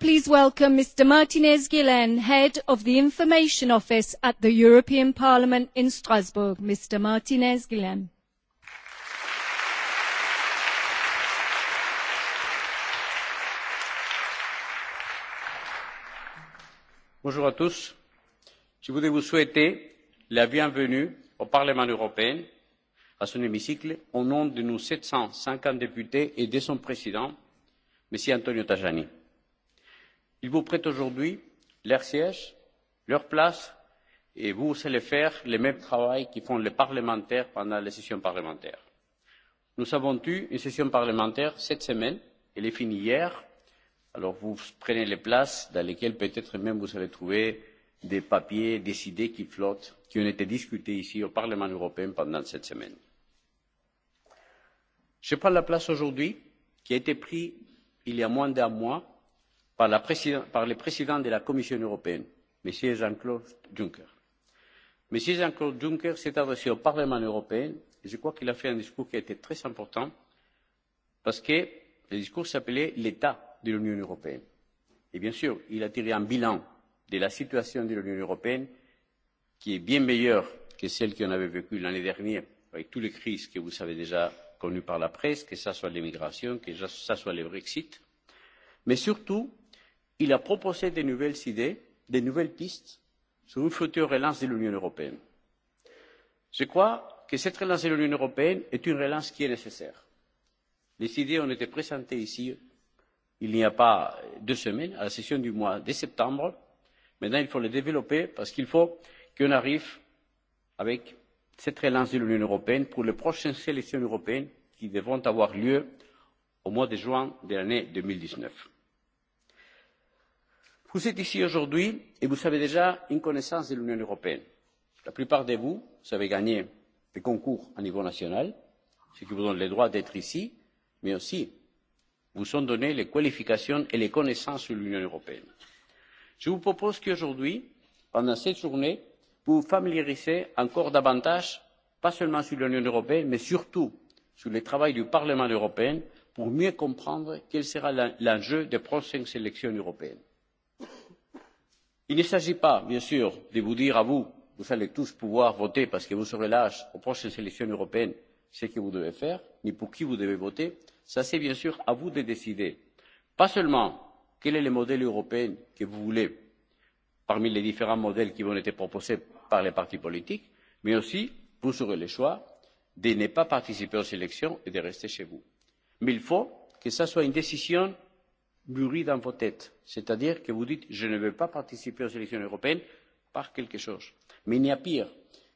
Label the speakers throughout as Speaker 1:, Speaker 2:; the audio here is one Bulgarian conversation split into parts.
Speaker 1: please welcome Mr. Martinez Guillen, Head of the Information Office at the European Parliament in Strasbourg. Mr. Martinez
Speaker 2: Guillen.
Speaker 3: Bonjour à tous. Je voudrais vous souhaiter la bienvenue au Parlement européen, à son hémicycle, au nom de nos sept cent cinquante députés et de son président, M. Antonio Tajani ils vous prêtent aujourd'hui leur siège leur place et vous allez faire le même travail que font les parlementaires pendant les sessions parlementaires. Nous avons eu une session parlementaire cette semaine, elle est finie hier, alors vous prenez les places dans lesquelles peut-être même vous allez trouver des papiers, des idées qui flottent, qui ont été discutées ici au Parlement européen pendant cette semaine. Je prends la place aujourd'hui qui a été prise il y a moins d'un mois par, le président de la Commission européenne, M. Jean-Claude Juncker. M. Jean-Claude Juncker s'est adressé au Parlement européen et je crois qu'il a fait un discours qui a été très important parce que le discours s'appelait l'état de l'Union européenne. Et bien sûr, il a tiré un bilan de la situation de l'Union européenne qui est bien meilleure que celle qu'on avait vécue l'année dernière avec toutes les crises que vous avez déjà connues par la presse, que ce soit l'immigration, que ce soit le Brexit. Mais surtout, il a proposé de nouvelles idées, de nouvelles pistes sur une future relance de l'Union européenne. Je crois que cette relance de l'Union européenne est une relance qui est nécessaire. Les idées ont été présentées ici il n'y a pas deux semaines, à la session du mois de septembre. Maintenant, il faut les développer parce qu'il faut qu'on arrive avec cette relance de l'Union européenne pour les prochaines élections européennes qui devront avoir lieu au mois de juin de l'année deux mille dix neuf Vous êtes ici aujourd'hui et vous avez déjà une connaissance de l'Union européenne. La plupart de vous, vous avez gagné des concours à niveau national, ce qui vous donne le droit d'être ici, mais aussi vous ont donné les qualifications et les connaissances sur l'Union européenne. Je vous propose qu'aujourd'hui, pendant cette journée, vous vous familiarisez encore davantage, pas seulement sur l'Union européenne, mais surtout sur le travail du Parlement européen pour mieux comprendre quel sera l'enjeu des prochaines élections européennes il ne s'agit pas bien sûr de vous dire à vous vous allez tous pouvoir voter parce que vous serez l'âge aux prochaines élections européennes ce que vous devez faire ni pour qui vous devez voter ça c'est bien sûr à vous de décider pas seulement quel est le modèle européen que vous voulez parmi les différents modèles qui ont été proposés par les partis politiques mais aussi vous aurez le choix de ne pas participer aux élections et de rester chez vous. mais il faut que ce soit une décision mûri dans vos têtes. C'est-à-dire que vous dites, je ne veux pas participer aux élections européennes par quelque chose. Mais il n'y a pire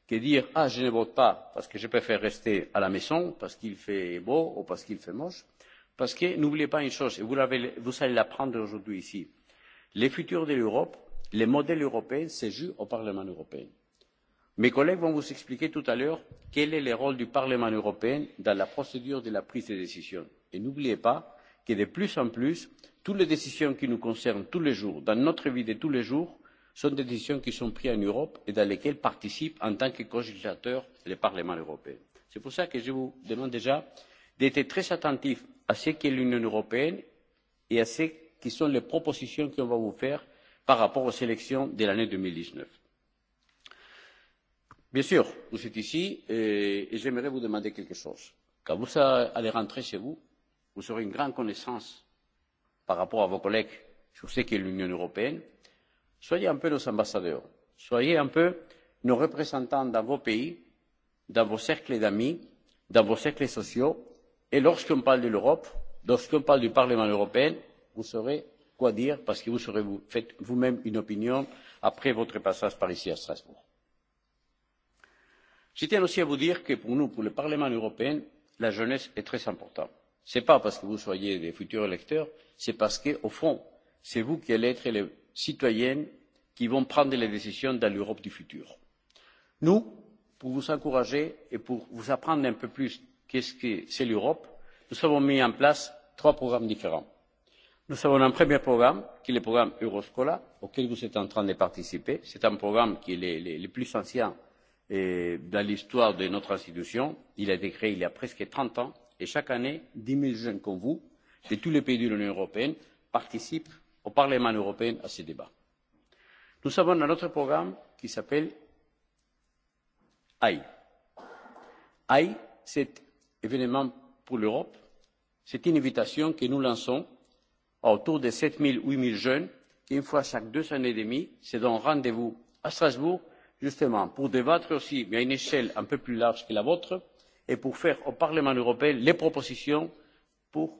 Speaker 3: que dire, ah, je ne vote pas parce que je préfère rester à la maison, parce qu'il fait beau ou parce qu'il fait moche. Parce que n'oubliez pas une chose, et vous, vous allez l'apprendre aujourd'hui ici. Le futur de l'Europe, le modèle européen se joue au Parlement européen. Mes collègues vont vous expliquer tout à l'heure quel est le rôle du Parlement européen dans la procédure de la prise de décision. Et n'oubliez pas que de plus en plus, toutes les décisions qui nous concernent tous les jours, dans notre vie de tous les jours, sont des décisions qui sont prises en Europe et dans lesquelles participent en tant que co-législateurs le Parlement européen. C'est pour cela que je vous demande déjà d'être très attentif à ce qu'est l'Union européenne et à ce qui sont les propositions qu'on va vous faire par rapport aux élections de l'année deux mille dix neuf. Bien sûr, vous êtes ici et j'aimerais vous demander quelque chose. Quand vous allez rentrer chez vous, vous aurez une grande connaissance par rapport à vos collègues sur ce qu'est l'Union européenne. Soyez un peu nos ambassadeurs, soyez un peu nos représentants dans vos pays, dans vos cercles d'amis, dans vos cercles sociaux. Et lorsqu'on parle de l'Europe, lorsqu'on parle du Parlement européen, vous saurez quoi dire parce que vous aurez vous, faites vous-même une opinion après votre passage par ici à Strasbourg. Je tiens aussi à vous dire que pour nous, pour le Parlement européen, la jeunesse est très importante ce n'est pas parce que vous soyez des futurs électeurs, c'est parce que, au fond, c'est vous qui allez être les citoyens qui vont prendre les décisions dans l'Europe du futur. Nous, pour vous encourager et pour vous apprendre un peu plus qu'est-ce que c'est l'Europe, nous avons mis en place trois programmes différents. Nous avons un premier programme, qui est le programme Euroscola, auquel vous êtes en train de participer. C'est un programme qui est le, le, le plus ancien dans l'histoire de notre institution. Il a été créé il y a presque trente ans et chaque année dix zéro jeunes comme vous de tous les pays de l'union européenne participent au parlement européen à ce débat. nous avons un autre programme qui s'appelle AI. AI, c'est événement pour l'Europe, c'est une invitation que nous lançons à autour de sept zéro huit zéro jeunes qui, une fois chaque deux années et demie, se donnent rendez-vous à Strasbourg, justement, pour débattre aussi, mais à une échelle un peu plus large que la vôtre, et pour faire au Parlement européen les propositions pour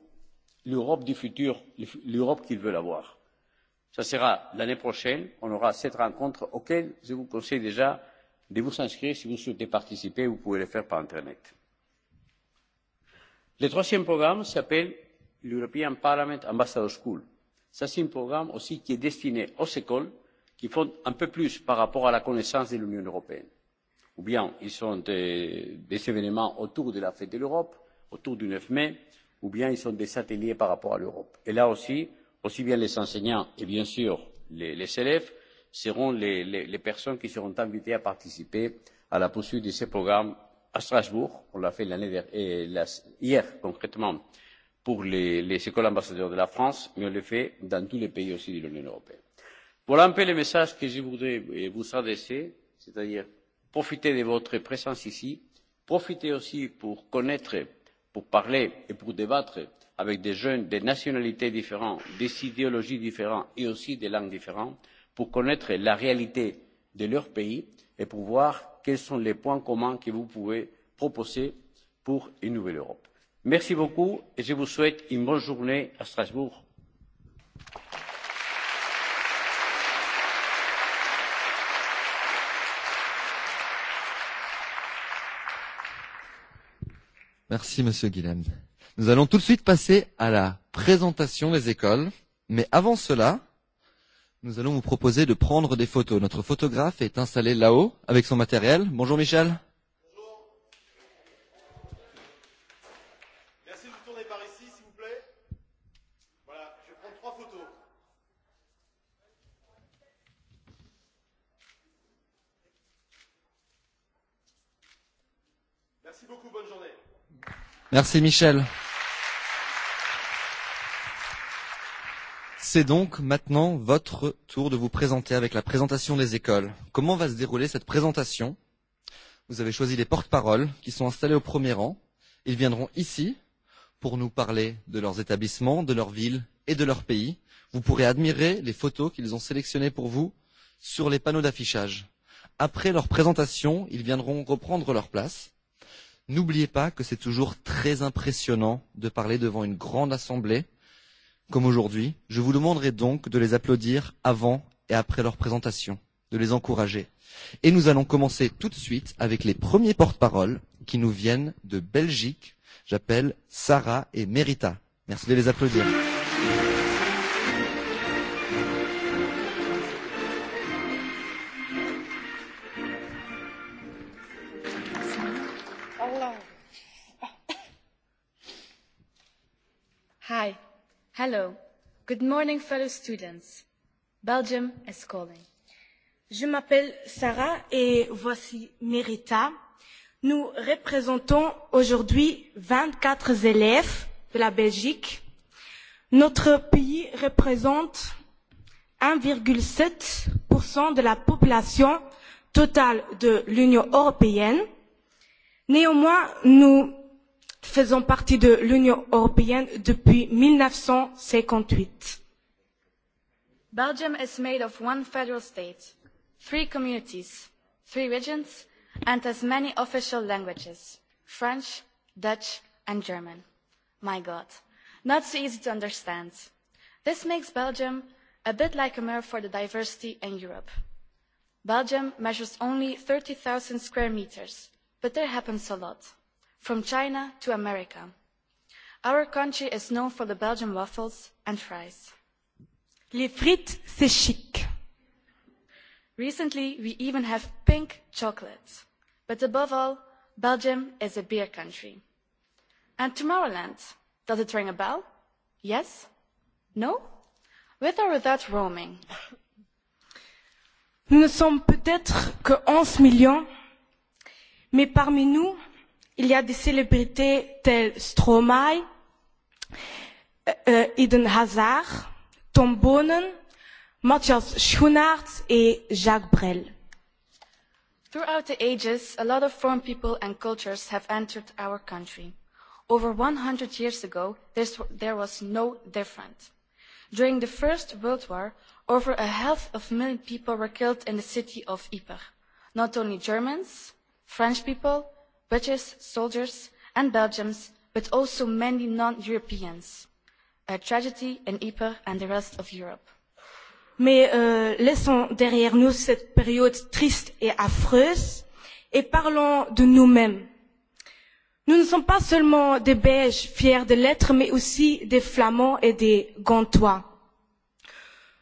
Speaker 3: l'Europe du futur, l'Europe qu'ils veulent avoir. Ce sera l'année prochaine, on aura cette rencontre auquel je vous conseille déjà de vous inscrire si vous souhaitez participer, vous pouvez le faire par Internet. Le troisième programme s'appelle l'European Parliament Ambassador School. c'est un programme aussi qui est destiné aux écoles qui font un peu plus par rapport à la connaissance de l'Union européenne ou bien ils sont des, des événements autour de la fête de l'Europe, autour du 9 mai, ou bien ils sont des ateliers par rapport à l'Europe. Et là aussi, aussi bien les enseignants et bien sûr les, les élèves seront les, les, les personnes qui seront invitées à participer à la poursuite de ces programmes à Strasbourg. On l'a fait l'année dernière, hier concrètement, pour les, les écoles ambassadeurs de la France, mais on le fait dans tous les pays aussi de l'Union européenne. Voilà un peu le message que je voudrais vous adresser, c'est-à-dire profitez de votre présence ici, profitez aussi pour connaître, pour parler et pour débattre avec des jeunes des nationalités différentes, des idéologies différentes et aussi des langues différentes, pour connaître la réalité de leur pays et pour voir quels sont les points communs que vous pouvez proposer pour une nouvelle Europe. Merci beaucoup et je vous souhaite une bonne journée à Strasbourg.
Speaker 4: Merci, Monsieur Guilhem. Nous allons tout de suite passer à la présentation des écoles. Mais avant cela, nous allons vous proposer de prendre des photos. Notre photographe est installé là-haut avec son matériel. Bonjour Michel. Merci Michel. C'est donc maintenant votre tour de vous présenter avec la présentation des écoles. Comment va se dérouler cette présentation Vous avez choisi les porte-paroles qui sont installés au premier rang. Ils viendront ici pour nous parler de leurs établissements, de leur ville et de leur pays. Vous pourrez admirer les photos qu'ils ont sélectionnées pour vous sur les panneaux d'affichage. Après leur présentation, ils viendront reprendre leur place N'oubliez pas que c'est toujours très impressionnant de parler devant une grande assemblée, comme aujourd'hui. Je vous demanderai donc de les applaudir avant et après leur présentation, de les encourager. Et nous allons commencer tout de suite avec les premiers porte-paroles qui nous viennent de Belgique. J'appelle Sarah et Merita. Merci de les applaudir.
Speaker 5: Applaudissements
Speaker 6: Hello. Good morning, fellow students. Belgium is calling. Je m'appelle Sarah et voici Merita. Nous représentons aujourd'hui 24 élèves de la Belgique. Notre pays représente 1,7% de la population totale de l'Union européenne. Néanmoins, nous faisant partie de l'Union européenne depuis 1958.
Speaker 7: Belgium is made of one federal state, three communities, three regions, and as many official languages, French, Dutch, and German. My God, not so easy to understand. This makes Belgium a bit like a mirror for the diversity in Europe. Belgium measures only 30,000 square meters, but there happens a lot from China to America. Our country is known for the Belgian waffles and fries.
Speaker 6: Les frites, c'est chic.
Speaker 7: Recently, we even have pink chocolate. But above all, Belgium is a beer country. And Tomorrowland, does it ring a bell? Yes? No? With or without roaming?
Speaker 6: Nous ne sommes peut-être que 11 millions, mais parmi nous, il y a des célébrités telles Stromae, euh, Eden Hazard, Tom Bonen, Matthias Schoenaerts et Jacques Brel.
Speaker 7: Throughout the ages, a lot of foreign people and cultures have entered our country. Over 100 years ago, there was no different. During the First World War, over a half of a million people were killed in the city of Ypres. Not only Germans, French people, British soldiers and Belgians, but also many non-Europeans. A tragedy in Ypres and the rest of Europe.
Speaker 6: Mais laissons derrière nous cette période triste et affreuse et parlons de nous-mêmes. Nous ne sommes pas seulement des Belges fiers de l'être, mais aussi des Flamands et des Gantois.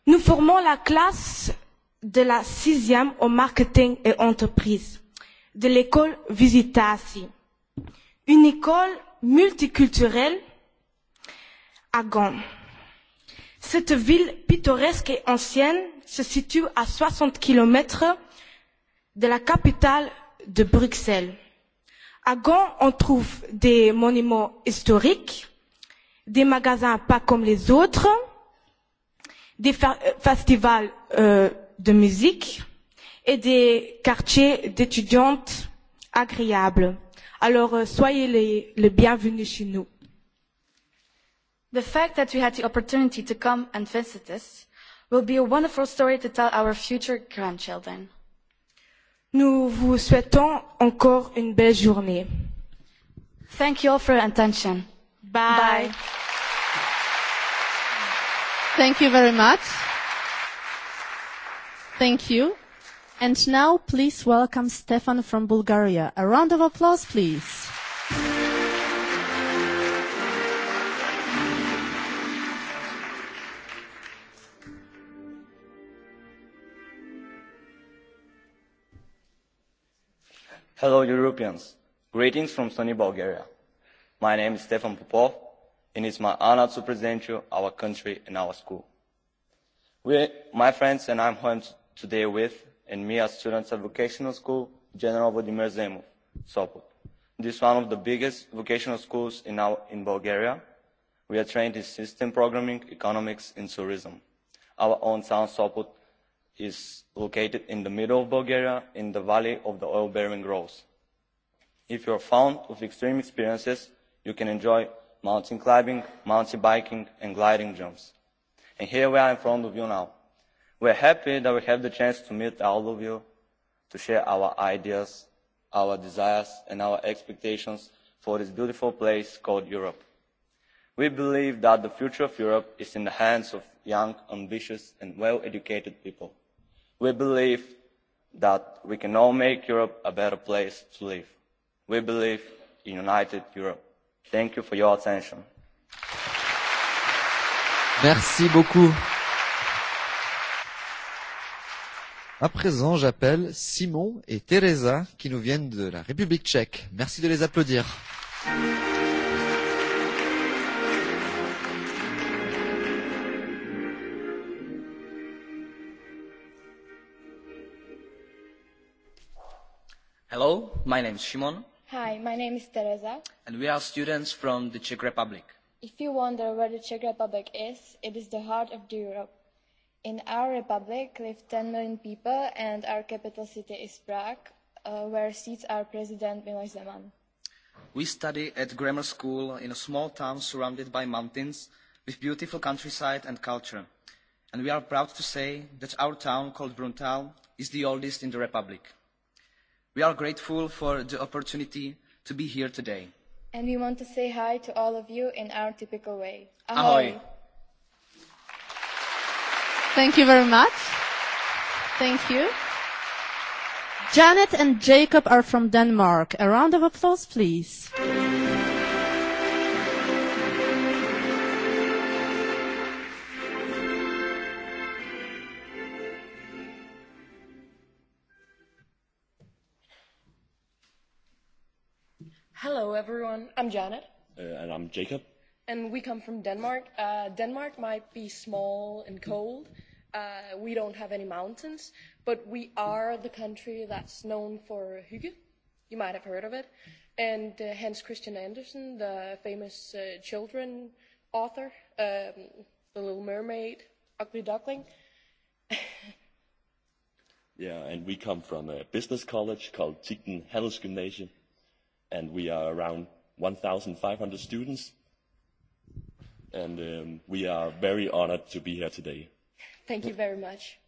Speaker 6: Nous formons la classe de la sixième au marketing et entreprise de l'école Visitasi, une école multiculturelle à Gand. Cette ville pittoresque et ancienne se situe à 60 km de la capitale de Bruxelles. À Gand, on trouve des monuments historiques, des magasins pas comme les autres, des festivals de musique, et des quartiers d'étudiantes agréables. Alors soyez les, les bienvenus chez nous. The fact that we had the
Speaker 7: opportunity to come and visit us will be a wonderful story to tell our future grandchildren.
Speaker 6: Nous vous souhaitons encore une belle journée. Thank you all for your attention. Bye. Bye.
Speaker 8: Thank you very much. Thank you. And now, please welcome Stefan from Bulgaria. A round of applause, please.
Speaker 9: Hello, Europeans. Greetings from sunny Bulgaria. My name is Stefan Popov, and it's my honor to present you our country and our school. We, my friends, and I'm home today with and me as students at vocational school General Vladimir Zemov, Sopot. This is one of the biggest vocational schools in, our, in Bulgaria. We are trained in system programming, economics, and tourism. Our own town, Sopot, is located in the middle of Bulgaria in the valley of the oil-bearing groves. If you are fond of extreme experiences, you can enjoy mountain climbing, mountain biking, and gliding jumps. And here we are in front of you now We're happy that we have the chance to meet all of you, to share our ideas, our desires, and our expectations for this beautiful place called Europe. We believe that the future of Europe is in the hands of young, ambitious, and well-educated people. We believe that we can all make Europe a better place to live. We believe in United Europe. Thank you for your attention.
Speaker 4: Merci beaucoup. À présent, j'appelle Simon et Teresa qui nous viennent de la République tchèque. Merci de les applaudir.
Speaker 9: Hello, my name is Shimon.
Speaker 10: Hi, my name is Teresa.
Speaker 9: And we are students from the Czech Republic.
Speaker 10: If you wonder where the Czech Republic is, it is the heart of the Europe In our republic live 10 million people, and our capital city is Prague, uh, where seats our president Miloš Zeman.
Speaker 9: We study at grammar school in a small town surrounded by mountains, with beautiful countryside and culture. And we are proud to say that our town, called Bruntal, is
Speaker 4: the oldest in the republic. We are grateful for the opportunity to be here today.
Speaker 10: And we want to say hi to all of you in our typical way. Ahoy! Ahoy.
Speaker 8: Thank you very much. Thank you. Janet and Jacob are from Denmark. A round of applause, please.
Speaker 11: Hello, everyone. I'm Janet.
Speaker 9: Uh, and I'm Jacob
Speaker 11: and we come from Denmark. Uh, Denmark might be small and cold. Uh, we don't have any mountains, but we are the country that's known for hygge. You might have heard of it. And uh, Hans Christian Andersen, the famous uh, children author, um, The Little Mermaid, Ugly Duckling.
Speaker 12: yeah, and we come from a business college called Tikten Handelsgymnasium, and we are around 1,500 students and um, we are very honored to be here today. Thank you
Speaker 11: very much.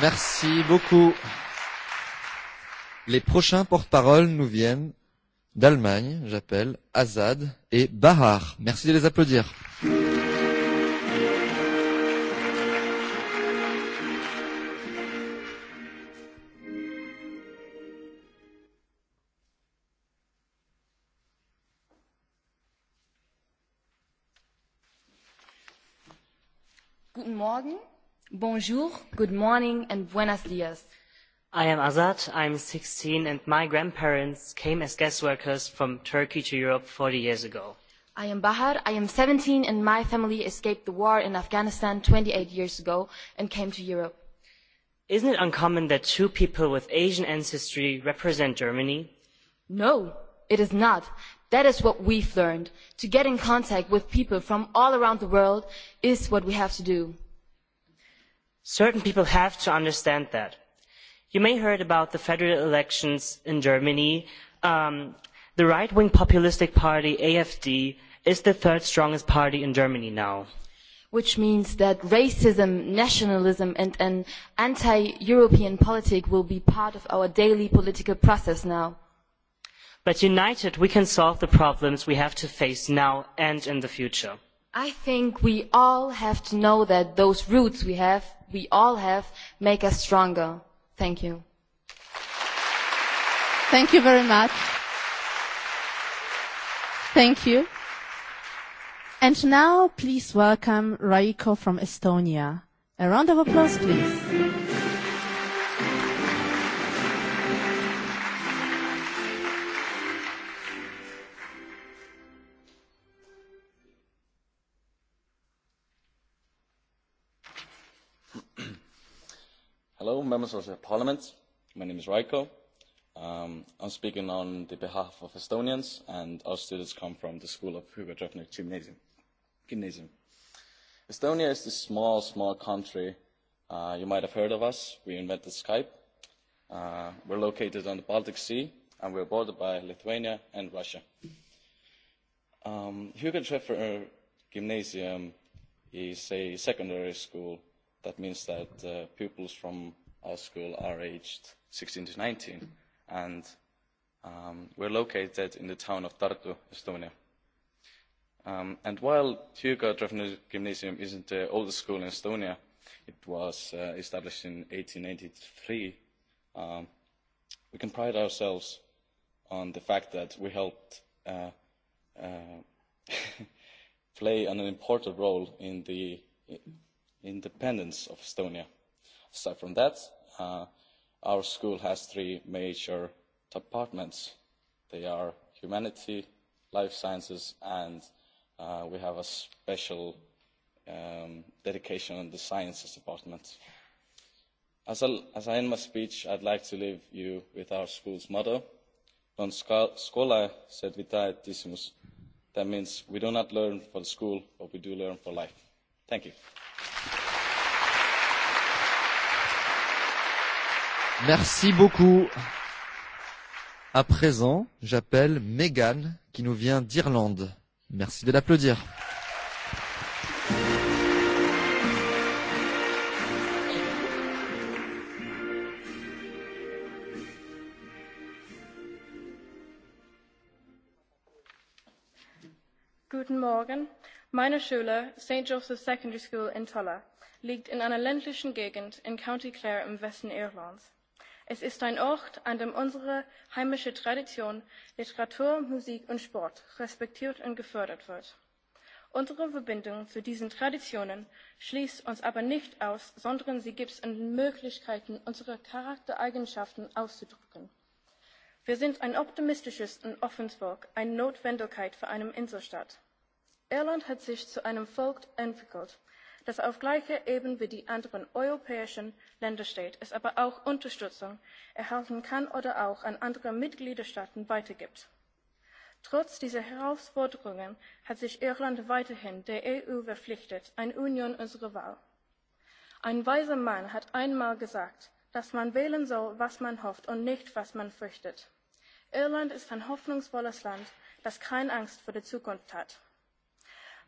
Speaker 4: Merci beaucoup. Les prochains porte-parole nous viennent d'Allemagne, j'appelle Azad et Bahar. Merci de les applaudir. Applaudissements
Speaker 11: Morgen. Bonjour, good morning and buenos dias.
Speaker 13: I am Azad, I'm 16 and my grandparents came as guest workers from Turkey to Europe 40 years ago.
Speaker 11: I am Bahar, I am 17 and my family escaped the war in Afghanistan 28 years ago and came to
Speaker 13: Europe. Isn't it uncommon that two people with Asian ancestry represent Germany?
Speaker 11: No, it is not. That is what we've learned. To get in contact with people from all around the world is what we have to do.
Speaker 13: Certain people have to understand that. You may have heard about the federal elections in Germany. the right-wing populistic party AfD is the third strongest party in Germany now.
Speaker 11: Which means that racism, nationalism, and an anti-European politic will be part of our daily political process now.
Speaker 13: But united, we can solve the problems we have to face now and in the future.
Speaker 11: I think we all have to know that those roots we have, we all have, make us stronger. Thank you. Thank you very much. Thank you.
Speaker 8: And now please welcome Raiko from Estonia. A round of applause,
Speaker 5: please.
Speaker 14: members of the parliament. My name is Raiko. I'm speaking on the behalf of Estonians, and our students come from the school of Hugo Drefner Gymnasium. Gymnasium. Estonia is this small, small country. Uh, you might have heard of us. We invented Skype. Uh, we're located on the Baltic Sea, and we're bordered by Lithuania and Russia. Um, Hugo Drefner Gymnasium is a secondary school. That means that uh, pupils from our school are aged 16 to 19, and um, we're located in the town of Tartu, Estonia. Um, and while Hyuga Drevna Gymnasium isn't the oldest school in Estonia, it was uh, established in 1883, um, we can pride ourselves on the fact that we helped uh, uh, play an important role in the independence of Estonia. Aside from that, uh, our school has three major departments. They are humanity, life sciences, and uh, we have a special um, dedication on the sciences department. As, a, as I end my speech, I'd like to leave you with our school's motto, Non scola sed vitae decimus. That means we do not learn for the school, but we do learn for life. Thank you.
Speaker 4: Merci beaucoup. À présent, j'appelle Megan qui nous vient d'Irlande. Merci de l'applaudir.
Speaker 15: Guten Morgen. Meine Schule, St. Joseph's Secondary School in Tulla, liegt in einer ländlichen Gegend in County Clare im Westen Irlands. Es ist ein Ort, an dem unsere heimische Tradition, Literatur, Musik und Sport respektiert und gefördert wird. Unsere Verbindung zu diesen Traditionen schließt uns aber nicht aus, sondern sie gibt uns Möglichkeiten, unsere Charaktereigenschaften auszudrücken. Wir sind ein optimistisches und offenes Volk, eine Notwendigkeit für einen Inselstaat. Irland hat sich zu einem Volk entwickelt, Das auf gleicher Ebene wie die anderen europäischen Länder steht, es aber auch Unterstützung erhalten kann oder auch an andere Mitgliedstaaten weitergibt. Trotz dieser Herausforderungen hat sich Irland weiterhin der EU verpflichtet, eine Union unserer Wahl. Ein weiser Mann hat einmal gesagt, dass man wählen soll, was man hofft und nicht, was man fürchtet. Irland ist ein hoffnungsvolles Land, das keine Angst vor der Zukunft hat.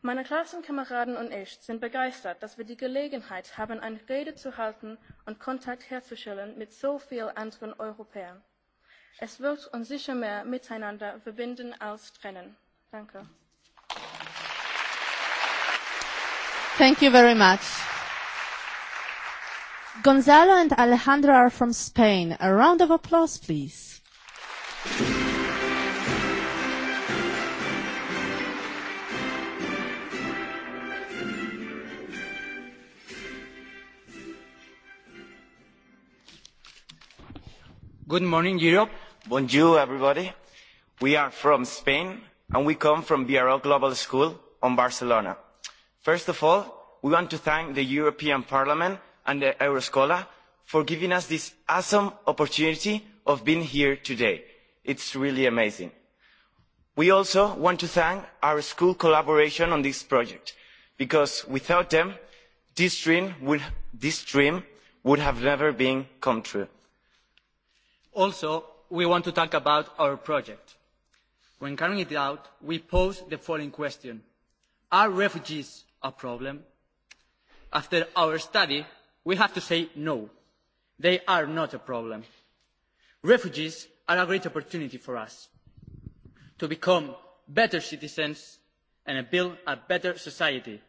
Speaker 15: Meine Klassenkameraden und ich sind begeistert, dass wir die Gelegenheit haben, eine Rede zu halten und Kontakt herzustellen mit so vielen anderen Europäern. Es wird uns sicher mehr miteinander verbinden als trennen. Danke.
Speaker 8: Thank you very much. Gonzalo and Alejandro are from Spain. A round of applause, please.
Speaker 16: Good morning, Europe. Bonjour,
Speaker 9: everybody. We are from Spain, and we come from BRO Global School on Barcelona. First of all, we want to thank the European Parliament and the Euroscola for giving us this awesome opportunity of being here today. It's really amazing. We also want to thank our school collaboration on this project, because without them, this dream would have never been come true.
Speaker 3: Also, we want to talk about our project. When carrying it out, we pose the following question. Are refugees a problem? After our study, we have to say no. They are not a problem. Refugees are a great opportunity for us to become better citizens and build a better society.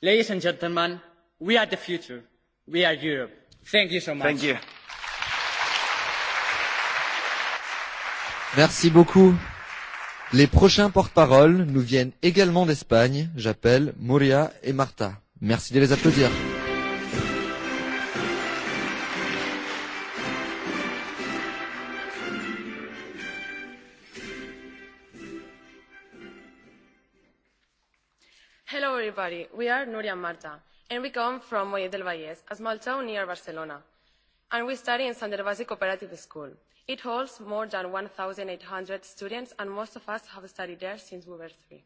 Speaker 3: Ladies and gentlemen, we are the future. We are Europe. Thank you so much. Thank you.
Speaker 4: Merci beaucoup. Les prochains porte-parole nous viennent également d'Espagne. J'appelle Moria et Marta. Merci de les applaudir.
Speaker 7: Hello everybody, we are Nuria and Marta, and we come from Moya del Valles, a small town near Barcelona and we study in Sandervasi Cooperative School. It holds more than 1,800 students, and most of us have studied there since we were three.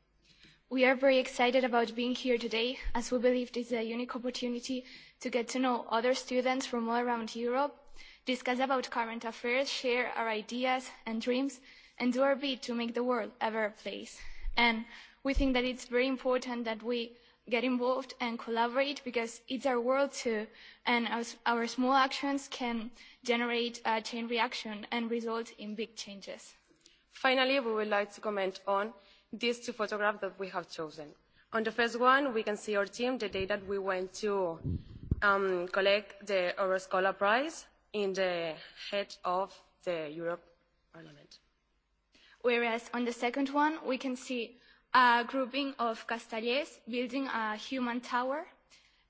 Speaker 7: We
Speaker 10: are very excited about being here today, as we believe this is a unique opportunity to get to know other students from all around Europe, discuss about current affairs, share our ideas and dreams, and do our bit to make the world a better place. And we think that it's very important that we get involved and collaborate because it's our world too, and our, our small actions can generate a chain reaction and result in big
Speaker 7: changes. Finally, we would like to comment on these two photographs that we have chosen. On the first one, we can see our team the day that we went to um, collect the Euroscola Prize in the head of the Europe
Speaker 17: Parliament.
Speaker 10: Whereas on the second one, we can see a grouping of castaliers building a human tower,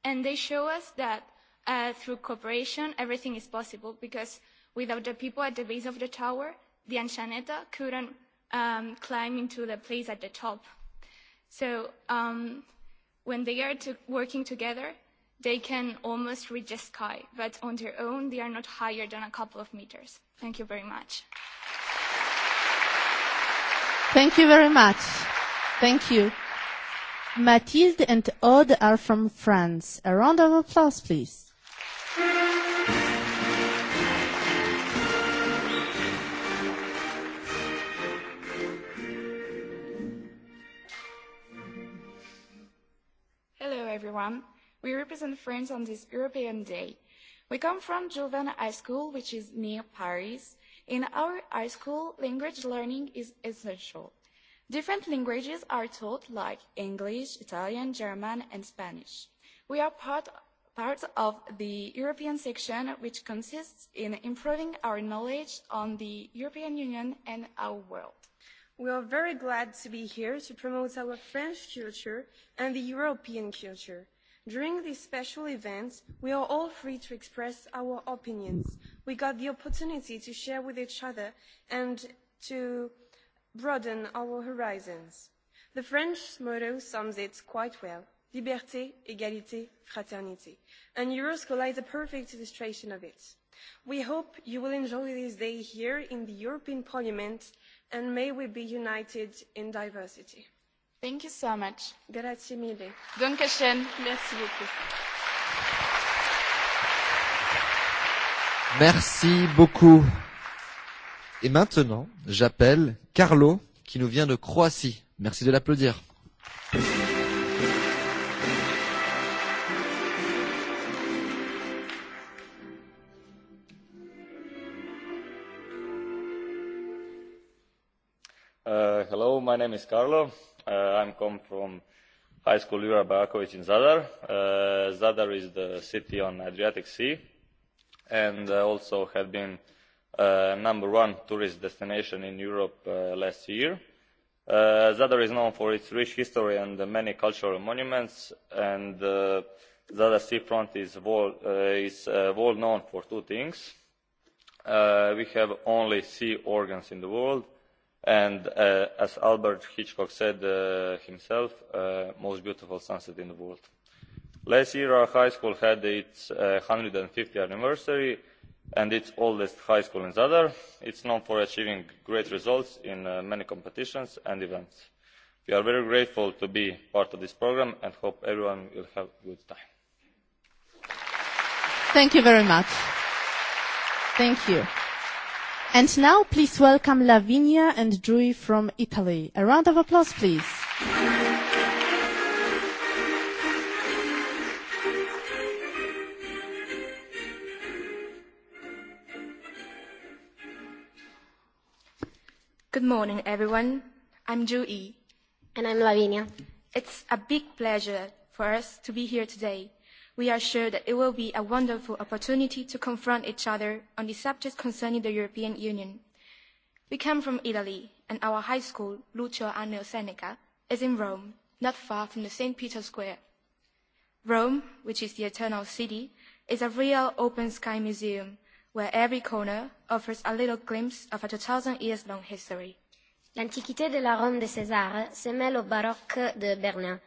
Speaker 10: and they show us that uh, through cooperation everything is possible because without the people at the base of the tower, the Anchaneta couldn't um, climb into the place at the top. So um, when they are to working together, they can almost reach the sky, but on their own, they are not higher than a couple of meters. Thank you very much.
Speaker 8: Thank you very much. Thank you. Mathilde and Aude are from France. A round of applause, please. Hello,
Speaker 7: everyone. We represent France on this European Day. We come from Jouvin High School, which is near Paris. In our high school, language learning is essential Different languages are taught like English, Italian, German and Spanish. We are part, part of the European section which consists in improving our knowledge on the European
Speaker 6: Union and our world. We are very glad to be here to promote our French culture and the European culture. During this special event, we are all free to express our opinions. We got the opportunity to share with each other and to broaden our horizons. The French motto sums it quite well. Liberté, égalité, fraternité. And Euroscola is a perfect illustration of it. We hope you will enjoy this day here in the European Parliament and may we be united in diversity. Thank you so
Speaker 7: much. Grazie mille. Dankeschön. Merci beaucoup.
Speaker 4: Merci beaucoup. Et maintenant, j'appelle Carlo, qui nous vient de Croatie. Merci de l'applaudir.
Speaker 9: Uh, hello, my name is Carlo. Uh, I'm come from high school Jura Barakovic in Zadar. Uh, Zadar is the city on Adriatic Sea and uh, also had been uh, uh, number one tourist destination in Europe uh, last year. Uh, Zadar is known for its rich history and the many cultural monuments, and the Zadar seafront is well, uh, is uh, well known for two things. Uh, we have only sea organs in the world, and uh, as Albert Hitchcock said uh, himself, uh, most beautiful sunset in the world. Last year, our high school had its hundred and fiftieth anniversary, and its oldest high school in zadar. it is known for achieving great results in many competitions and events. we are very grateful to be part of this programme and hope everyone will have a good time.
Speaker 8: thank you very much. thank you. and now please welcome lavinia and drew from italy. a round of applause please.
Speaker 6: Good morning, everyone. I'm Ju Yi. And I'm Lavinia. It's a big pleasure for us to be here today. We are sure that it will be a wonderful opportunity to confront each other on the subjects concerning the European Union. We come from Italy, and our high school, Lucio Annio Seneca, is in Rome, not far from the St. Peter's Square. Rome, which is the eternal city, is a real open-sky museum where every corner offers a little glimpse of a 2,000 years long history. L'antiquité de la Rome de César se mêle au baroque de
Speaker 1: Bernin,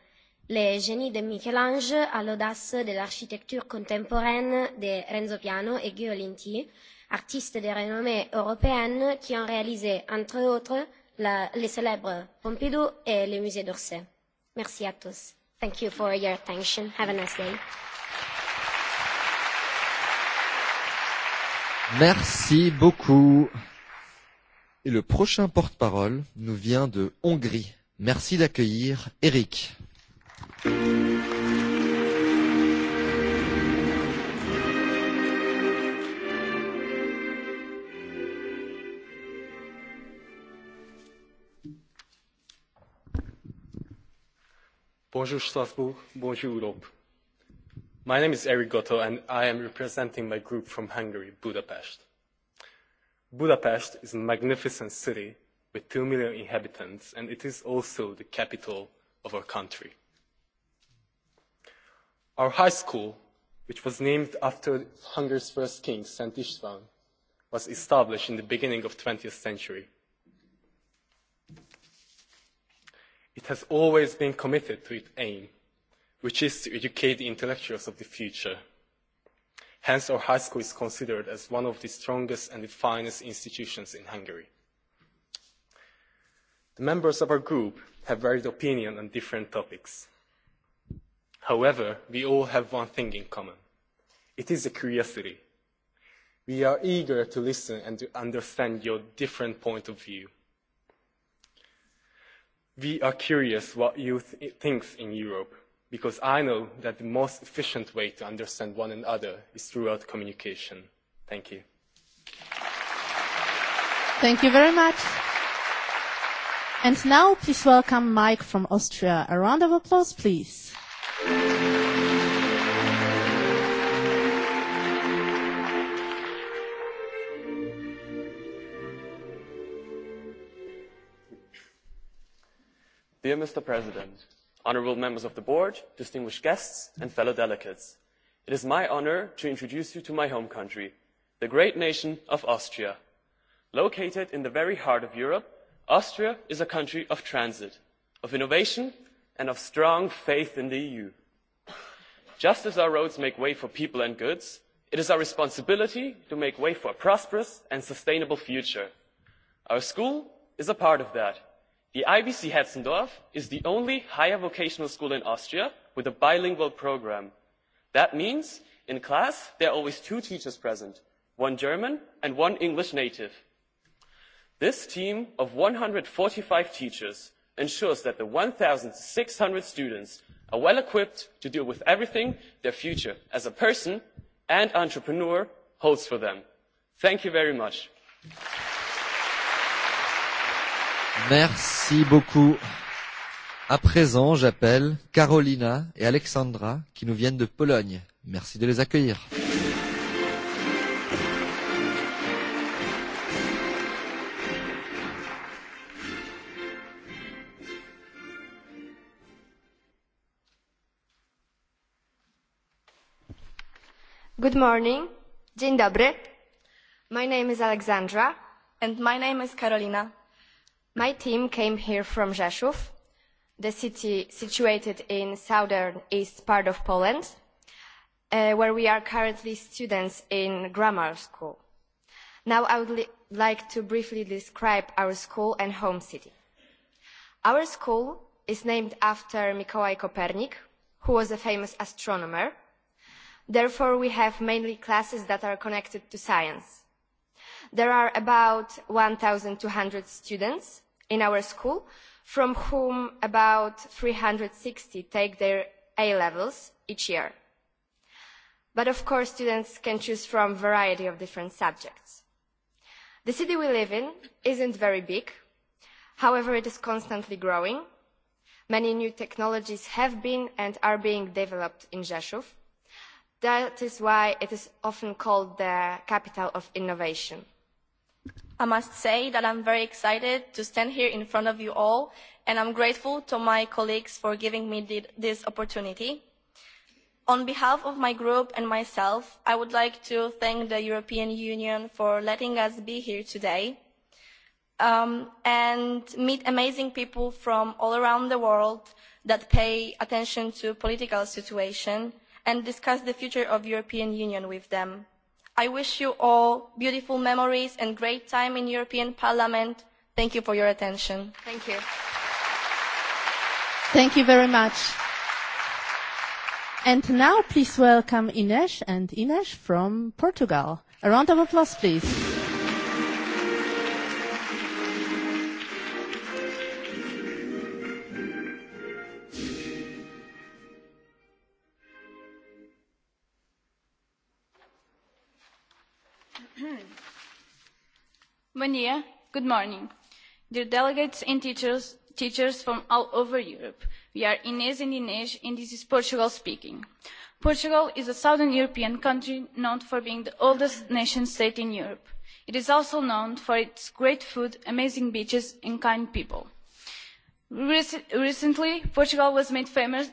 Speaker 1: le génie de Michel-Ange à l'audace de l'architecture contemporaine de Renzo Piano et Guy artistes de renommée européenne qui ont réalisé, entre autres, la, les célèbres Pompidou et le musée d'Orsay.
Speaker 13: Merci à tous. Thank you for your attention. Have a nice day.
Speaker 4: Merci beaucoup. Et le prochain porte-parole nous vient de Hongrie. Merci d'accueillir Eric.
Speaker 13: Bonjour Strasbourg, bonjour Europe My name is Eric Goto, and I am representing my group from Hungary, Budapest. Budapest is a magnificent city with 2 million inhabitants, and it is also the capital of our country. Our high school, which was named after Hungary's first king, Szent István, was established in the beginning of 20th century. It has always been committed to its aim which is to educate the intellectuals of the future. Hence, our high school is considered as one of the strongest and the finest institutions in Hungary. The members of our group have varied opinion on different topics. However, we all have one thing in common. It is a curiosity. We are eager to listen and to understand your different point of view. We are curious what youth thinks in Europe because I know that the most efficient way to understand one another is throughout communication. Thank you.
Speaker 8: Thank you very much. And now please welcome Mike from Austria. A round of applause, please.
Speaker 12: Dear Mr. President, honourable members of the board, distinguished guests, and fellow delegates. It is my honour to introduce you to my home country, the great nation of Austria. Located in the very heart of Europe, Austria is a country of transit, of innovation, and of strong faith in the EU. Just as our roads make way for people and goods, it is our responsibility to make way for a prosperous and sustainable future. Our school is a part of that the ibc hetzendorf is the only higher vocational school in austria with a bilingual programme. that means in class there are always two teachers present one german and one english native. this team of one hundred and forty five teachers ensures that the one six hundred students are well equipped to deal with everything their future as a person and entrepreneur holds for them. thank you very much.
Speaker 4: Merci beaucoup. À présent, j'appelle Carolina et Alexandra qui nous viennent de Pologne. Merci de les accueillir.
Speaker 18: Good morning. Dzień dobry. My name is Alexandra. And my name is Carolina. My team came here from Rzeszów, the city situated in southern east part of Poland, uh, where we are currently students in grammar school. Now I would li like to briefly describe our school and home city. Our school is named after Mikołaj Kopernik, who was a famous astronomer. Therefore, we have mainly classes that are connected to science. There are about 1,200 students in our school, from whom about 360 take their A levels each year. But of course, students can choose from a variety of different subjects. The city we live in isn't very big. However, it is constantly growing. Many new technologies have been and are being developed in Rzeszów. That is why it is often called the capital of innovation I must say that I'm very excited to stand here in front of you all, and I'm grateful to my colleagues for giving me this opportunity. On behalf of my group and myself, I would like to thank the European Union for letting us be here today um, and meet amazing people from all around the world that pay attention to political situation and discuss the future of European Union with them I wish you all beautiful memories and great time in European Parliament. Thank you for your attention. Thank you.
Speaker 8: Thank you very much. And now please welcome Ines and Ines from Portugal. A round of applause, please.
Speaker 10: Romania, good morning. Dear delegates and teachers, teachers from all over Europe, we are ines and ines and this is Portugal speaking. Portugal is a southern European country known for being the oldest nation state in Europe. It is also known for its great food, amazing beaches, and kind people. Recently, Portugal was made famous.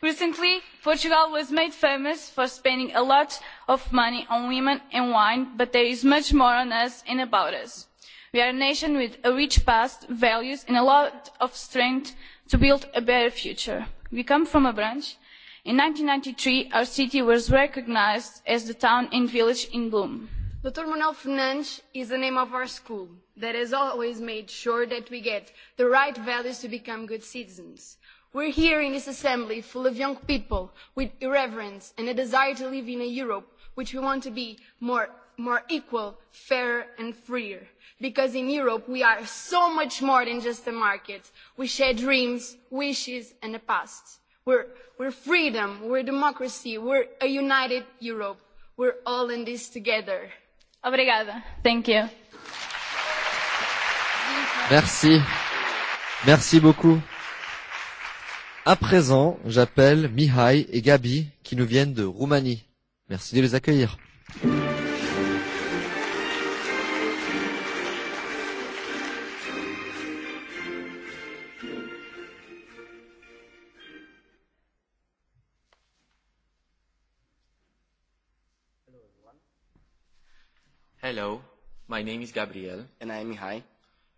Speaker 10: Recently, Portugal was made famous for spending a lot of money on women and wine, but there is much more on us and about us. We are a nation with a rich past, values, and a lot of strength to build a better future. We come from a branch. In ninety three our city was recognised as the town and village in bloom.
Speaker 7: Dr. Manuel Fernandes is the name of our school that has always made sure that we get the right values to become good citizens We are here in this assembly full of young people with irreverence and a desire to live in a Europe which we want to be more, more equal, fairer and freer. Because in Europe we are so much more than just a market. We share dreams, wishes and a past. We're, we're freedom, we're democracy, we're a united Europe. We're all in this together. Obrigada. Thank
Speaker 10: you.
Speaker 4: Merci. Merci beaucoup. À présent, j'appelle Mihai et Gabi qui nous viennent de Roumanie. Merci de les accueillir.
Speaker 12: Hello, my name is Gabriel. And I am Mihai.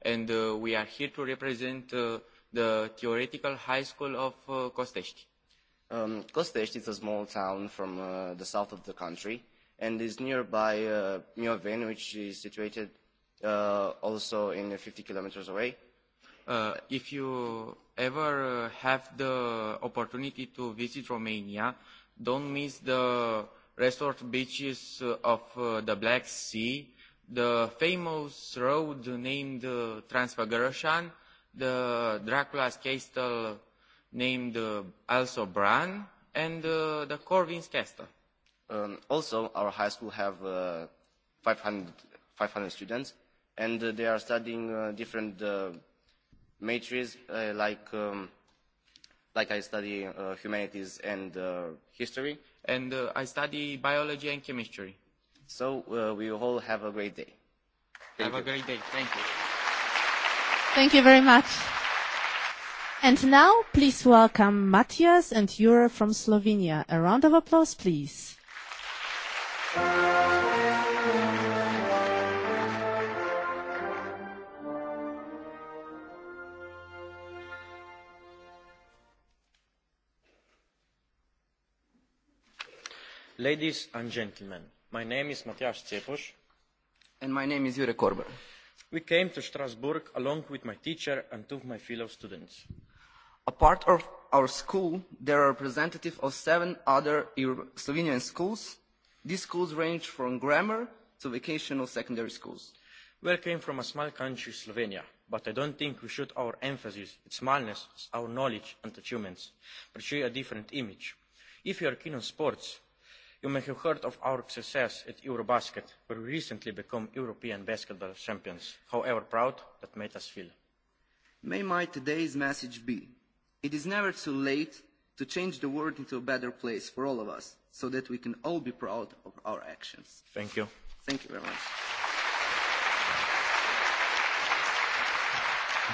Speaker 12: And uh, we are here to represent uh, the theoretical high school of uh, Kostești.
Speaker 9: Um, Kostești is a small town from uh, the south of the country and is nearby uh, Mioven, which is situated uh, also in 50 kilometers away.
Speaker 12: Uh, if you ever uh, have the opportunity to visit Romania, don't miss the resort beaches of uh, the Black Sea, the famous road named uh, uh, the Dracula's castle named uh, also Bran, and uh, the Corvin's castle.
Speaker 9: Um, also, our high school have uh, 500, 500 students, and uh, they are studying uh, different uh, majors, uh, like um, like I study uh, humanities and uh, history, and uh, I study biology and chemistry. So uh, we all have a great day.
Speaker 12: Thank have you. a great day. Thank you.
Speaker 8: Thank you very much. And now, please welcome Matthias and Jure from Slovenia. A round of applause, please.
Speaker 3: Ladies and gentlemen, my name is Matthias Cepos. And my name
Speaker 4: is Jure Korber
Speaker 3: We came to Strasbourg along with my teacher and two of my fellow students.
Speaker 4: A part of our school, there are representatives of seven other Slovenian schools. These schools range from grammar to vocational secondary schools.
Speaker 3: We came from a small country, Slovenia, but I don't think we should our emphasis, its smallness, our knowledge and achievements, portray a different image. If you are keen on sports, You may have heard of our success at Eurobasket, where we recently become European basketball champions, however proud that made us feel.
Speaker 4: May my today's message be, it is never too late to change the world into a better place for all of us, so that we can all be proud of our actions. Thank you. Thank you very much.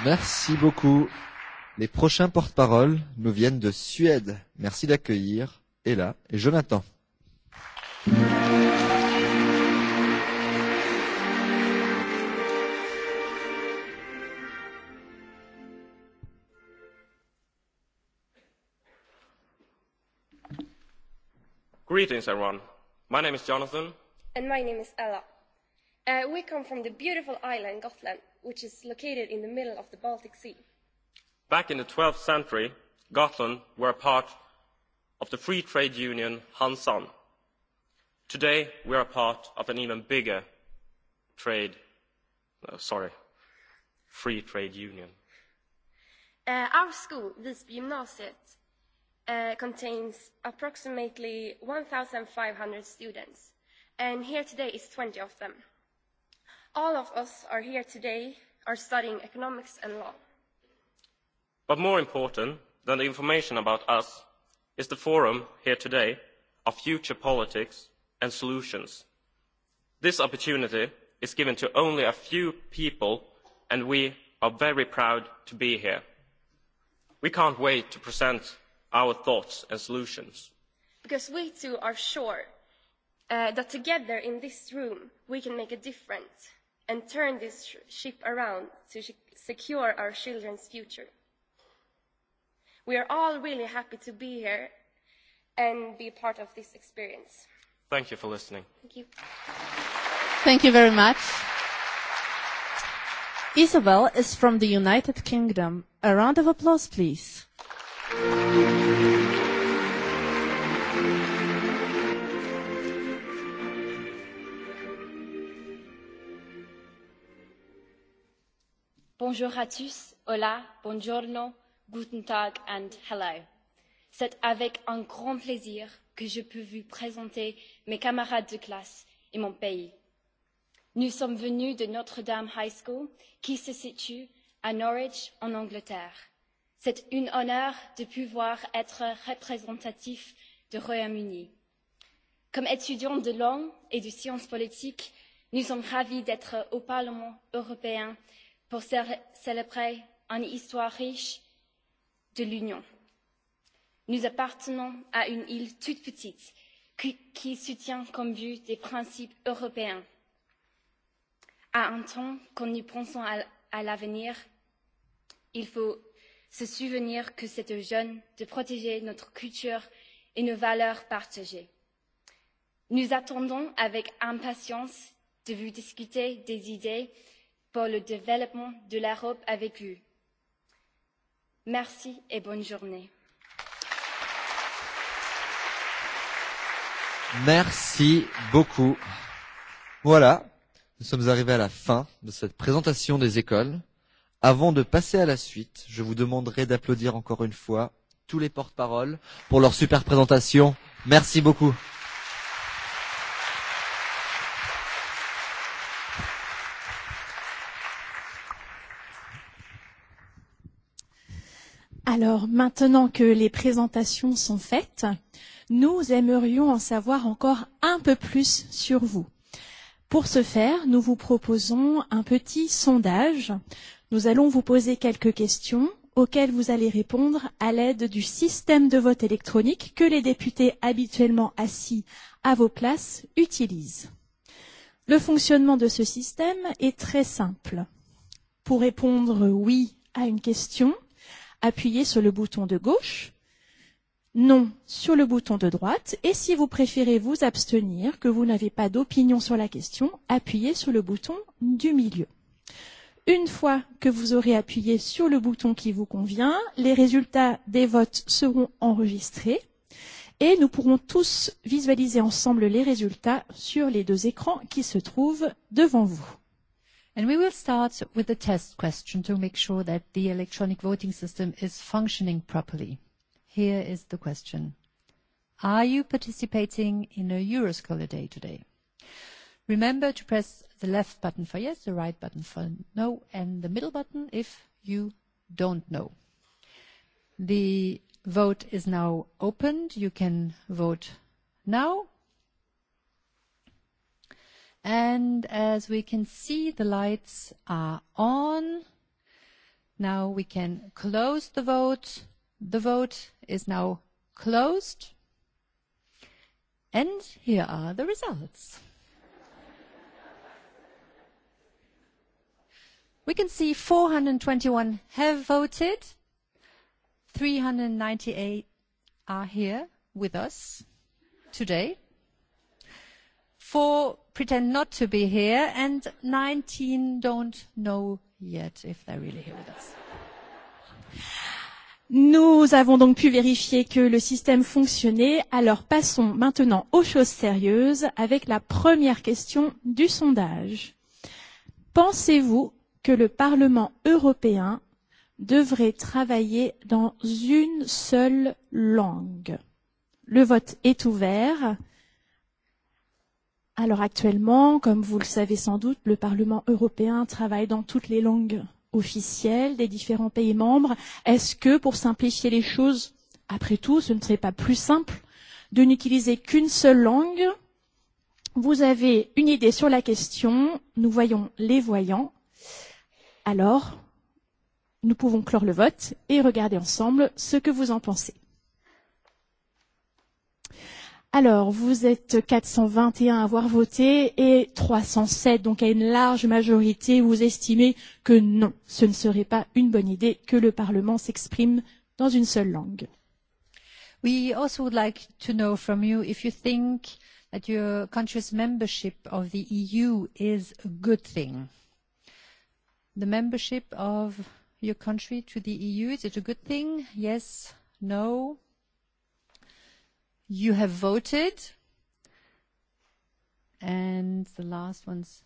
Speaker 4: Merci beaucoup. Les prochains porte-parole nous viennent de Suède. Merci d'accueillir Ella et Jonathan.
Speaker 12: Greetings, everyone. My name is Jonathan.
Speaker 1: And my name is Ella. Uh, we come from the beautiful island Gotland, which is located in the middle of the Baltic Sea.
Speaker 12: Back in the 12th century, Gotland were a part of the free trade union Hansan. Today, we are a part of an even bigger trade, uh, sorry, free trade union.
Speaker 7: Uh,
Speaker 1: our school, Visby Gymnasiet, contains approximately 1,500 students, and here today is 20 of them. All of us are here today are studying economics and law.
Speaker 12: But more important than the information about us is the forum here today of future politics and solutions. This opportunity is given to only a few people, and we are very proud to be here. We can't wait to present our thoughts and solutions.
Speaker 1: Because we too are sure uh, that together in this room we can make a difference and turn this ship around to sh- secure our children's future. We are all really happy to be here and be part of this experience.
Speaker 13: Thank you for listening. Thank you.
Speaker 8: Thank you very much. Isabel is from the United Kingdom. A round of applause, please. Thank you.
Speaker 1: bonjour à tous, hola, buongiorno, guten tag and hello. C'est avec un grand plaisir que je peux vous présenter mes camarades de classe et mon pays. Nous sommes venus de Notre-Dame High School qui se situe à Norwich en Angleterre. C'est un honneur de pouvoir être représentatif du Royaume-Uni. Comme étudiants de langue et de sciences politiques, nous sommes ravis d'être au Parlement européen pour célébrer une histoire riche de l'Union. Nous appartenons à une île toute petite qui soutient comme vue des principes européens. À un temps quand nous pensons à l'avenir, il faut se souvenir que c'est aux jeunes de protéger notre culture et nos valeurs partagées. Nous attendons avec impatience de vous discuter des idées pour le développement de l'Europe avec eux. Merci et bonne journée.
Speaker 4: Merci beaucoup. Voilà, nous sommes arrivés à la fin de cette présentation des écoles. Avant de passer à la suite, je vous demanderai d'applaudir encore une fois tous les porte-paroles pour leur super présentation. Merci beaucoup.
Speaker 19: Alors, maintenant que les présentations sont faites, nous aimerions en savoir encore un peu plus sur vous. Pour ce faire, nous vous proposons un petit sondage. Nous allons vous poser quelques questions auxquelles vous allez répondre à l'aide du système de vote électronique que les députés habituellement assis à vos places utilisent. Le fonctionnement de ce système est très simple. Pour répondre oui à une question, appuyez sur le bouton de gauche, non sur le bouton de droite, et si vous préférez vous abstenir, que vous n'avez pas d'opinion sur la question, appuyez sur le bouton du milieu. Une fois que vous aurez appuyé sur le bouton qui vous convient, les résultats des votes seront enregistrés et nous pourrons tous visualiser ensemble les résultats sur les deux écrans qui se trouvent devant vous.
Speaker 17: And we will start with the test question to make sure that the electronic voting system is functioning properly. Here is the question: Are you participating in a Euroscholar Day today? Remember to press the left button for yes, the right button for no, and the middle button if you don't know. The vote is now opened. You can vote now And as we can see, the lights are on. Now we can close the vote. The vote is now closed. And here are the results. We can see 421 have voted, 398 are here with us today. For pretend not to be here, and 19 don't know yet if they're really here with us.
Speaker 19: Nous avons donc pu vérifier que le système fonctionnait, alors passons maintenant aux choses sérieuses avec la première question du sondage. Pensez-vous que le Parlement européen devrait travailler dans une seule langue Le vote est ouvert. Alors actuellement, comme vous le savez sans doute, le Parlement européen travaille dans toutes les langues officielles des différents pays membres. Est-ce que, pour simplifier les choses, après tout, ce ne serait pas plus simple de n'utiliser qu'une seule langue Vous avez une idée sur la question. Nous voyons les voyants. Alors, nous pouvons clore le vote et regarder ensemble ce que vous en pensez. Alors, vous êtes 421 à avoir voté et 307, donc à une large majorité, vous estimez que non, ce ne serait pas une bonne idée que le Parlement s'exprime
Speaker 17: dans une seule langue. We also would like to know from you if you think that your country's membership of the EU is a good thing. The membership of your country to the EU, is it a good thing? Yes? No? You have voted. And the last ones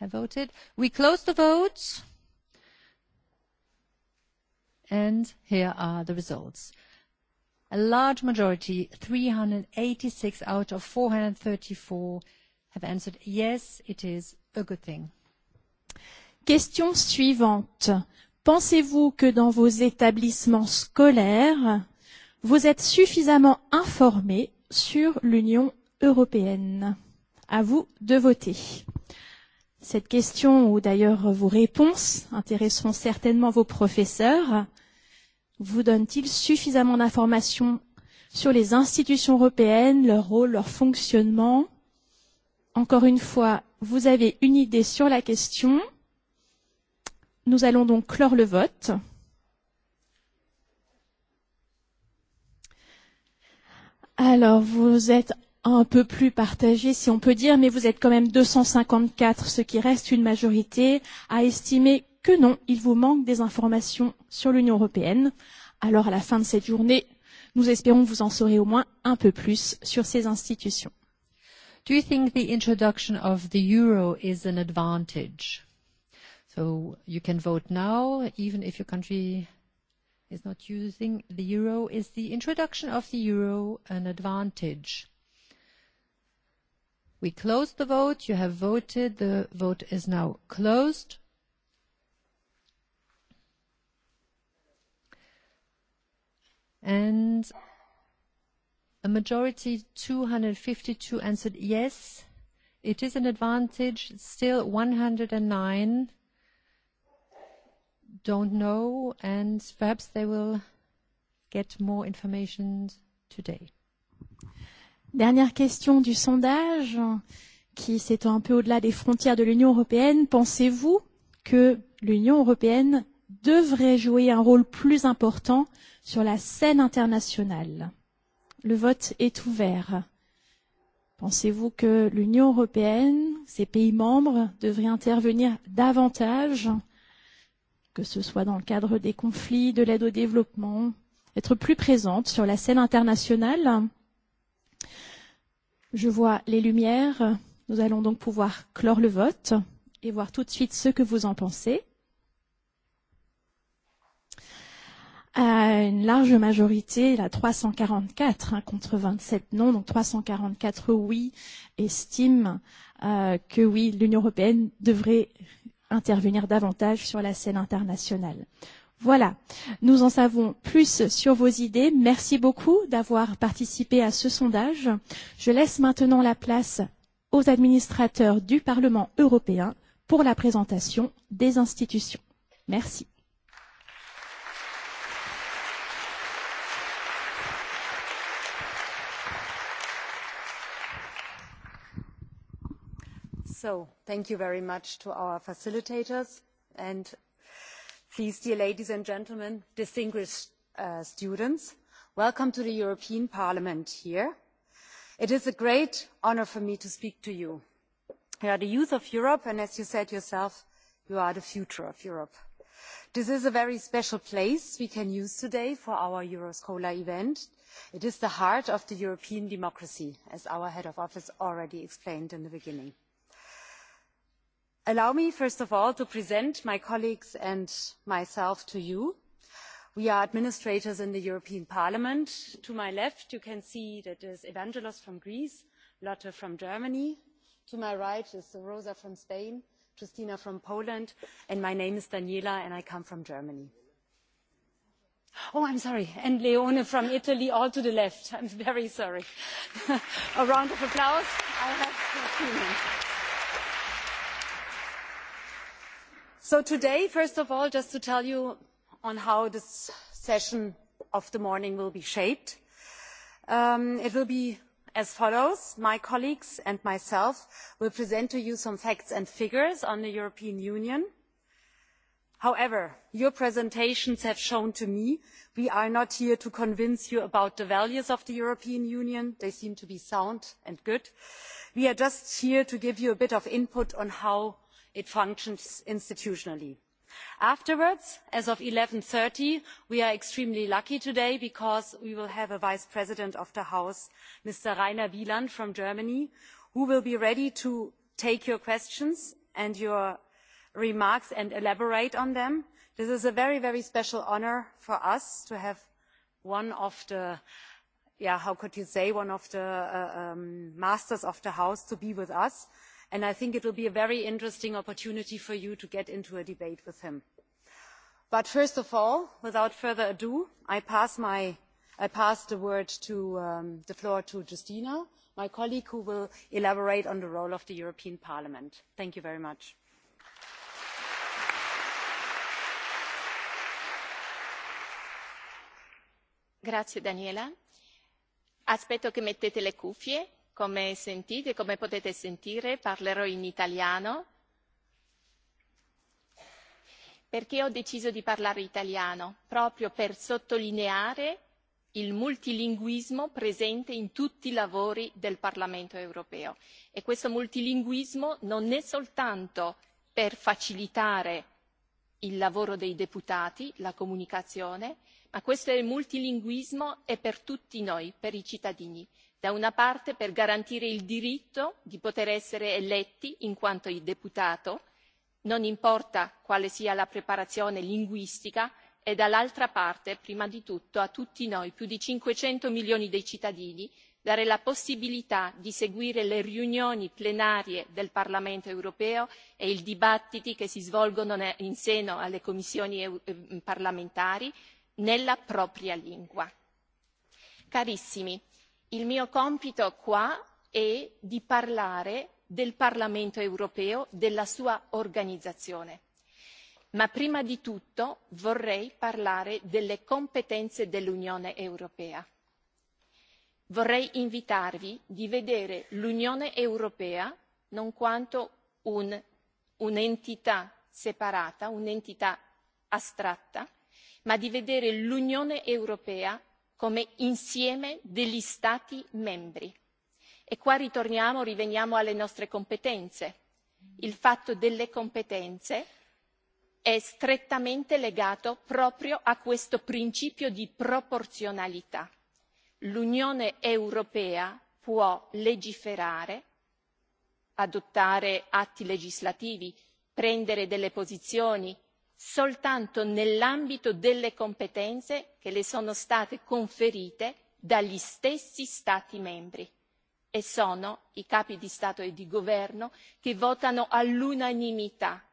Speaker 17: have voted. We close the votes. And here are the results. A large majority, 386 out of 434, have answered yes, it is a good thing.
Speaker 19: Question suivante. Pensez-vous que dans vos établissements scolaires, vous êtes suffisamment informé sur l'Union européenne. À vous de voter. Cette question, ou d'ailleurs vos réponses, intéresseront certainement vos professeurs. Vous donne t suffisamment d'informations sur les institutions européennes, leur rôle, leur fonctionnement Encore une fois, vous avez une idée sur la question. Nous allons donc clore le vote. Alors, vous êtes un peu plus partagé, si on peut dire, mais vous êtes quand même 254, ce qui reste une majorité, à estimer que non, il vous manque des informations sur l'Union européenne. Alors, à la fin de cette journée, nous espérons que vous en saurez au moins un peu plus sur
Speaker 17: ces institutions. Do you think the introduction of the euro is an advantage? So you can vote now, even if your country is not using the euro is the introduction of the euro an advantage. We closed the vote. You have voted. The vote is now closed. And a majority, 252, answered yes. It is an advantage. Still 109 don't know, and perhaps they will get more information today.
Speaker 19: Dernière question du sondage qui s'étend un peu au-delà des frontières de l'Union européenne. Pensez-vous que l'Union européenne devrait jouer un rôle plus important sur la scène internationale Le vote est ouvert. Pensez-vous que l'Union européenne, ses pays membres, devraient intervenir davantage que ce soit dans le cadre des conflits, de l'aide au développement, être plus présente sur la scène internationale. Je vois les lumières. Nous allons donc pouvoir clore le vote et voir tout de suite ce que vous en pensez. à une large majorité, la 344 hein, contre 27 non, donc 344 oui, estiment euh, que oui, l'Union européenne devrait intervenir davantage sur la scène internationale. Voilà, nous en savons plus sur vos idées. Merci beaucoup d'avoir participé à ce sondage. Je laisse maintenant la place aux administrateurs du Parlement européen pour la présentation des institutions. Merci.
Speaker 2: So thank you very much to our facilitators and please, dear ladies and gentlemen, distinguished students, welcome to the European Parliament here. It is a great honour for me to speak to you. You are the youth of Europe and as you said yourself, you are the future of Europe. This is a very special place we can use today for our Euroscola event. It is the heart of the European democracy, as our head of office already explained in the beginning allow me first of all to present my colleagues and myself to you. we are administrators in the european parliament. to my left you can see that is evangelos from greece lotte from germany to my right is rosa from spain justina from poland and my name is daniela and i come from germany. oh i'm sorry and leone from italy all to the left i'm very sorry. a round of applause. i have so today first of all just to tell you on how this session of the morning will be shaped it will be as follows my colleagues and myself will present to you some facts and figures on the european union. however your presentations have shown to me we are not here to convince you about the values of the european union they seem to be sound and good we are just here to give you a bit of input on how it functions institutionally. afterwards as of. eleven thirty we are extremely lucky today because we will have a vice president of the house mr rainer wieland from germany who will be ready to take your questions and your remarks and elaborate on them. this is a very very special honour for us to have one of the yeah how could you say one of the masters of the house to be with us and i think it will be a very interesting opportunity for you to get into a debate with him. but first of all without further ado i pass the word to the floor to justina my colleague who will elaborate on the role of the european parliament. thank you very much.
Speaker 20: grazie daniela aspetto che mettete le cuffie. Come sentite, come potete sentire, parlerò in italiano perché ho deciso di parlare italiano, proprio per sottolineare il multilinguismo presente in tutti i lavori del Parlamento europeo. E questo multilinguismo non è soltanto per facilitare il lavoro dei deputati, la comunicazione, ma questo multilinguismo è per tutti noi, per i cittadini, da una parte per garantire il diritto di poter essere eletti in quanto deputato non importa quale sia la preparazione linguistica e dall'altra parte prima di tutto a tutti noi più di cinquecento milioni di cittadini dare la possibilità di seguire le riunioni plenarie del parlamento europeo e i dibattiti che si svolgono in seno alle commissioni parlamentari nella propria lingua. carissimi il mio compito qua è di parlare del Parlamento europeo, della sua organizzazione. Ma prima di tutto vorrei parlare delle competenze dell'Unione europea. Vorrei invitarvi di vedere l'Unione europea non quanto un'entità separata, un'entità astratta, ma di vedere l'Unione europea come insieme degli Stati membri. E qua ritorniamo, riveniamo alle nostre competenze. Il fatto delle competenze è strettamente legato proprio a questo principio di proporzionalità. L'Unione europea può legiferare, adottare atti legislativi, prendere delle posizioni, soltanto nell'ambito delle competenze che le sono state conferite dagli stessi Stati membri e sono i capi di Stato e di Governo che votano all'unanimità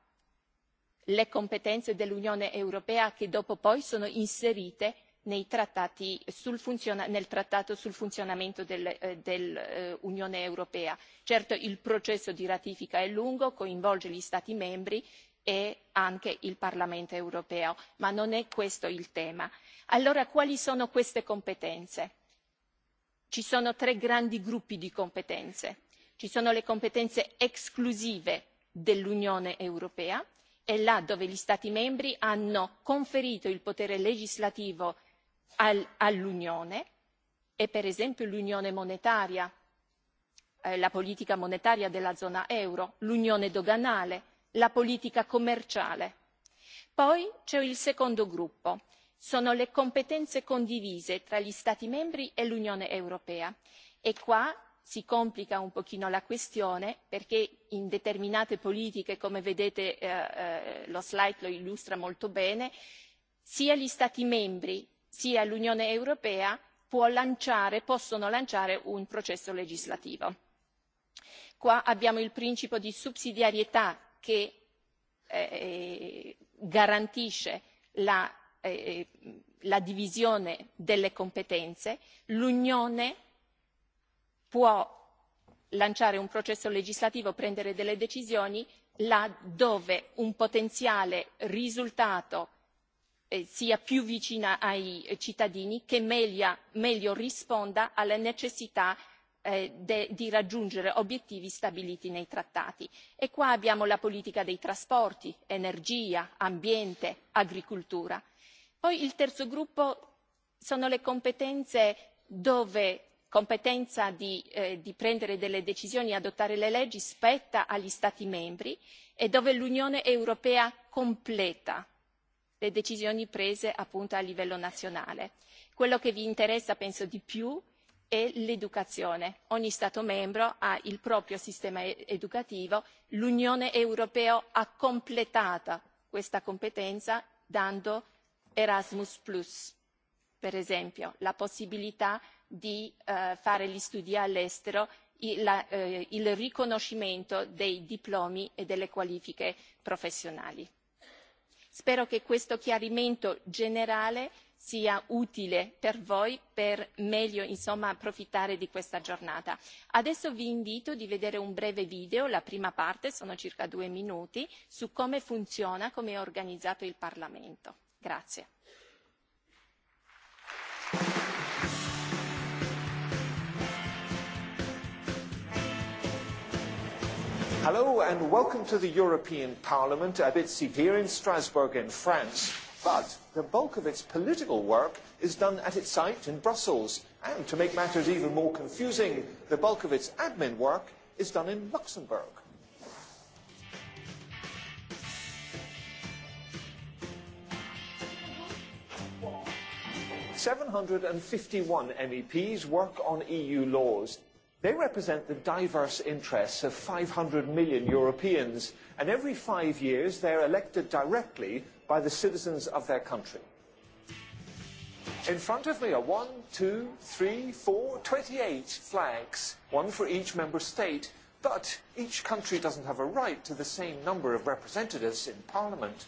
Speaker 20: le competenze dell'Unione europea che dopo poi sono inserite nei trattati sul funziona- nel trattato sul funzionamento dell'Unione Europea. Certo il processo di ratifica è lungo, coinvolge gli Stati membri e anche il Parlamento europeo, ma non è questo il tema. Allora quali sono queste competenze? Ci sono tre grandi gruppi di competenze. Ci sono le competenze esclusive dell'Unione europea e là dove gli Stati membri hanno conferito il potere legislativo all'Unione e per esempio l'Unione monetaria, la politica monetaria della zona euro, l'Unione doganale, la politica commerciale. poi c'è il secondo gruppo sono le competenze condivise tra gli stati membri e l'unione europea e qua si complica un pochino la questione perché in determinate politiche come vedete la slide lo illustra molto bene sia gli stati membri sia l'unione europea possono lanciare un processo legislativo. qua abbiamo il principio di sussidiarietà che garantisce la, divisione delle competenze, l'Unione può lanciare un processo legislativo, prendere delle decisioni là dove un potenziale risultato sia più vicina ai cittadini, che meglio risponda alle necessità di raggiungere obiettivi stabiliti nei trattati e qua abbiamo la politica dei trasporti energia ambiente agricoltura. poi il terzo gruppo sono le competenze dove competenza di prendere delle decisioni e adottare le leggi spetta agli stati membri e dove l'unione europea completa le decisioni prese appunto a livello nazionale. quello che vi interessa penso di più e l'educazione. Ogni Stato membro ha il proprio sistema educativo, l'Unione Europea ha completato questa competenza dando Erasmus per esempio, la possibilità di fare gli studi all'estero, il riconoscimento dei diplomi e delle qualifiche professionali. Spero che questo chiarimento generale sia utile per voi per meglio insomma, approfittare di questa giornata. Adesso vi invito a vedere un breve video, la prima parte, sono circa due minuti, su come funziona, come è organizzato il Parlamento. Grazie.
Speaker 21: Hello and welcome to the European Parliament in Strasbourg in France. But the bulk of its political work is done at its site in Brussels. And to make matters even more confusing, the bulk of its admin work is done in Luxembourg. Seven hundred and fifty-one MEPs work on EU laws. They represent the diverse interests of 500 million Europeans, and every five years they're elected directly by the citizens of their country. In front of me are one, two, three, four, 28 flags, one for each member state, but each country doesn't have a right to the same number of representatives in parliament.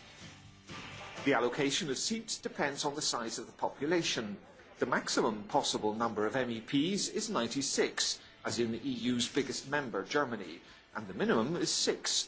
Speaker 21: The allocation of seats depends on the size of the population. The maximum possible number of MEPs is 96, as in the EU's biggest member, Germany, and the minimum is six,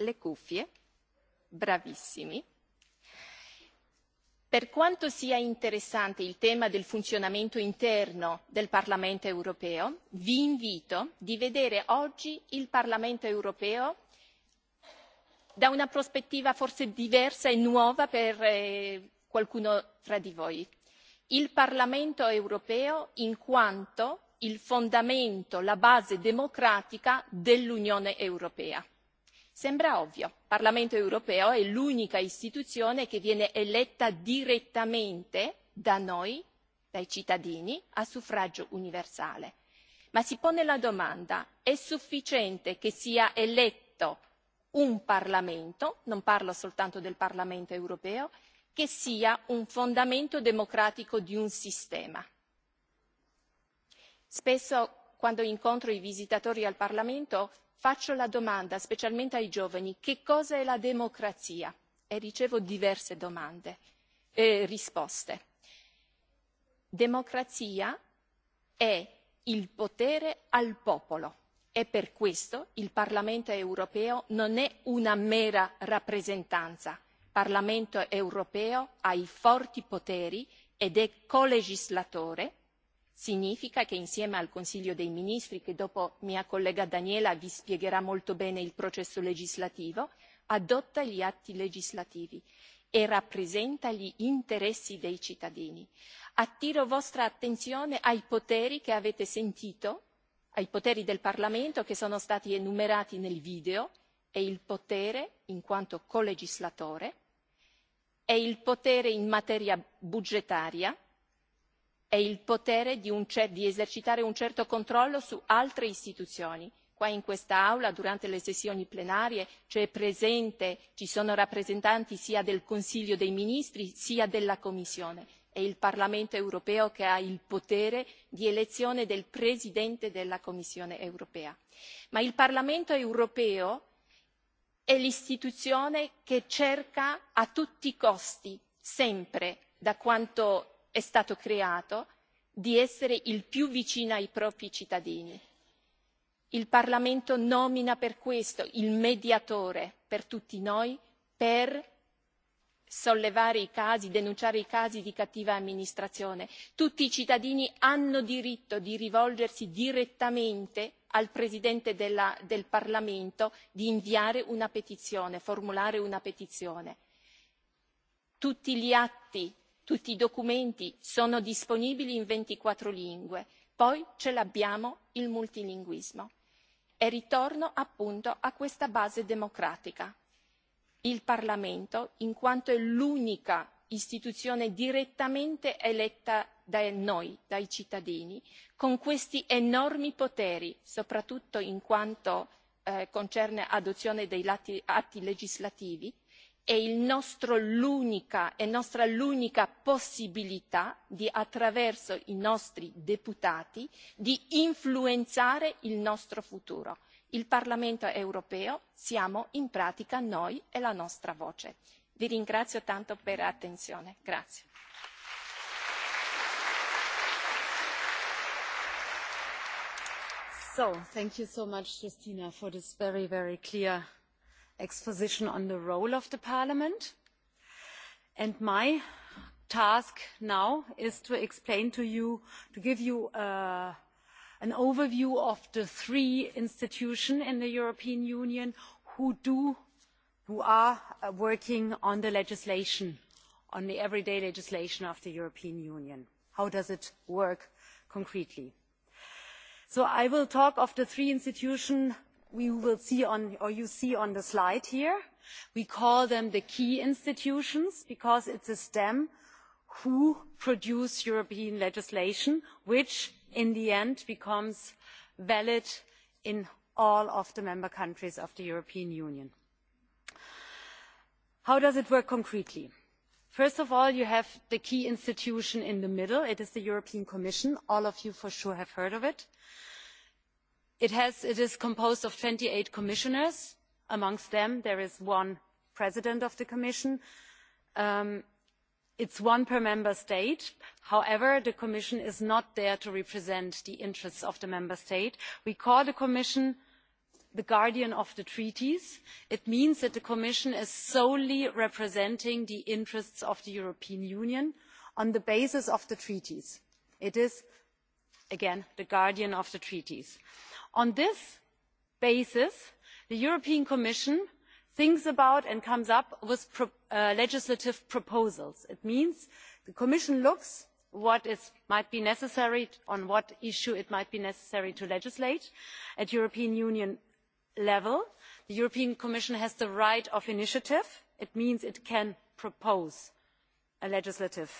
Speaker 20: le cuffie, bravissimi. Per quanto sia interessante il tema del funzionamento interno del Parlamento europeo, vi invito di vedere oggi il Parlamento europeo da una prospettiva forse diversa e nuova per qualcuno tra di voi. Il Parlamento europeo in quanto il fondamento, la base democratica dell'Unione europea sembra ovvio il parlamento europeo è l'unica istituzione che viene eletta direttamente da noi dai cittadini a suffragio universale ma si pone la domanda è sufficiente che sia eletto un parlamento non parlo soltanto del parlamento europeo che sia un fondamento democratico di un sistema. spesso quando incontro i visitatori al parlamento faccio la domanda specialmente ai giovani che cosa è la democrazia e ricevo diverse domande e risposte. Democrazia è il potere al popolo e per questo il Parlamento europeo non è una mera rappresentanza. Il Parlamento europeo ha i forti poteri ed è colegislatore significa che insieme al Consiglio dei Ministri, che dopo mia collega Daniela vi spiegherà molto bene il processo legislativo, adotta gli atti legislativi e rappresenta gli interessi dei cittadini. Attiro vostra attenzione ai poteri che avete sentito, ai poteri del Parlamento che sono stati enumerati nel video e il potere in quanto colegislatore e il potere in materia budgetaria è il potere di esercitare un certo controllo su altre istituzioni qua in quest'aula durante le sessioni plenarie c'è presente ci sono rappresentanti sia del consiglio dei ministri sia della commissione è il parlamento europeo che ha il potere di elezione del presidente della commissione europea ma il parlamento europeo è l'istituzione che cerca a tutti i costi sempre da quanto è stato creato di essere il più vicino ai propri cittadini. Il Parlamento nomina per questo il mediatore per tutti noi per sollevare i casi, denunciare i casi di cattiva amministrazione. Tutti i cittadini hanno diritto di rivolgersi direttamente al Presidente del Parlamento di inviare una petizione, formulare una petizione. Tutti gli atti tutti i documenti sono disponibili in ventiquattro lingue poi ce l'abbiamo il multilinguismo e ritorno appunto a questa base democratica il parlamento in quanto è l'unica istituzione direttamente eletta da noi dai cittadini con questi enormi poteri soprattutto in quanto concerne l'adozione degli atti legislativi è nostra l'unica possibilità attraverso i nostri deputati di influenzare il nostro futuro. il parlamento europeo siamo in pratica noi e la nostra voce. vi ringrazio tanto per
Speaker 2: l'attenzione exposition on the role of the parliament and my task now is to explain to you to give you an overview of the three institutions in the european union who are working on the legislation on the everyday legislation of the european union how does it work concretely? so i will talk of the three institutions we will see on, or you see on the slide here. We call them the key institutions because it's a STEM who produce European legislation, which in the end becomes valid in all of the member countries of the European Union. How does it work concretely? First of all, you have the key institution in the middle. It is the European Commission. All of you for sure have heard of it it is composed of twenty eight commissioners amongst them there is one president of the commission it is one per member state however the commission is not there to represent the interests of the member state. we call the commission the guardian of the treaties it means that the commission is solely representing the interests of the european union on the basis of the treaties. it is again the guardian of the treaties on this basis the european commission thinks about and comes up with legislative proposals. it means the commission looks at what might be necessary on what issue it might be necessary to legislate at european union level. the european commission has the right of initiative it means it can propose a legislative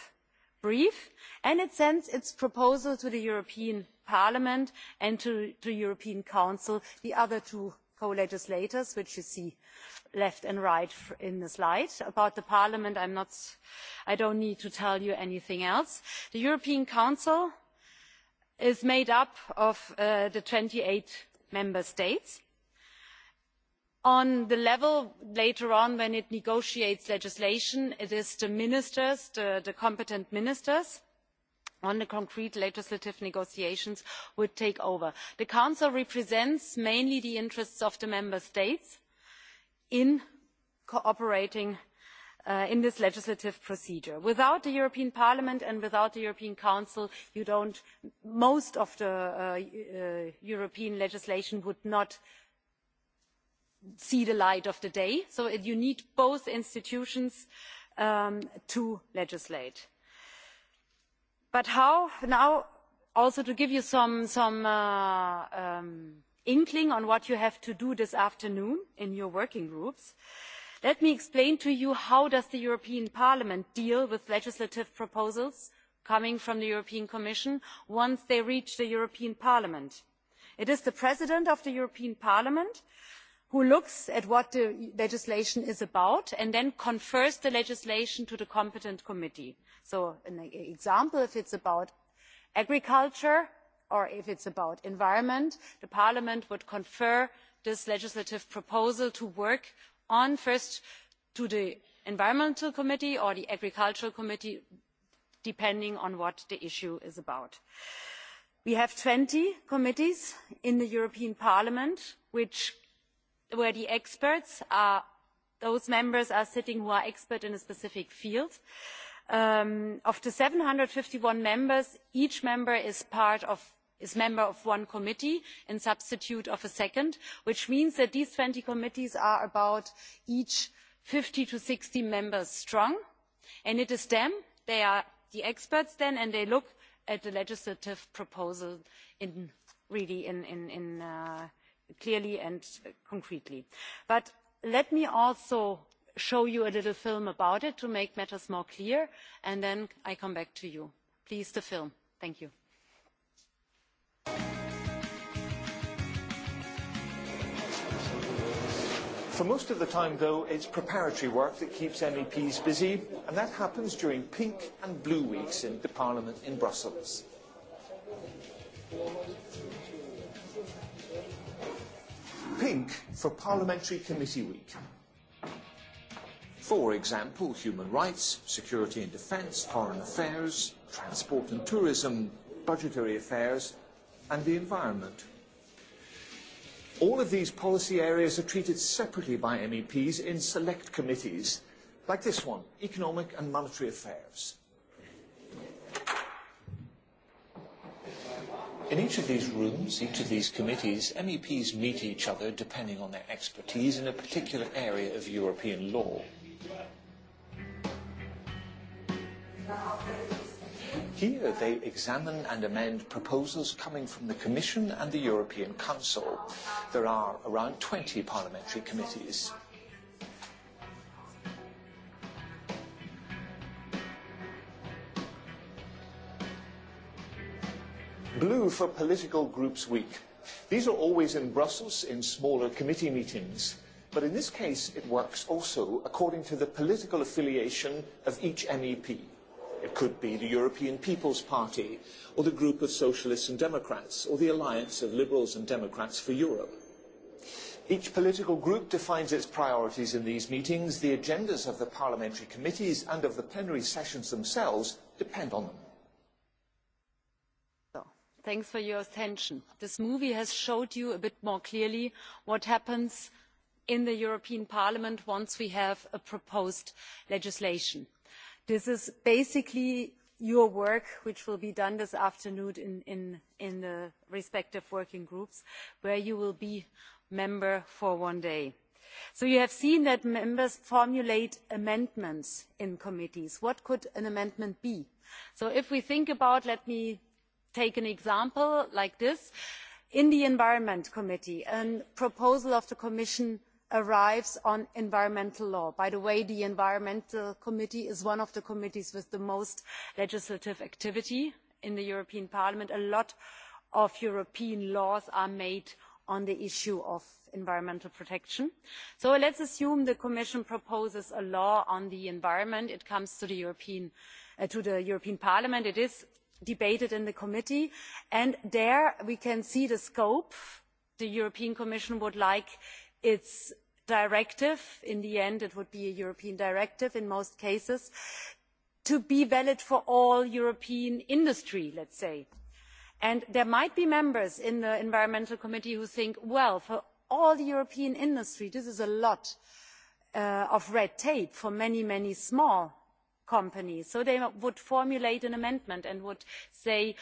Speaker 2: brief and it sends its proposal to the european parliament and to the european council the other two co legislators which you see left and right in the slide. about the parliament i don't need to tell you anything else. the european council is made up of the twenty eight member states on the level later on when it negotiates legislation it is the ministers the competent ministers on the concrete legislative negotiations would take over. the council represents mainly the interests of the member states in cooperating in this legislative procedure. without the european parliament and without the european council most of the european legislation would not see the light of the day. So you need both institutions to legislate. But how now? Also to give you some some inkling on what you have to do this afternoon in your working groups. Let me explain to you how does the European Parliament deal with legislative proposals coming from the European Commission once they reach the European Parliament. It is the President of the European Parliament uh, who looks at what the legislation is about and then confers the legislation to the competent committee. So an example, if it's about agriculture or if it's about environment, the parliament would confer this legislative proposal to work on first to the environmental committee or the agricultural committee, depending on what the issue is about. We have twenty committees in the European Parliament which where the experts are those members are sitting who are expert in a specific field. Um, of the 751 members, each member is part of is member of one committee in substitute of a second, which means that these 20 committees are about each 50 to 60 members strong. And it is them, they are the experts then, and they look at the legislative proposal in really in, in, in uh, clearly and concretely. but let me also show you a little film about it to make matters more clear and then i come back to you. please the film. thank you.
Speaker 21: For most of the time, though, it's preparatory work that keeps MEPs busy, and that happens during pink and blue weeks in the Parliament in Brussels pink for Parliamentary Committee Week. For example, human rights, security and defence, foreign affairs, transport and tourism, budgetary affairs, and the environment. All of these policy areas are treated separately by MEPs in select committees, like this one, Economic and Monetary Affairs. In each of these rooms, each of these committees, MEPs meet each other depending on their expertise in a particular area of European law. Here they examine and amend proposals coming from the Commission and the European Council. There are around 20 parliamentary committees. blue for Political Groups Week. These are always in Brussels in smaller committee meetings. But in this case, it works also according to the political affiliation of each MEP. It could be the European People's Party, or the Group of Socialists and Democrats, or the Alliance of Liberals and Democrats for Europe. Each political group defines its priorities in these meetings. The agendas of the parliamentary committees and of the plenary sessions themselves depend on them
Speaker 2: thanks for your attention. this movie has showed you a bit more clearly what happens in the european parliament once we have a proposed legislation. this is basically your work which will be done this afternoon in the respective working groups where you will be a member for one day. so you have seen that members formulate amendments in committees. what could an amendment be? so if we think about let me take an example like this in the environment committee a proposal of the commission arrives on environmental law. by the way the environmental committee is one of the committees with the most legislative activity in the european parliament. a lot of european laws are made on the issue of environmental protection. so let us assume the commission proposes a law on the environment it comes to the european parliament it is debated in the committee and there we can see the scope the european commission would like its directive in the end it would be a european directive in most cases to be valid for all european industry let's say and there might be members in the environmental committee who think well for all the european industry this is a lot of red tape for many many small companies. So they would formulate an amendment and would say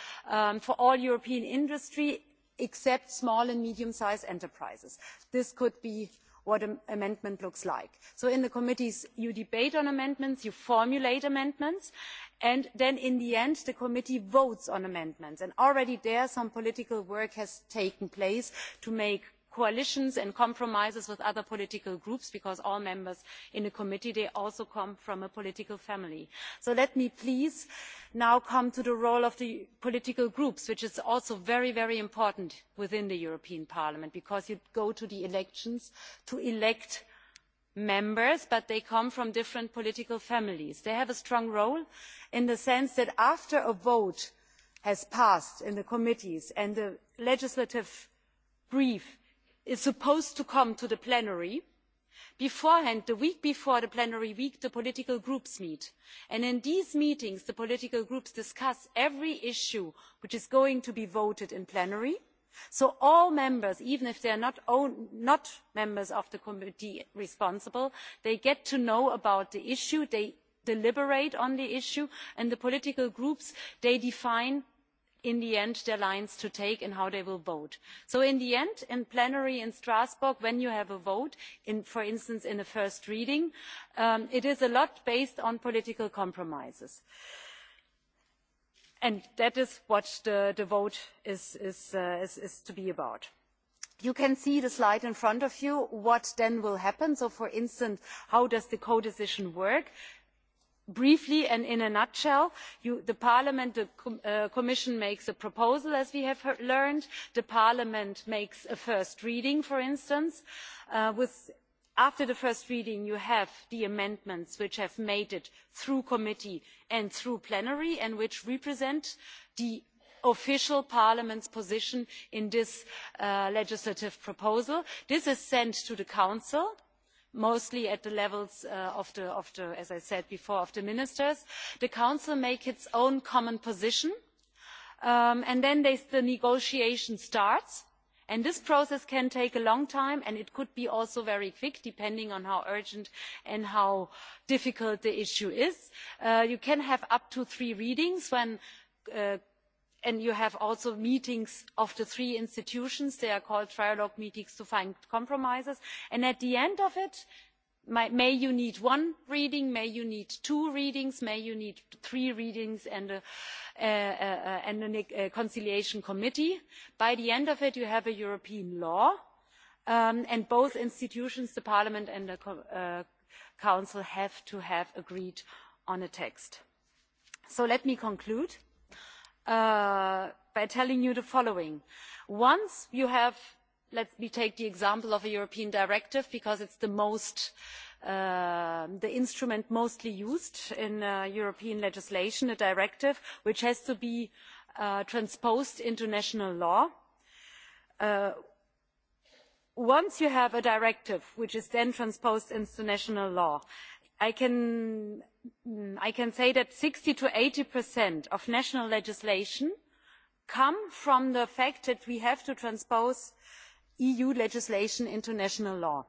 Speaker 2: for all European industry except small and medium-sized enterprises. This could be what an amendment looks like. So in the committees, you debate on amendments, you formulate amendments, and then in the end, the committee votes on amendments. And already there, some political work has taken place to make coalitions and compromises with other political groups because all members in a committee also come from a political family. so let me please now come to the role of the political groups which is also very very important within the european parliament because you go to the elections to elect members but they come from different political families. they have a strong role in the sense that after a vote has passed in the committees and the legislative brief is supposed to come to the plenary beforehand the week before the plenary week the political groups meet and in these meetings the political groups discuss every issue which is going to be voted in plenary so all members even if they are not members of the committee responsible they get to know about the issue they deliberate on the issue and the political groups define in the end their lines to take and how they will vote. so in the end in plenary in strasbourg when you have a vote for instance in a first reading it is a lot based on political compromises and that is what the vote is to be about you can see the slide in front of you what then will happen so for instance how does the codecision work? briefly and in a nutshell the parliament the commission makes a proposal as we have learned the parliament makes a first reading for instance after the first reading you have the amendments which have made it through committee and through plenary and which represent the official parliament's position in this legislative proposal. this is sent to the council mostly at the levels of the as i said before of the ministers the council makes its own common position and then the negotiation starts and this process can take a long time and it could be also very quick depending on how urgent and how difficult the issue is. you can have up to three readings when and you have also meetings of the three institutions they are called trialogue meetings to find compromises and at the end of it may you need one reading may you need two readings may you need three readings and a conciliation committee by the end of it you have a european law and both institutions the parliament and the council have to have agreed on a text. so let me conclude by telling you the following. Once you have, let me take the example of a European directive because it's the most, the instrument mostly used in European legislation, a directive which has to be transposed into national law. once you have a directive which is then transposed into national law, I can i can say that sixty to 80% of national legislation come from the fact that we have to transpose eu legislation into national law.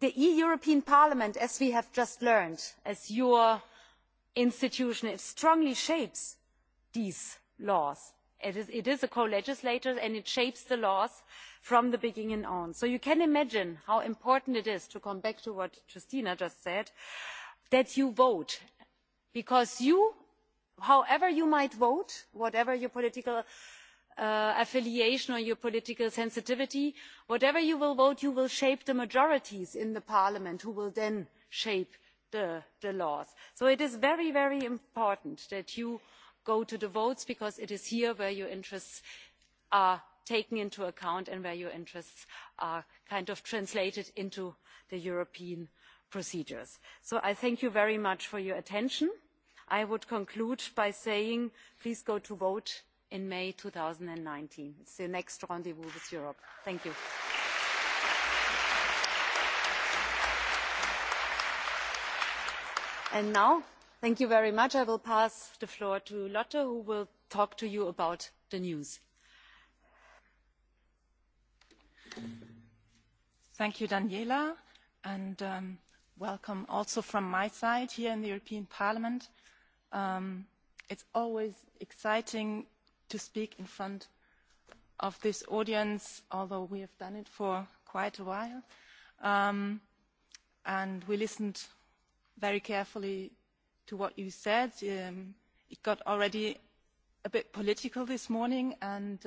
Speaker 2: the european parliament as we have just learned as your institution strongly shapes these laws. it is a co legislator and it shapes the laws from the beginning on. so you can imagine how important it is to come back to what christina just said that you vote because you however you might vote whatever your political affiliation or your political sensitivity whatever you will vote you will shape the majorities in the parliament who will then shape the laws. so it is very very important that you go to the votes because it is here where your interests are taken into account and where your interests are kind of translated into the european procedures. So I thank you very much for your attention. I would conclude by saying please go to vote in May 2019. It's the next rendezvous with Europe. Thank you. And now, thank you very much. I will pass the floor to Lotte, who will talk to you about the news. Thank you,
Speaker 22: Daniela. And um, welcome also from my side here in the European Parliament. it it's always exciting to speak in front of this audience, although we have done it for quite a while. and we listened very carefully to what you said. it got already a bit political this morning, and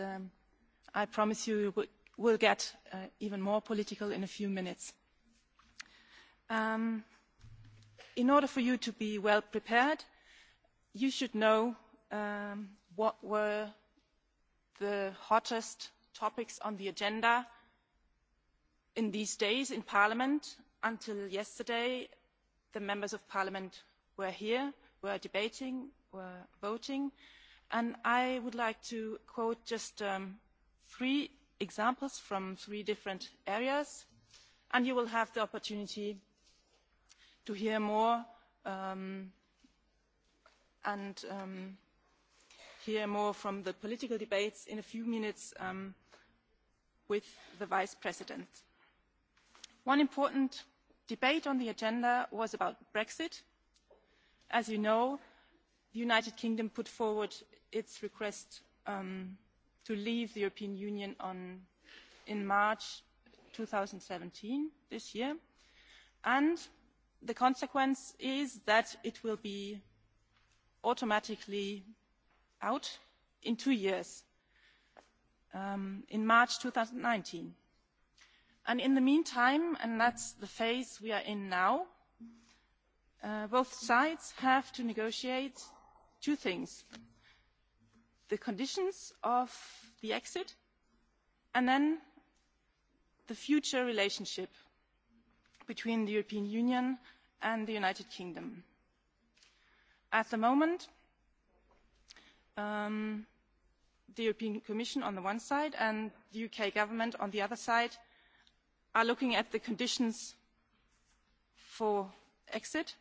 Speaker 22: I promise you will get uh, even more political in a few minutes in order for you to be well prepared, you should know what were the hottest topics on the agenda in these days in Parliament. Until yesterday, the members of Parliament were here, were debating, were voting, and I would like to quote just three examples from three different areas, and you will have the opportunity to hear more um, and um, hear more from the political debates in a few minutes um, with the Vice President. One important debate on the agenda was about Brexit. As you know, the United Kingdom put forward its request um, to leave the European Union on, in March 2017, this year. And the consequence is that it will be automatically out in two years, in March thousand And in the meantime, and that's the phase we are in now, both sides have to negotiate two things. The conditions of the exit and then the future relationship between the European Union and the United Kingdom. At the moment, um, the European Commission on the one side and the UK government on the other side are looking at the conditions for exit.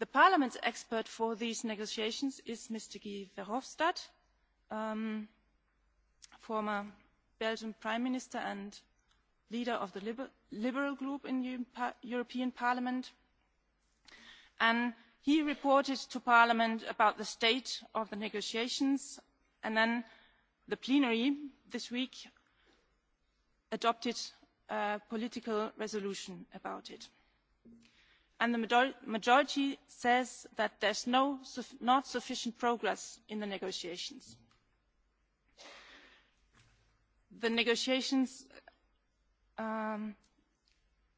Speaker 22: The Parliament's expert for these negotiations is Mr. Guy Verhofstadt, um, former Belgian Prime Minister and leader of the Liberal group in the European Parliament. And he reported to Parliament about the state of the negotiations. And then the plenary this week adopted a political resolution about it. And the majority says that there's no, not sufficient progress in the negotiations. The negotiations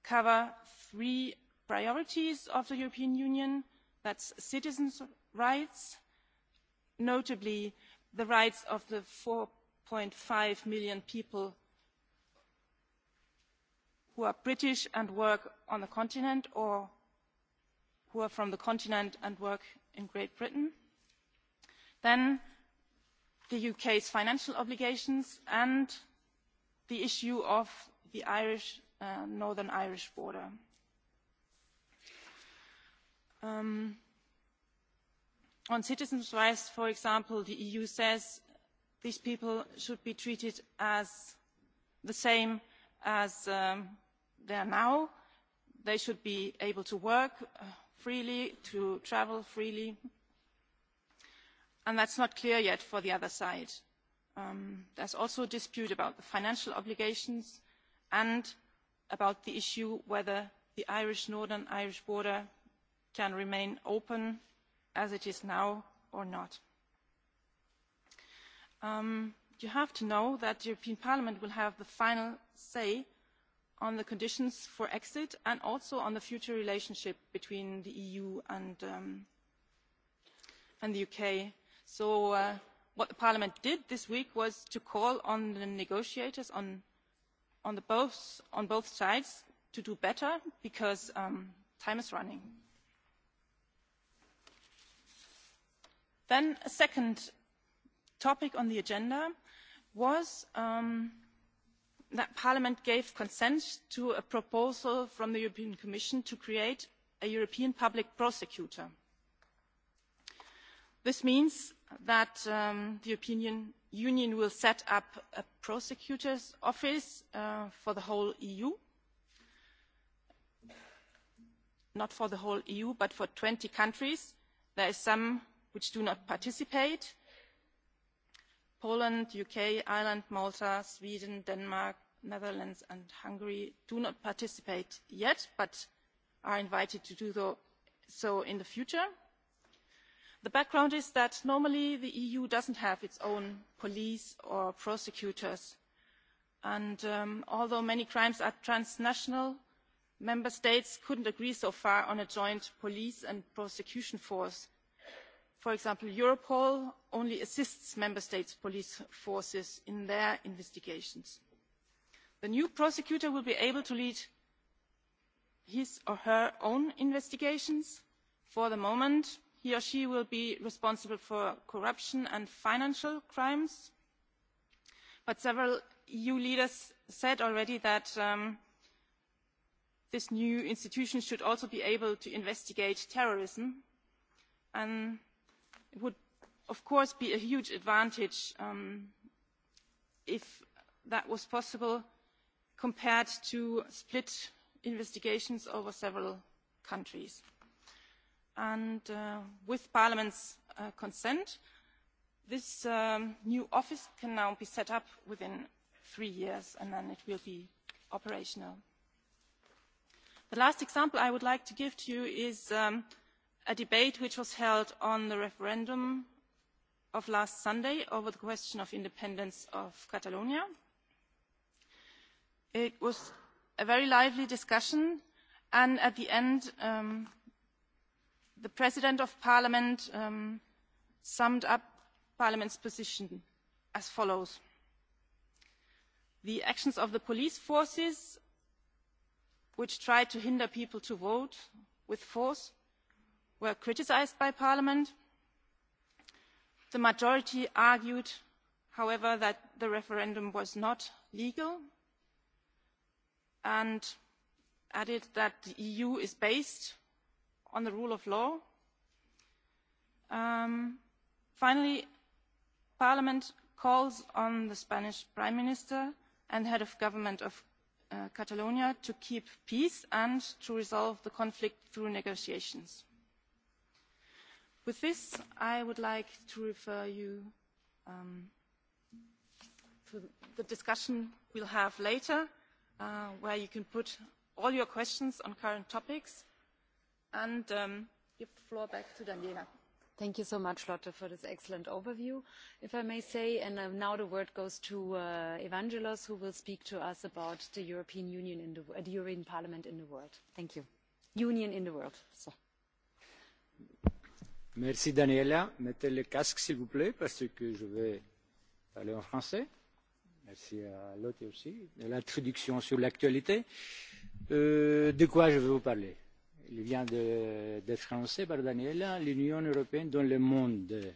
Speaker 22: cover three priorities of the European Union. That's citizens' rights, notably the rights of the four five million people who are British and work on the continent or who are from the continent and work in Great Britain. Then the UK's financial obligations and the issue of the Irish, uh, Northern Irish border. Um, on citizens' rights, for example, the EU says these people should be treated as the same as um, they are now. They should be able to work freely, to travel freely, and that's not clear yet for the other side. Um, there's also a dispute about the financial obligations and about the issue of whether the irish northern irish border can remain open as it is now or not. you have to know that the european parliament will have the final say on the conditions for exit and also on the future relationship between the eu and the uk. so what parliament did this week was to call on the negotiators on, the both, on both sides to do better because um, time is running. Then a second topic on the agenda was um, that Parliament gave consent to a proposal from the European Commission to create a European public prosecutor – this means that the european union will set up a prosecutor's office for the whole eu not for the whole eu but for twenty countries. there are some which do not participate poland uk ireland malta sweden denmark the netherlands and hungary do not participate yet but are invited to do so in the future the background is that normally the eu does not have its own police or prosecutors and although many crimes are transnational member states could not agree so far on a joint police and prosecution force. for example europol only assists member states' police forces in their investigations. the new prosecutor will be able to lead his or her own investigations. for the moment he or she will be responsible for corruption and financial crimes but several eu leaders said already that this new institution should also be able to investigate terrorism and it would of course be a huge advantage if that was possible compared to split investigations over several countries and with Parliament's consent, this new office can now be set up within three years, and then it will be operational. The last example I would like to give to you is a debate which was held on the referendum of last Sunday over the question of independence of Catalonia. It was a very lively discussion, and at the end, um, the President of Parliament summed up Parliament's position as follows. The actions of the police forces, which tried to hinder people to vote with force, were criticised by Parliament. The majority argued, however, that the referendum was not legal and added that the EU is based on the rule of law. finally, Parliament calls on the Spanish Prime Minister and Head of Government of Catalonia to keep peace and to resolve the conflict through negotiations. With this, I would like to refer you to the discussion we'll have later, where you can put
Speaker 2: all your questions on current topics and give the floor back to Daniela. Thank you so much, Lotte, for this excellent overview, if I may say. And now the word goes to Evangelos, who will speak to us about the European Union in the, the European Parliament in the world. Thank you. Union in the world. So.
Speaker 16: Merci, Daniela. Mettez le casque, s'il vous plaît, parce que je vais parler en français. Merci à Lotte aussi de l'introduction sur l'actualité. Euh, de quoi je vais vous parler il vient d'être annoncé par Daniela, l'Union européenne dans le monde.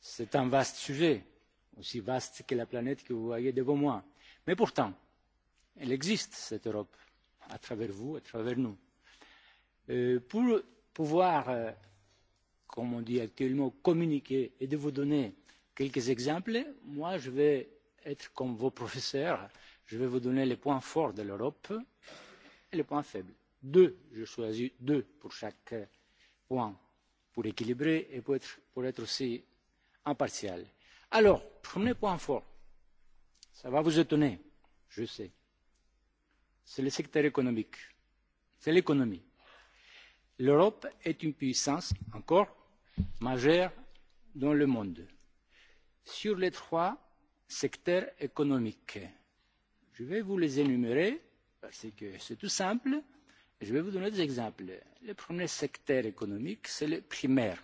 Speaker 16: C'est un vaste sujet, aussi vaste que la planète que vous voyez devant moi. Mais pourtant, elle existe, cette Europe, à travers vous, à travers nous. pour pouvoir, comme on dit actuellement, communiquer et de vous donner quelques exemples, moi je vais être comme vos professeurs, je vais vous donner les points forts de l'Europe et les points faibles deux j'ai choisi deux pour chaque point pour équilibrer et pour être, pour être aussi impartial. Alors, premier point fort, ça va vous étonner, je sais, c'est le secteur économique, c'est l'économie. L'Europe est une puissance encore majeure dans le monde. Sur les trois secteurs économiques, je vais vous les énumérer parce que c'est tout simple Je vais vous donner des exemples. Le premier secteur économique, c'est le primaire.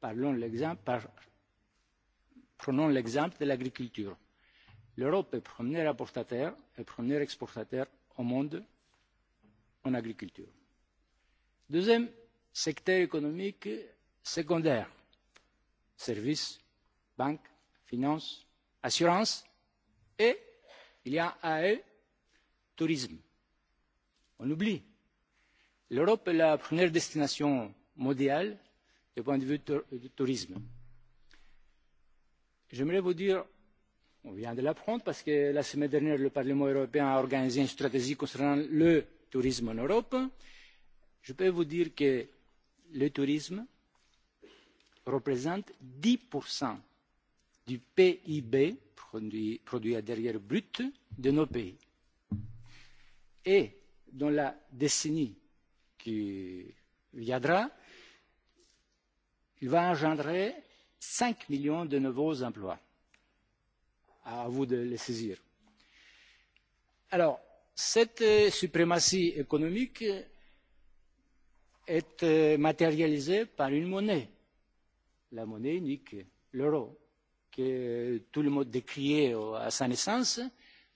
Speaker 16: Parlons l'exemple, par... Prenons l'exemple de l'agriculture. L'Europe est premier apportateur et premier exportateur au monde en agriculture. Deuxième secteur économique secondaire, services, banques, finances, assurances et, il y a à eux, tourisme on oublie. L'Europe est la première destination mondiale du point de vue du tourisme. J'aimerais vous dire, on vient de l'apprendre parce que la semaine dernière, le Parlement européen a organisé une stratégie concernant le tourisme en Europe. Je peux vous dire que le tourisme représente 10% du PIB, produit, produit intérieur brut, de nos pays. Et dans la décennie qui viendra, il va engendrer cinq millions de nouveaux emplois. À vous de les saisir. Alors, cette suprématie économique est matérialisée par une monnaie, la monnaie unique, l'euro, que tout le monde décriait à sa naissance,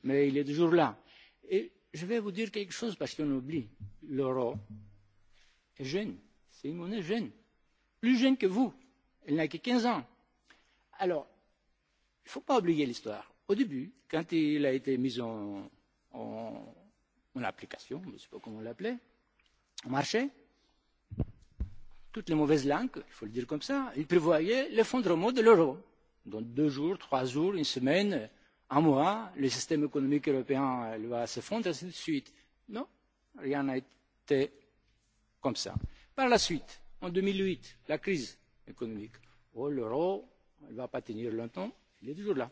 Speaker 16: mais il est toujours là. Et Je vais vous dire quelque chose parce qu'on oublie. L'euro est jeune. C'est une monnaie jeune. Plus jeune que vous. Elle n'a que 15 ans. Alors, il ne faut pas oublier l'histoire. Au début, quand il a été mis en, en, en application, je ne sais pas comment on l'appelait, au marché, toutes les mauvaises langues, il faut le dire comme ça, ils prévoyaient l'effondrement de l'euro. Dans deux jours, trois jours, une semaine, un mois, le système économique européen va s'effondrer, ainsi de suite. Non, rien n'a été comme ça. Par la suite, en deux mille huit, la crise économique. Oh, l'euro ne va pas tenir longtemps, il est toujours là.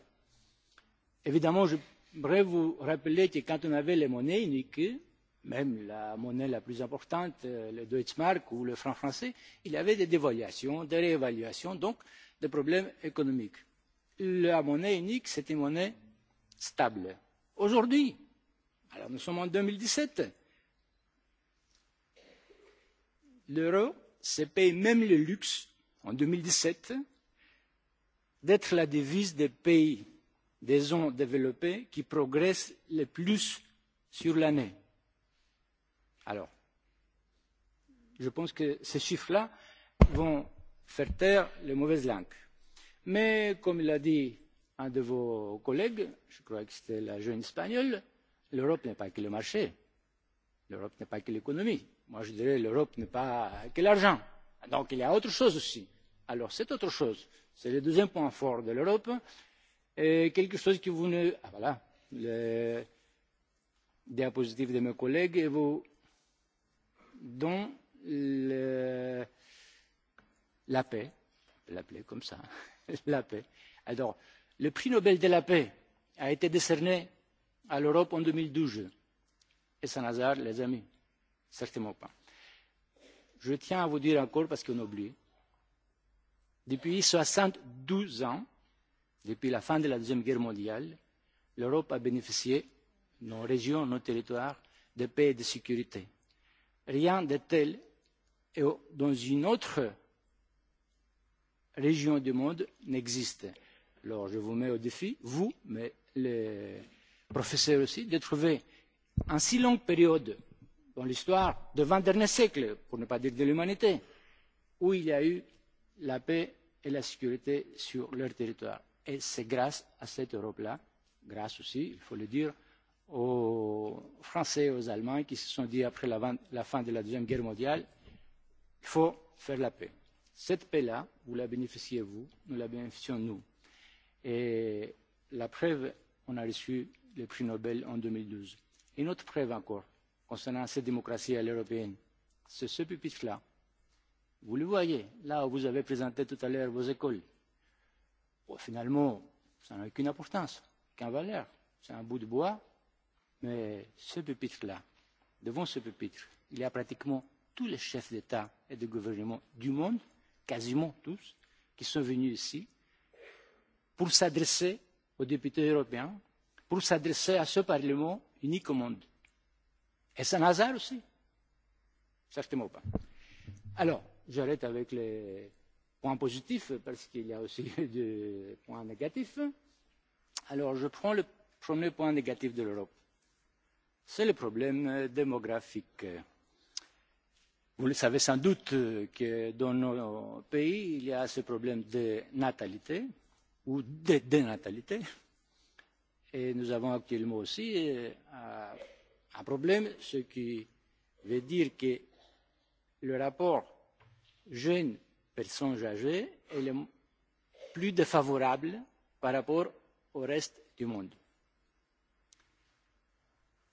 Speaker 16: Évidemment, je voudrais vous rappeler que quand on avait les monnaies uniques, même la monnaie la plus importante, le Deutsche Mark ou le franc français, il y avait des dévaluations, des réévaluations, donc des problèmes économiques. La monnaie unique, c'est une monnaie stable. Aujourd'hui, alors nous sommes en deux mille dix sept, l'euro se paye même le luxe, en deux mille dix sept, d'être la devise des pays des zones développées qui progressent le plus sur l'année. Alors, je pense que ces chiffres-là vont faire taire les mauvaises langues. Mais comme l'a dit un de vos collègues, je crois que c'était la jeune espagnole, l'Europe n'est pas que le marché, l'Europe n'est pas que l'économie. Moi, je dirais l'Europe n'est pas que l'argent. Donc, il y a autre chose aussi. Alors, c'est autre chose. C'est le deuxième point fort de l'Europe. Et quelque chose que vous ne... Ah, voilà. Le diapositive de mes collègues et vous... dont le... la paix, l'appeler comme ça, la paix. Alors, le prix nobel de la paix a été décerné à l'europe en deux mille douze et sans un hasard les amis certainement pas. je tiens à vous dire encore parce qu'on oublie depuis soixante douze ans depuis la fin de la deuxième guerre mondiale l'europe a bénéficié nos régions nos territoires de paix et de sécurité. rien de tel dans une autre région du monde n'existe. Alors je vous mets au défi, vous, mais les professeurs aussi, de trouver en si longue période dans l'histoire de vingt derniers siècles, pour ne pas dire de l'humanité, où il y a eu la paix et la sécurité sur leur territoire. Et c'est grâce à cette Europe-là, grâce aussi, il faut le dire, aux Français et aux Allemands qui se sont dit après la fin de la Deuxième Guerre mondiale, il faut faire la paix. Cette paix-là, vous la bénéficiez vous, nous la bénéficions nous Et la preuve, on a reçu le prix Nobel en 2012. Une autre preuve encore concernant cette démocratie à l'européenne, c'est ce pupitre-là. Vous le voyez, là où vous avez présenté tout à l'heure vos écoles. Bon, finalement, ça n'a aucune importance, aucune valeur. C'est un bout de bois, mais ce pupitre-là, devant ce pupitre, il y a pratiquement tous les chefs d'État et de gouvernement du monde, quasiment tous, qui sont venus ici pour s'adresser aux députés européens, pour s'adresser à ce Parlement unique au monde. Est-ce un hasard aussi Certainement pas. Alors, j'arrête avec les points positifs parce qu'il y a aussi des points négatifs. Alors, je prends le premier point négatif de l'Europe. C'est le problème démographique. Vous le savez sans doute que dans nos pays, il y a ce problème de natalité, ou de dénatalité. Et nous avons actuellement aussi un problème, ce qui veut dire que le rapport jeunes personnes âgées est plus défavorable par rapport au reste du monde.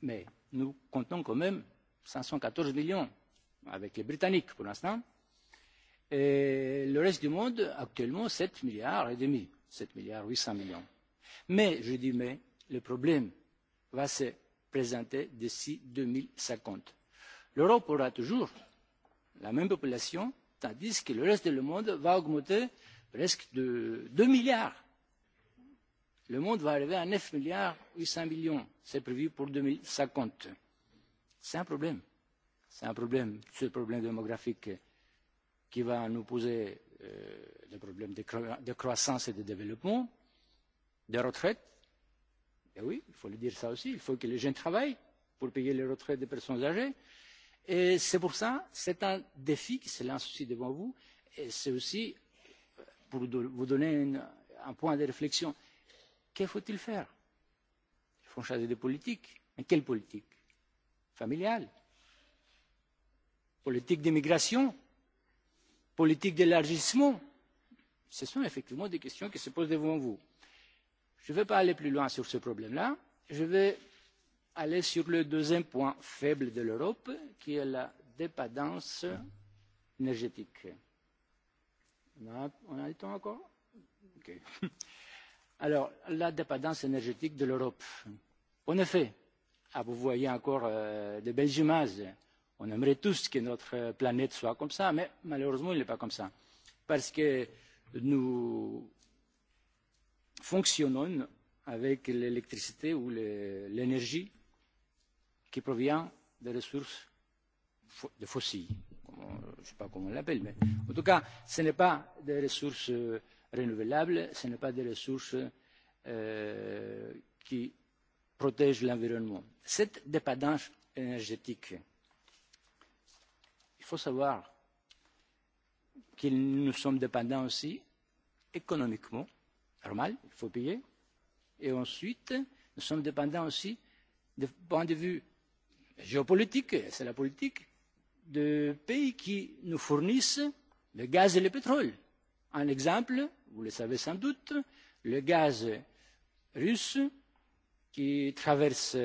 Speaker 16: Mais nous comptons quand même cinq cent quatorze millions avec les Britanniques pour l'instant. Et le reste du monde, actuellement, sept milliards et demi sept milliards huit cents millions. Mais, je dis mais, le problème va se présenter d'ici deux mille cinquante. L'Europe aura toujours la même population, tandis que le reste du monde va augmenter presque de deux milliards. Le monde va arriver à neuf milliards huit cents millions. C'est prévu pour deux mille cinquante. C'est un problème. C'est un problème, ce problème démographique qui va nous poser les problèmes de, croissance et de développement, des retraites. Et oui, il faut le dire ça aussi, il faut que les jeunes travaillent pour payer les retraites des personnes âgées. Et c'est pour ça, c'est un défi qui se lance aussi devant vous, et c'est aussi pour vous donner une, un point de réflexion. Que faut-il faire Il faut changer de politique. Mais quelle politique Familiale Politique d'immigration politique d'élargissement ce sont effectivement des questions qui se posent devant vous. je ne vais pas aller plus loin sur ce problème là je vais aller sur le deuxième point faible de l'europe qui est la dépendance énergétique. on a le temps encore? alors la dépendance énergétique de l'europe en effet vous voyez encore de belles images On aimerait tous que notre planète soit comme ça, mais malheureusement, elle n'est pas comme ça. Parce que nous fonctionnons avec l'électricité ou l'énergie qui provient des ressources de fossiles. Je ne sais pas comment on l'appelle, mais en tout cas, ce n'est pas des ressources renouvelables, ce n'est pas des ressources qui protègent l'environnement. Cette dépendance énergétique faut savoir que nous sommes dépendants aussi économiquement, normal, il faut payer. Et ensuite, nous sommes dépendants aussi du point de vue géopolitique, c'est la politique, de pays qui nous fournissent le gaz et le pétrole. Un exemple, vous le savez sans doute, le gaz russe qui traverse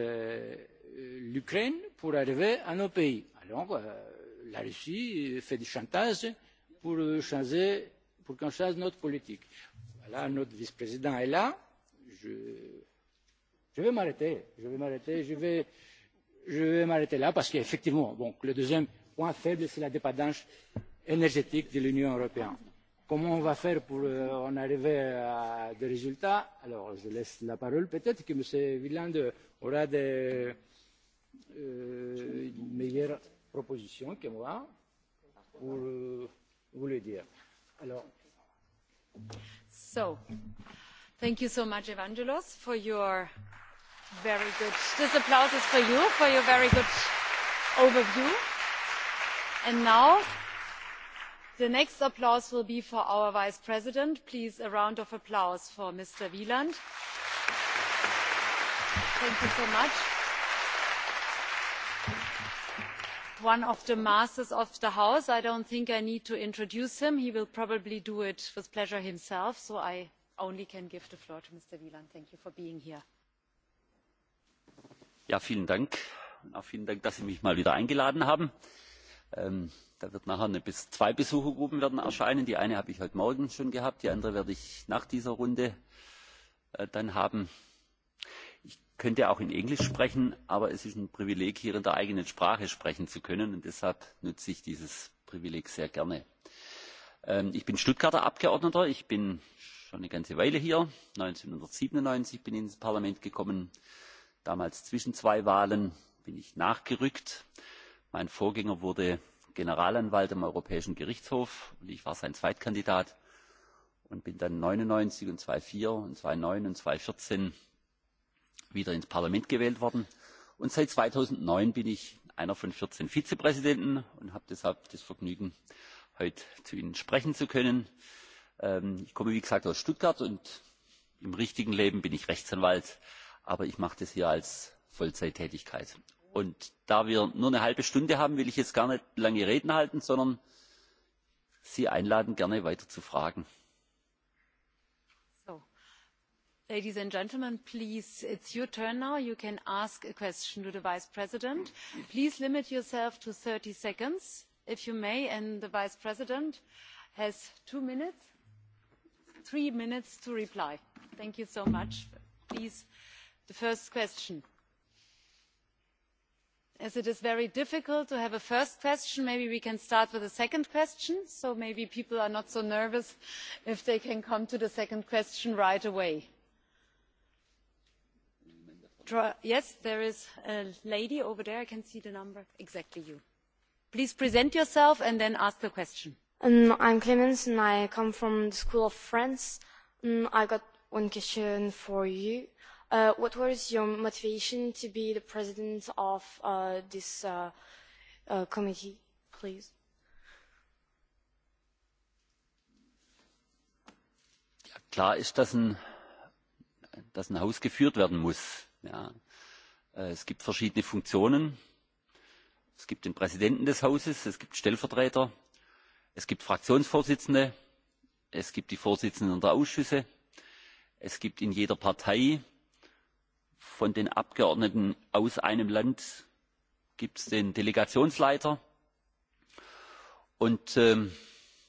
Speaker 16: l'Ukraine pour arriver à nos pays. Alors, la Russie fait du chantage pour changer, pour qu'on change notre politique. Voilà, notre vice-président est là. Je, je vais m'arrêter. Je vais m'arrêter. Je vais, je vais m'arrêter là parce qu'effectivement, bon, le deuxième point faible, c'est la dépendance énergétique de l'Union européenne. Comment on va faire pour en arriver à des résultats Alors, je laisse la parole. Peut-être que M. Villande aura des euh, meilleurs proposition que moi pour vous le dire. Alors.
Speaker 2: So, thank you so much, Evangelos, for your very good. This applause is for you for your very good overview. And now, the next applause will be for our Vice President. Please, a round of applause for Mr. Wieland. Thank you so much. one of the masters of the house. I don't think I need to introduce him. He will probably do it with pleasure himself, so I only can give the floor to Mr. Wieland. Thank you for being here.
Speaker 23: Ja, vielen Dank. Und auch vielen Dank, dass Sie mich mal wieder eingeladen haben. da wird nachher zwei Besuchergruppen erscheinen. Die eine habe ich heute Morgen schon gehabt, die andere werde ich nach dieser Runde dann haben Ich könnte auch in Englisch sprechen, aber es ist ein Privileg, hier in der eigenen Sprache sprechen zu können und deshalb nutze ich dieses Privileg sehr gerne. Ich bin Stuttgarter Abgeordneter. Ich bin schon eine ganze Weile hier. 1997 bin ich ins Parlament gekommen. Damals zwischen zwei Wahlen bin ich nachgerückt. Mein Vorgänger wurde Generalanwalt am Europäischen Gerichtshof und ich war sein Zweitkandidat und bin dann 99 und 2004 und 2009 und 2014 wieder ins Parlament gewählt worden. Und seit zweitausendneun bin ich einer von vierzehn Vizepräsidenten und habe deshalb das Vergnügen, heute zu Ihnen sprechen zu können. Ich komme, wie gesagt, aus Stuttgart und im richtigen Leben bin ich Rechtsanwalt, aber ich mache das hier als Vollzeittätigkeit. Und da wir nur eine halbe Stunde haben, will ich jetzt gar nicht lange Reden halten, sondern Sie einladen, gerne weiter zu fragen.
Speaker 2: Ladies and gentlemen, please, it's your turn now. You can ask a question to the Vice President. Please limit yourself to 30 seconds, if you may, and the Vice President has two minutes, three minutes to reply. Thank you so much. Please, the first question. As it is very difficult to have a first question, maybe we can start with a second question, so maybe people are not so nervous if they can come to the second question right away Yes, there is a lady over there. I can see the number. Exactly you. Please present yourself and then ask the question.
Speaker 18: Um, I'm Clemens and I come from the School of France. Um, I got one question for you. Uh, what was your motivation to be the president of uh, this uh, uh, committee, please?
Speaker 23: klar ist, dass ein Haus geführt werden muss Ja. Es gibt verschiedene Funktionen. Es gibt den Präsidenten des Hauses, es gibt Stellvertreter, es gibt Fraktionsvorsitzende, es gibt die Vorsitzenden der Ausschüsse, es gibt in jeder Partei von den Abgeordneten aus einem Land gibt es den Delegationsleiter. Und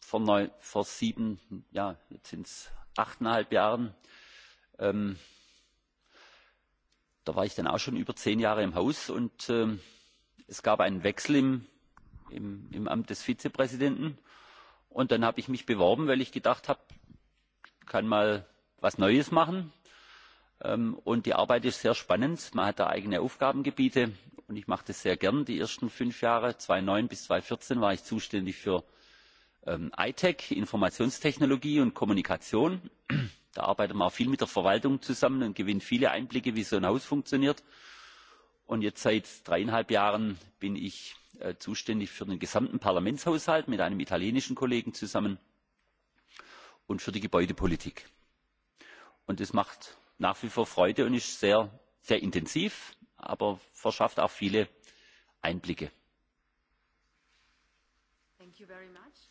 Speaker 23: vor, neun, vor sieben, ja, jetzt sind es achteinhalb Jahren, ähm, da war ich dann auch schon über zehn Jahre im Haus und es gab einen Wechsel im, im, im Amt des Vizepräsidenten. Und dann habe ich mich beworben, weil ich gedacht habe, kann mal was Neues machen. und die Arbeit ist sehr spannend. Man hat da eigene Aufgabengebiete und ich mache das sehr gern. Die ersten fünf Jahre, 2009 bis 2014, war ich zuständig für ähm, ITEC, Informationstechnologie und Kommunikation da arbeitet man auch viel mit der verwaltung zusammen und gewinnt viele einblicke wie so ein haus funktioniert. und jetzt seit dreieinhalb jahren bin ich zuständig für den gesamten parlamentshaushalt mit einem italienischen kollegen zusammen und für die gebäudepolitik. und das macht nach wie vor freude und ist sehr intensiv aber verschafft auch viele einblicke.
Speaker 2: Thank you very much,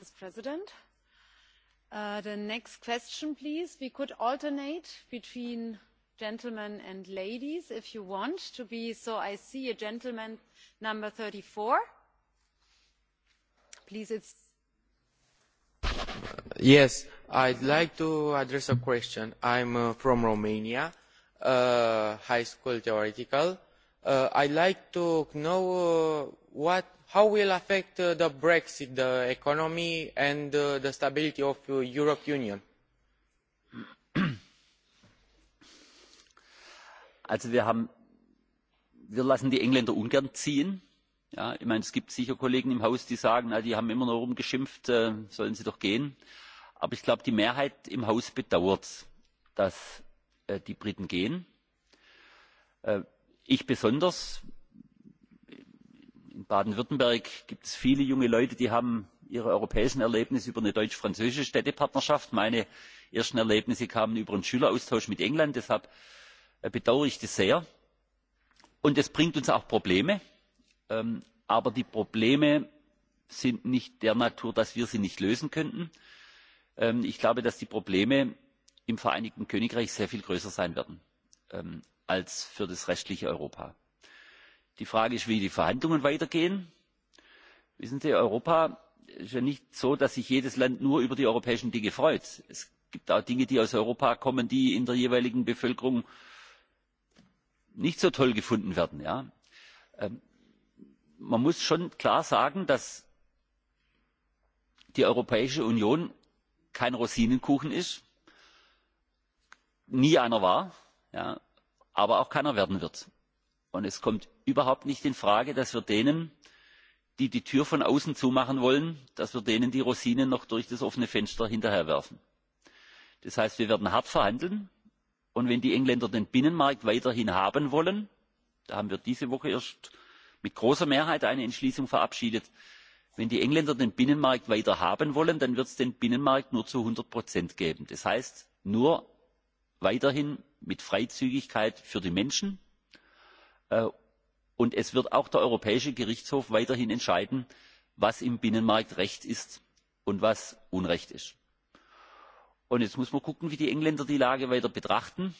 Speaker 2: Vice President the next question, please. We could alternate between gentlemen and ladies if you want to be. So I see a gentleman, number 34. Please, it's.
Speaker 12: Yes, I'd like to address a question. I'm from Romania, uh, high school theoretical. I'd like to know uh, what how will affect the brexit the economy and the stability of the european union?
Speaker 23: also wir lassen die engländer ungern ziehen. ich meine es gibt sicher kollegen im haus die sagen die haben immer nur rumgeschimpft sollen sie doch gehen. aber ich glaube die mehrheit im haus bedauert dass die briten gehen. ich besonders baden württemberg gibt es viele junge leute die haben ihre europäischen erlebnisse über eine deutsch französische städtepartnerschaft. meine ersten erlebnisse kamen über einen schüleraustausch mit england deshalb bedauere ich das sehr. und es bringt uns auch probleme aber die probleme sind nicht der natur dass wir sie nicht lösen könnten. ich glaube dass die probleme im vereinigten königreich sehr viel größer sein werden als für das restliche europa die frage ist wie die verhandlungen weitergehen. wissen sie europa ist ja nicht so dass sich jedes land nur über die europäischen dinge freut. es gibt auch dinge die aus europa kommen die in der jeweiligen bevölkerung nicht so toll gefunden werden. man muss schon klar sagen dass die europäische union kein rosinenkuchen ist nie einer war aber auch keiner werden wird. es kommt überhaupt nicht in frage dass wir denen die die tür von außen zumachen wollen die rosinen noch durch das offene fenster hinterherwerfen. das heißt wir werden hart verhandeln und wenn die engländer den binnenmarkt weiterhin haben wollen da haben wir diese woche erst mit großer mehrheit eine entschließung verabschiedet wenn die engländer den binnenmarkt weiter haben wollen dann wird es den binnenmarkt nur zu einhundert geben das heißt nur weiterhin mit freizügigkeit für die menschen und es wird auch der europäische gerichtshof weiterhin entscheiden was im binnenmarkt recht ist und was unrecht ist. jetzt muss man gucken wie die engländer die lage weiter betrachten.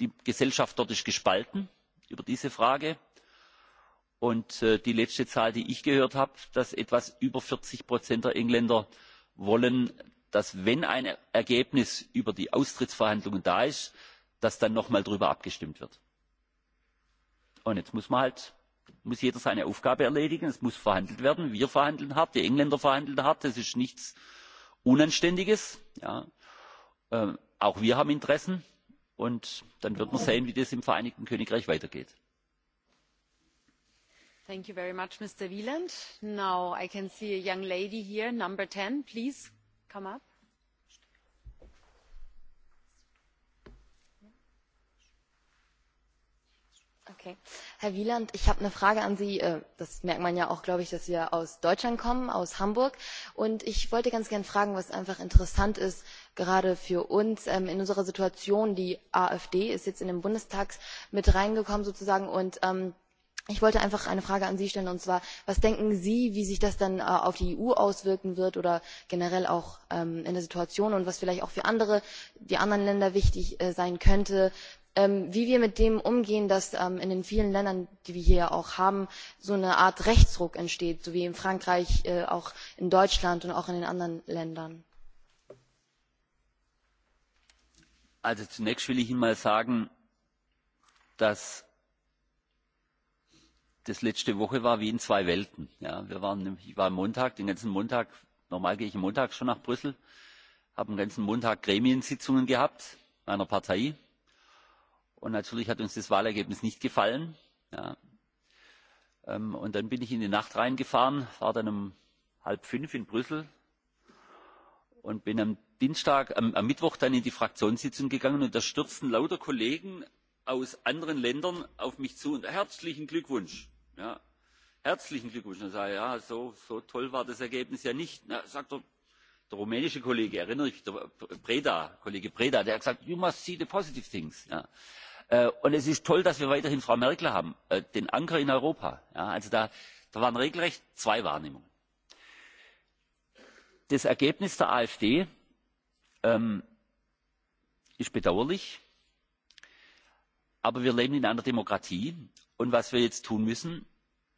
Speaker 23: die gesellschaft dort ist gespalten über diese frage und die letzte zahl die ich gehört habe dass etwas über vierzig der engländer wollen dass wenn ein ergebnis über die austrittsverhandlungen da ist dann noch einmal darüber abgestimmt wird. Und jetzt muss man halt, muss jeder seine Aufgabe erledigen. Es muss verhandelt werden. Wir verhandeln hart, die Engländer verhandeln hart. Das ist nichts Unanständiges. auch wir haben Interessen. Und dann wird man sehen, wie das im Vereinigten Königreich weitergeht.
Speaker 2: Thank you very much, Mr. Wieland. Now I can see a young lady here, number Please come
Speaker 11: Okay. Herr Wieland, ich habe eine Frage an Sie. Das merkt man ja auch, glaube ich, dass Sie aus Deutschland kommen, aus Hamburg. Und ich wollte ganz gerne fragen, was einfach interessant ist, gerade für uns in unserer Situation. Die AfD ist jetzt in den Bundestag mit reingekommen sozusagen und ich wollte einfach eine Frage an Sie stellen, und zwar, was denken Sie, wie sich das dann auf die EU auswirken wird oder generell auch in der Situation und was vielleicht auch für andere, die anderen Länder wichtig sein könnte, wie wir mit dem umgehen dass in den vielen ländern die wir hier auch haben so eine art rechtsruck entsteht so wie in frankreich auch in deutschland und auch in den anderen ländern.
Speaker 23: also zunächst will ich ihnen mal sagen dass das letzte woche war wie in zwei welten. wir waren, ich war montag den ganzen montag normal gehe ich montags schon nach brüssel habe den ganzen montag gremiensitzungen gehabt meiner partei Und natürlich hat uns das Wahlergebnis nicht gefallen. Ja. Und dann bin ich in die Nacht reingefahren, war dann um halb fünf in Brüssel und bin am Dienstag, am, am Mittwoch dann in die Fraktionssitzung gegangen und da stürzten lauter Kollegen aus anderen Ländern auf mich zu und herzlichen Glückwunsch. Ja, herzlichen Glückwunsch. Und sage ja, so, so toll war das Ergebnis ja nicht. Na, sagt er, der rumänische Kollege, erinnere ich mich, der Preda, Kollege Preda, der hat gesagt, you must see the positive things. Ja und es ist toll dass wir weiterhin frau merkel haben den anker in europa. also da waren regelrecht zwei wahrnehmungen. das ergebnis der afd ist bedauerlich aber wir leben in einer demokratie und was wir jetzt tun müssen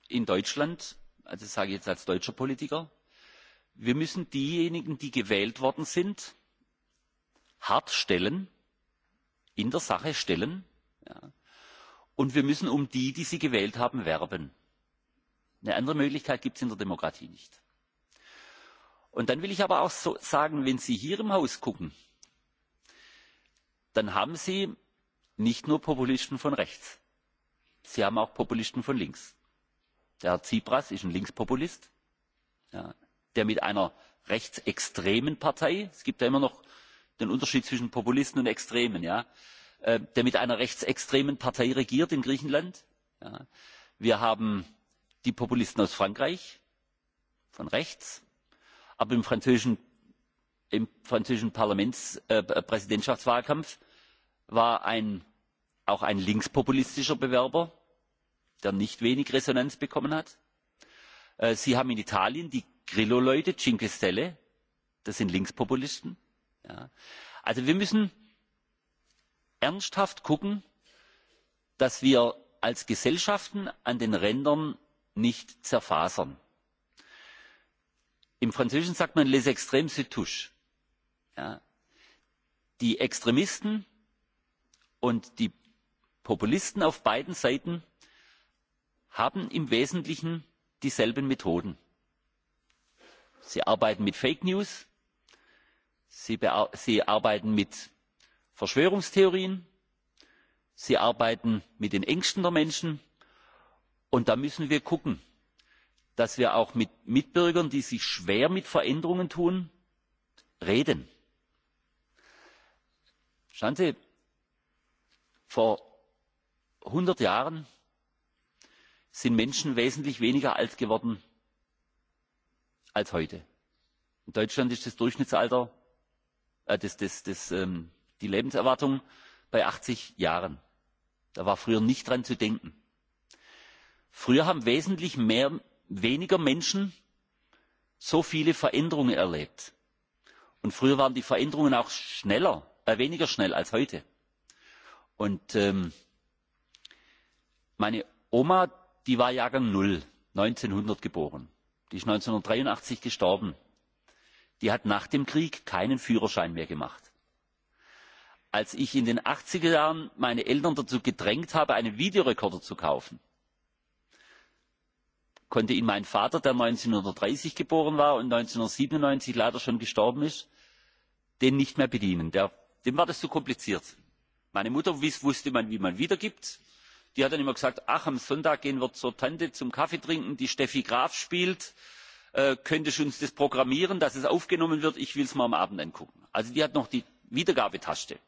Speaker 23: in deutschland also das sage ich jetzt als deutscher politiker wir müssen diejenigen die gewählt worden sind hart stellen in der sache stellen Und wir müssen um die, die sie gewählt haben, werben. Eine andere Möglichkeit gibt es in der Demokratie nicht. Und dann will ich aber auch so sagen, wenn Sie hier im Haus gucken, dann haben Sie nicht nur Populisten von rechts. Sie haben auch Populisten von links. Der Herr Tsipras ist ein Linkspopulist, der mit einer rechtsextremen Partei, es gibt ja immer noch den Unterschied zwischen Populisten und Extremen, ja, der mit einer rechtsextremen Partei regiert in Griechenland. Wir haben die Populisten aus Frankreich von rechts, aber im französischen, präsidentschaftswahlkampf Parlamentspräsidentschaftswahlkampf war ein, auch ein linkspopulistischer Bewerber, der nicht wenig Resonanz bekommen hat. Sie haben in Italien die Grillo-Leute, Cinque Stelle, das sind Linkspopulisten. Also wir müssen ernsthaft gucken dass wir als gesellschaften an den rändern nicht zerfasern. im französischen sagt man les extrmes se touchent. die extremisten und die populisten auf beiden seiten haben im wesentlichen dieselben methoden. sie arbeiten mit fake news sie arbeiten verschwörungstheorien sie arbeiten mit den ängsten der menschen und da müssen wir gucken dass wir auch mit mitbürgern die sich schwer mit veränderungen tun reden. schauen sie vor hundert jahren sind menschen wesentlich weniger alt geworden als heute. in deutschland ist das durchschnittsalter des die Lebenserwartung bei achtzig Jahren. Da war früher nicht dran zu denken. Früher haben wesentlich weniger Menschen so viele Veränderungen erlebt. Und früher waren die Veränderungen auch schneller, weniger schnell als heute. Und meine Oma, die war Jahrgang Null, 1900 geboren. Die ist 1983 gestorben. Die hat nach dem Krieg keinen Führerschein mehr gemacht als ich in den achtzig er Jahren meine Eltern dazu gedrängt habe, einen Videorekorder zu kaufen, konnte ihn mein Vater, der eintausendneunhundertdreißig geboren war und eintausendneunhundertsiebenundneunzig leider schon gestorben ist, den nicht mehr bedienen. dem war das zu kompliziert. Meine Mutter wusste man, wie man wiedergibt. Die hat dann immer gesagt, ach, am Sonntag gehen wir zur Tante zum Kaffee trinken, die Steffi Graf spielt, könntest du uns das programmieren, dass es aufgenommen wird, ich will es mal am Abend angucken. Also die hat noch die Wiedergabetaste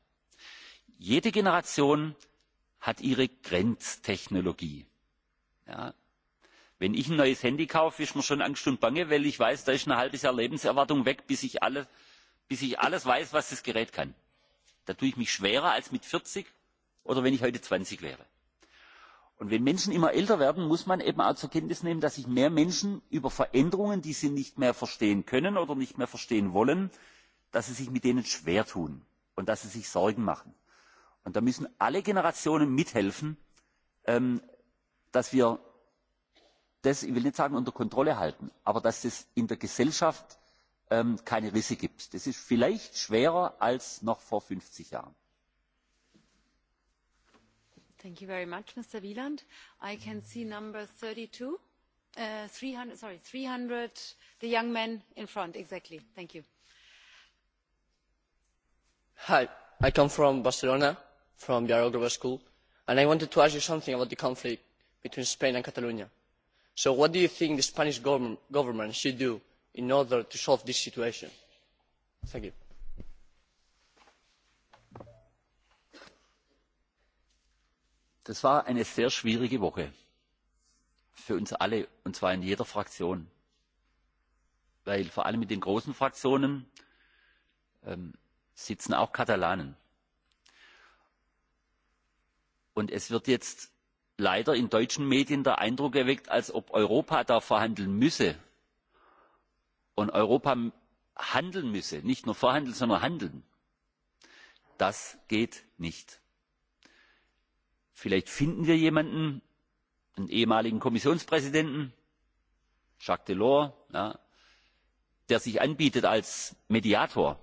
Speaker 23: jede Generation hat ihre Grenztechnologie. Ja. Wenn ich ein neues Handy kaufe, ist mir schon Angst und Bange, weil ich weiß, da ist ein halbes Jahr Lebenserwartung weg, bis ich alles, bis ich alles weiß, was das Gerät kann. Da tue ich mich schwerer als mit 40 oder wenn ich heute 20 wäre. Und wenn Menschen immer älter werden, muss man eben auch zur Kenntnis nehmen, dass sich mehr Menschen über Veränderungen, die sie nicht mehr verstehen können oder nicht mehr verstehen wollen, dass sie sich mit denen schwer tun und dass sie sich Sorgen machen Und da müssen alle Generationen mithelfen, dass wir das, ich will nicht sagen unter Kontrolle halten, aber dass es in der Gesellschaft keine Risse gibt. Das ist vielleicht schwerer als noch vor fünfzig Jahren
Speaker 3: from the Yarrogova School, and I wanted to ask you something about the conflict between Spain and Catalonia. So what do you think the Spanish government should do in order to solve this situation? Thank you.
Speaker 23: Das war eine sehr schwierige Woche für uns alle, und zwar in jeder Fraktion. Weil vor allem mit den großen Fraktionen sitzen auch Katalanen und es wird jetzt leider in deutschen medien der eindruck erweckt als ob europa da verhandeln müsse und europa handeln müsse nicht nur verhandeln sondern handeln. das geht nicht. vielleicht finden wir jemanden einen ehemaligen kommissionspräsidenten jacques delors der sich anbietet als mediator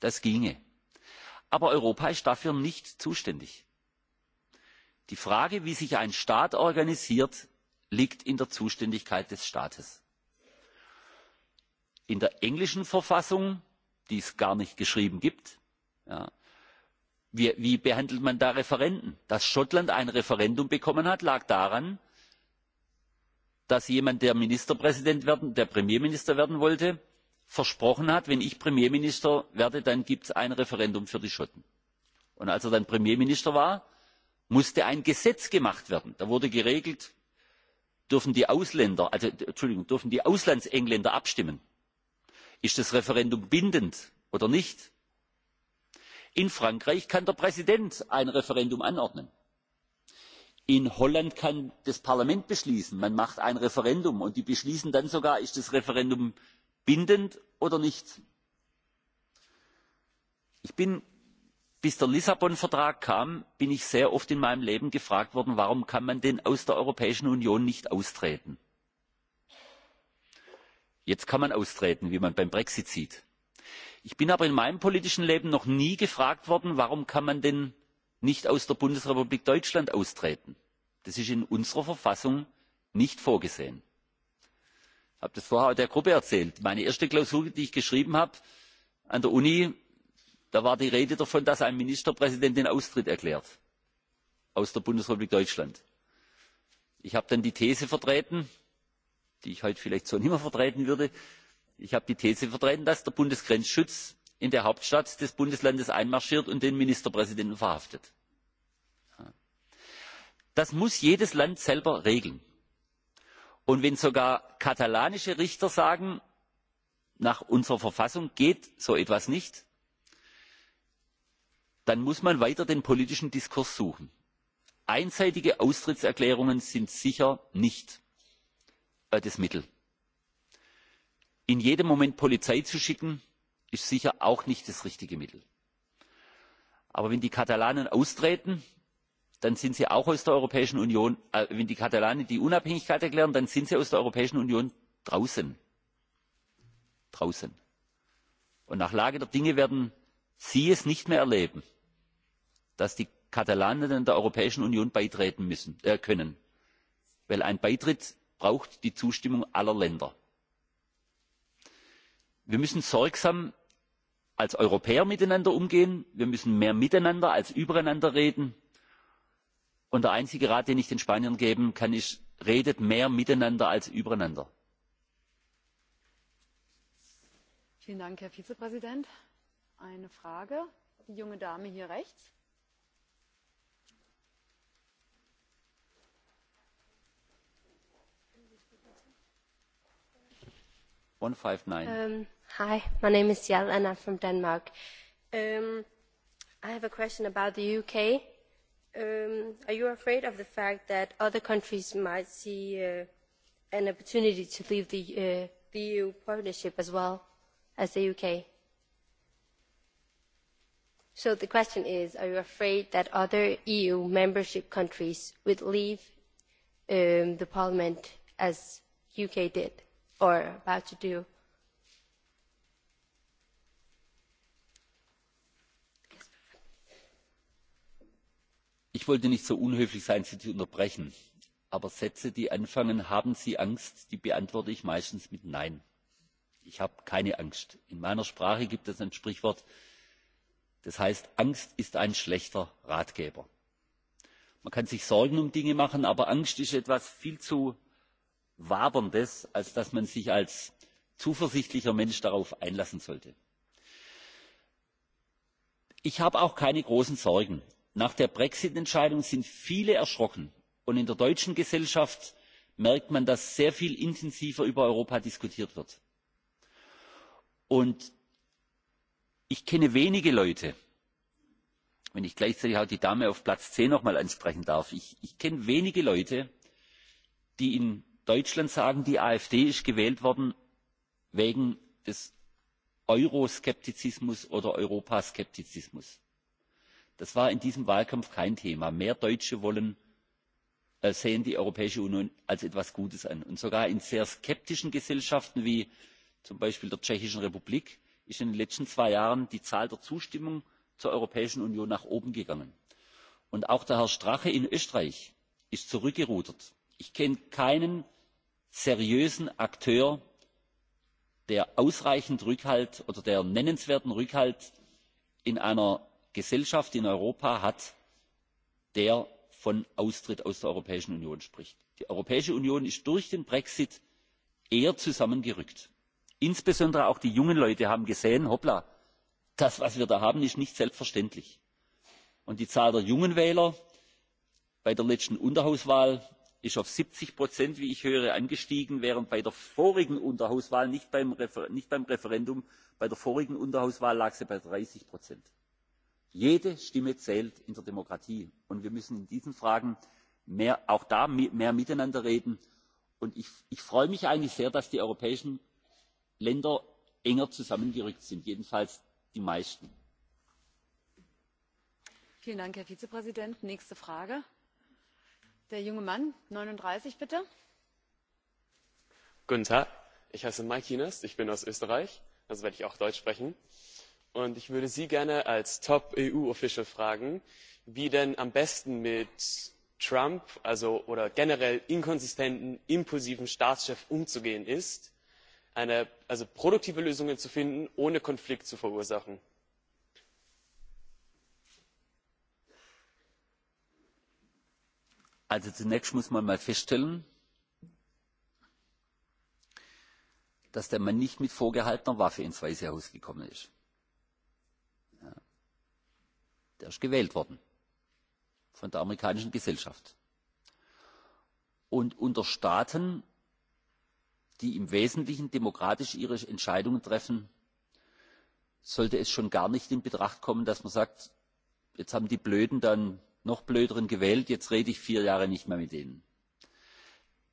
Speaker 23: das ginge. aber europa ist dafür nicht zuständig die frage wie sich ein staat organisiert liegt in der zuständigkeit des staates. in der englischen verfassung die es gar nicht geschrieben gibt wie behandelt man da referenden? dass schottland ein referendum bekommen hat lag daran dass jemand der ministerpräsident der premierminister werden wollte versprochen hat wenn ich premierminister werde dann gibt es ein referendum für die schotten. und als er dann premierminister war musste ein Gesetz gemacht werden. Da wurde geregelt, dürfen die Ausländer, also Entschuldigung, dürfen die Auslandsengländer abstimmen? Ist das Referendum bindend oder nicht? In Frankreich kann der Präsident ein Referendum anordnen. In Holland kann das Parlament beschließen, man macht ein Referendum und die beschließen dann sogar, ist das Referendum bindend oder nicht. Ich bin bis der lissabon vertrag kam bin ich sehr oft in meinem leben gefragt worden warum kann man denn aus der europäischen union nicht austreten? jetzt kann man austreten wie man beim brexit sieht. ich bin aber in meinem politischen leben noch nie gefragt worden warum kann man denn nicht aus der bundesrepublik deutschland austreten? das ist in unserer verfassung nicht vorgesehen. ich habe das vorher der gruppe erzählt meine erste klausur die ich geschrieben habe an der uni da war die rede davon dass ein ministerpräsident den austritt aus der bundesrepublik deutschland. ich habe dann die these vertreten die ich heute vielleicht so nicht mehr vertreten würde ich habe die these vertreten dass der bundesgrenzschutz in der hauptstadt des bundeslandes einmarschiert und den ministerpräsidenten verhaftet. das muss jedes land selber regeln. und wenn sogar katalanische richter sagen nach unserer verfassung geht so etwas nicht dann muss man weiter den politischen diskurs suchen. einseitige austrittserklärungen sind sicher nicht das mittel. in jedem moment polizei zu schicken ist sicher auch nicht das richtige mittel. aber wenn die katalanen austreten dann sind sie auch aus der europäischen union wenn die katalanen die unabhängigkeit erklären dann sind sie aus der europäischen union draußen. draußen. und nach lage der dinge werden sie es nicht mehr erleben dass die katalanen der europäischen union beitreten können denn ein beitritt braucht die zustimmung aller länder. wir müssen sorgsam als europäer miteinander umgehen wir müssen mehr miteinander als übereinander reden und der einzige rat den ich den spaniern geben kann ist redet mehr miteinander als übereinander!
Speaker 2: vielen dank herr vizepräsident. eine frage die junge dame hier rechts.
Speaker 23: 159.
Speaker 17: Hi, my name is Jel, and I'm from Denmark. Um, I have a question about the UK. Um, are you afraid of the fact that other countries might see uh, an opportunity to leave the, uh, the EU partnership as well as the UK? So the question is, are you afraid that other EU membership countries would leave um, the parliament as UK did? or about to do.
Speaker 23: Ich wollte nicht so unhöflich sein, Sie zu unterbrechen, aber Sätze, die anfangen, haben Sie Angst, die beantworte ich meistens mit Nein. Ich habe keine Angst. In meiner Sprache gibt es ein Sprichwort, das heißt, Angst ist ein schlechter Ratgeber. Man kann sich Sorgen um Dinge machen, aber Angst ist etwas viel zu waberndes als dass man sich als zuversichtlicher mensch darauf einlassen sollte. ich habe auch keine großen sorgen. nach der brexit entscheidung sind viele erschrocken und in der deutschen gesellschaft merkt man dass sehr viel intensiver über europa diskutiert wird. ich kenne wenige leute wenn ich gleichzeitig auch die dame auf platz zehn noch einmal ansprechen darf ich kenne wenige leute die deutschland sagen die afd ist gewählt worden wegen des euroskeptizismus oder europaskeptizismus. das war in diesem wahlkampf kein thema. mehr deutsche sehen die europäische union als etwas gutes an. und sogar in sehr skeptischen gesellschaften wie zum beispiel der tschechischen republik ist in den letzten zwei jahren die zahl der zustimmung zur europäischen union nach oben gegangen. und auch der herr strache in österreich ist zurückgerudert. ich kenne keinen seriösen akteur der ausreichend rückhalt oder der nennenswerten rückhalt in einer gesellschaft in europa hat der von austritt aus der europäischen union spricht. die europäische union ist durch den brexit eher zusammengerückt. insbesondere auch die jungen leute haben gesehen hoppla das was wir da haben ist nicht selbstverständlich. und die zahl der jungen wähler bei der letzten unterhauswahl ist auf siebzig wie ich höre angestiegen während bei der vorigen unterhauswahl nicht beim referendum bei der vorigen unterhauswahl lag sie bei. dreißig jede stimme zählt in der demokratie und wir müssen in diesen fragen auch da mehr miteinander reden. ich freue mich eigentlich sehr dass die europäischen länder enger zusammengerückt sind jedenfalls die meisten.
Speaker 2: herr vizepräsident. nächste frage der junge mann neununddreißig bitte.
Speaker 12: guten tag ich heiße mike Ines, ich bin aus österreich also werde ich auch deutsch sprechen und ich würde sie gerne als top eu official fragen wie denn am besten mit trump oder generell inkonsistenten impulsiven Staatschef umzugehen ist also produktive lösungen zu finden ohne konflikt zu verursachen.
Speaker 23: Also zunächst muss man mal feststellen, dass der Mann nicht mit vorgehaltener Waffe ins Weiße Haus gekommen ist. Der ist gewählt worden von der amerikanischen Gesellschaft. Und unter Staaten, die im Wesentlichen demokratisch ihre Entscheidungen treffen, sollte es schon gar nicht in Betracht kommen, dass man sagt, jetzt haben die Blöden dann noch blöderen gewählt. Jetzt rede ich vier Jahre nicht mehr mit ihnen.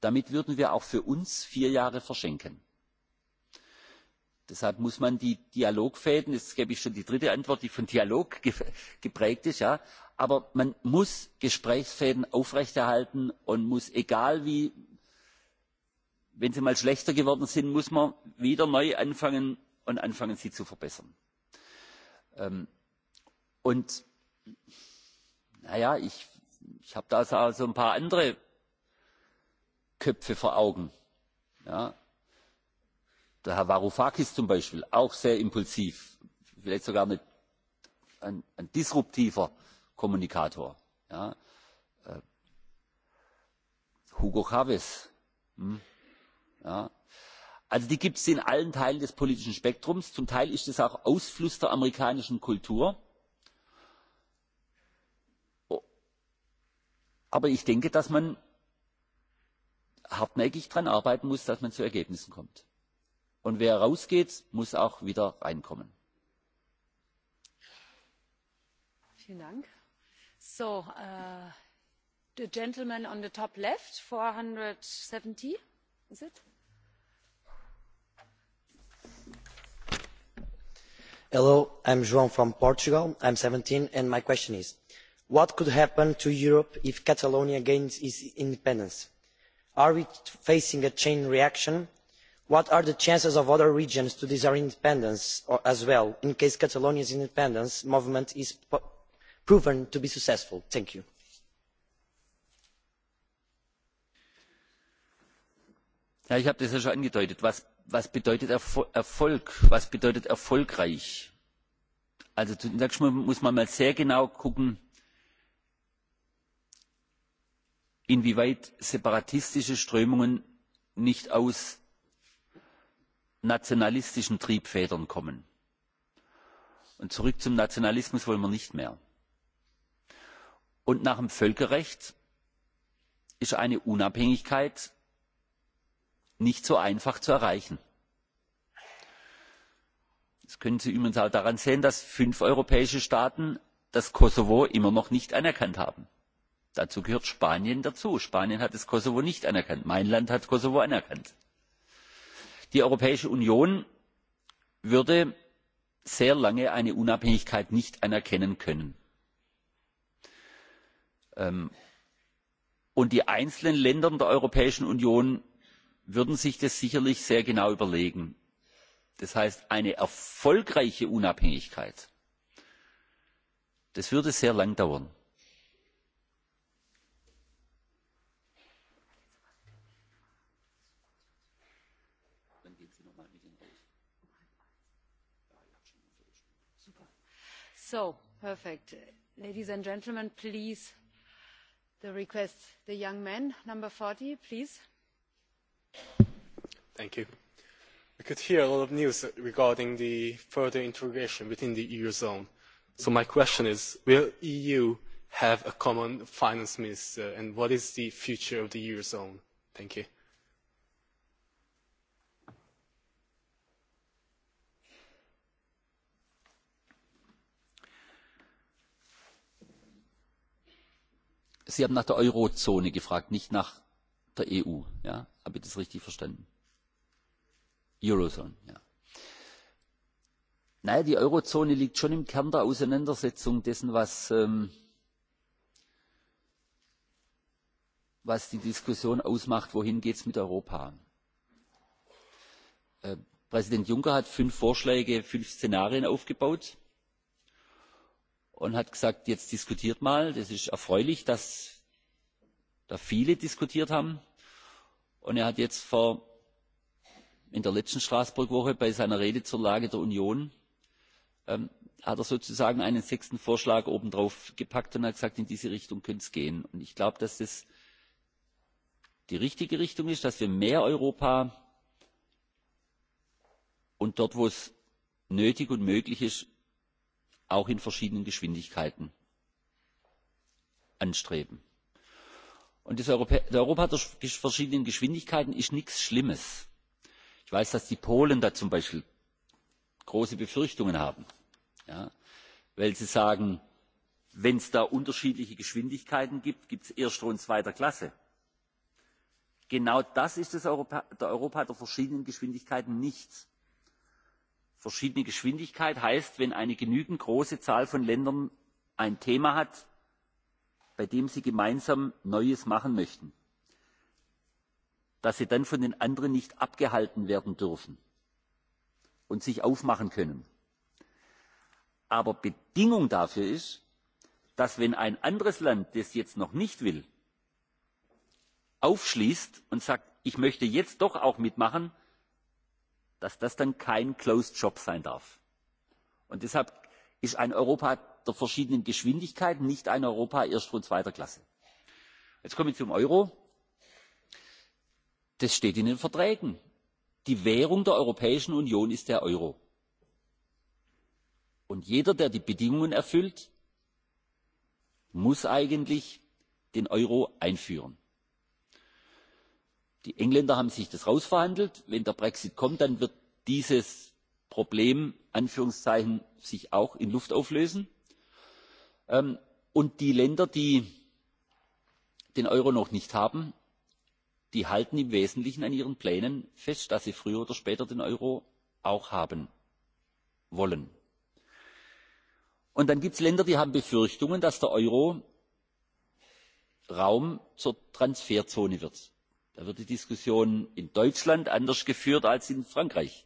Speaker 23: Damit würden wir auch für uns vier Jahre verschenken. Deshalb muss man die Dialogfäden, jetzt gebe ich schon die dritte Antwort, die von Dialog geprägt ist, ja, aber man muss Gesprächsfäden aufrechterhalten und muss, egal wie, wenn sie mal schlechter geworden sind, muss man wieder neu anfangen und anfangen, sie zu verbessern. und naja, ich, ich habe da also ein paar andere Köpfe vor Augen. Ja. Der Herr Varoufakis zum Beispiel, auch sehr impulsiv, vielleicht sogar mit ein, ein disruptiver Kommunikator. Ja. Hugo Chavez. Hm? Ja. Also die gibt es in allen Teilen des politischen Spektrums. Zum Teil ist es auch Ausfluss der amerikanischen Kultur aber ich denke dass man hartnäckig daran arbeiten muss dass man zu ergebnissen kommt. und wer rausgeht muss auch wieder reinkommen.
Speaker 17: vielen dank.
Speaker 2: so the gentleman on the top left 470 is it?
Speaker 14: Hello, I'm João from Portugal. I'm 17, and my question is what could happen to europe if catalonia gains its independence? are we facing a chain reaction? what are the chances of other regions to desire independence as well in case catalonia's independence movement is proven to be successful?
Speaker 23: thank you. ich habe das ja schon angedeutet. was bedeutet erfolg? was bedeutet erfolgreich? also zunächst muss man sehr genau gucken inwieweit separatistische strömungen nicht aus nationalistischen triebfedern kommen. und zurück zum nationalismus wollen wir nicht mehr. und nach dem völkerrecht ist eine unabhängigkeit nicht so einfach zu erreichen. das können sie übrigens auch daran sehen dass fünf europäische staaten das kosovo immer noch nicht anerkannt haben. Dazu gehört Spanien dazu. Spanien hat das Kosovo nicht anerkannt. Mein Land hat Kosovo anerkannt. Die Europäische Union würde sehr lange eine Unabhängigkeit nicht anerkennen können. Und die einzelnen Länder der Europäischen Union würden sich das sicherlich sehr genau überlegen. Das heißt, eine erfolgreiche Unabhängigkeit, das würde sehr lang dauern.
Speaker 2: So, perfect. Ladies and gentlemen, please, the request, the young man, number 40, please.
Speaker 13: Thank you. We could hear a lot of news regarding the further integration within the Eurozone. So my question is, will EU have a common finance minister and what is the future of the Eurozone? Thank you
Speaker 23: Sie haben nach der Eurozone gefragt, nicht nach der EU. Ja? Habe ich das richtig verstanden? Eurozone, ja. Naja, die Eurozone liegt schon im Kern der Auseinandersetzung dessen, was, ähm, was die Diskussion ausmacht, wohin geht es mit Europa. Äh, Präsident Juncker hat fünf Vorschläge, fünf Szenarien aufgebaut und hat gesagt, jetzt diskutiert mal. Das ist erfreulich, dass da viele diskutiert haben. Und er hat jetzt vor, in der letzten Straßburg-Woche bei seiner Rede zur Lage der Union, hat er sozusagen einen sechsten Vorschlag obendrauf gepackt und hat gesagt, in diese Richtung könnte es gehen. Und ich glaube, dass das die richtige Richtung ist, dass wir mehr Europa und dort, wo es nötig und möglich ist, auch in verschiedenen Geschwindigkeiten anstreben. Und das Europa der verschiedenen Geschwindigkeiten ist nichts Schlimmes. Ich weiß, dass die Polen da zum Beispiel große Befürchtungen haben, weil sie sagen, wenn es da unterschiedliche Geschwindigkeiten gibt, gibt es erster und zweiter Klasse. Genau das ist das Europa der verschiedenen Geschwindigkeiten nicht verschiedene Geschwindigkeit heißt, wenn eine genügend große Zahl von Ländern ein Thema hat, bei dem sie gemeinsam Neues machen möchten, dass sie dann von den anderen nicht abgehalten werden dürfen und sich aufmachen können. Aber Bedingung dafür ist, dass wenn ein anderes Land das jetzt noch nicht will, aufschließt und sagt, ich möchte jetzt doch auch mitmachen, dass das dann kein closed shop sein darf. und deshalb ist ein europa der verschiedenen geschwindigkeiten nicht ein europa erster und zweiter klasse. jetzt komme ich zum euro. das steht in den verträgen. die währung der europäischen union ist der euro. und jeder der die bedingungen erfüllt muss eigentlich den euro einführen die engländer haben sich das rausverhandelt wenn der brexit kommt dann wird dieses problem sich auch in luft auflösen und die länder die den euro noch nicht haben die halten im wesentlichen an ihren plänen fest dass sie früher oder später den euro auch haben wollen. und dann gibt es länder die haben befürchtungen dass der euro raum zur transferzone wird da wird die diskussion in deutschland anders geführt als in frankreich.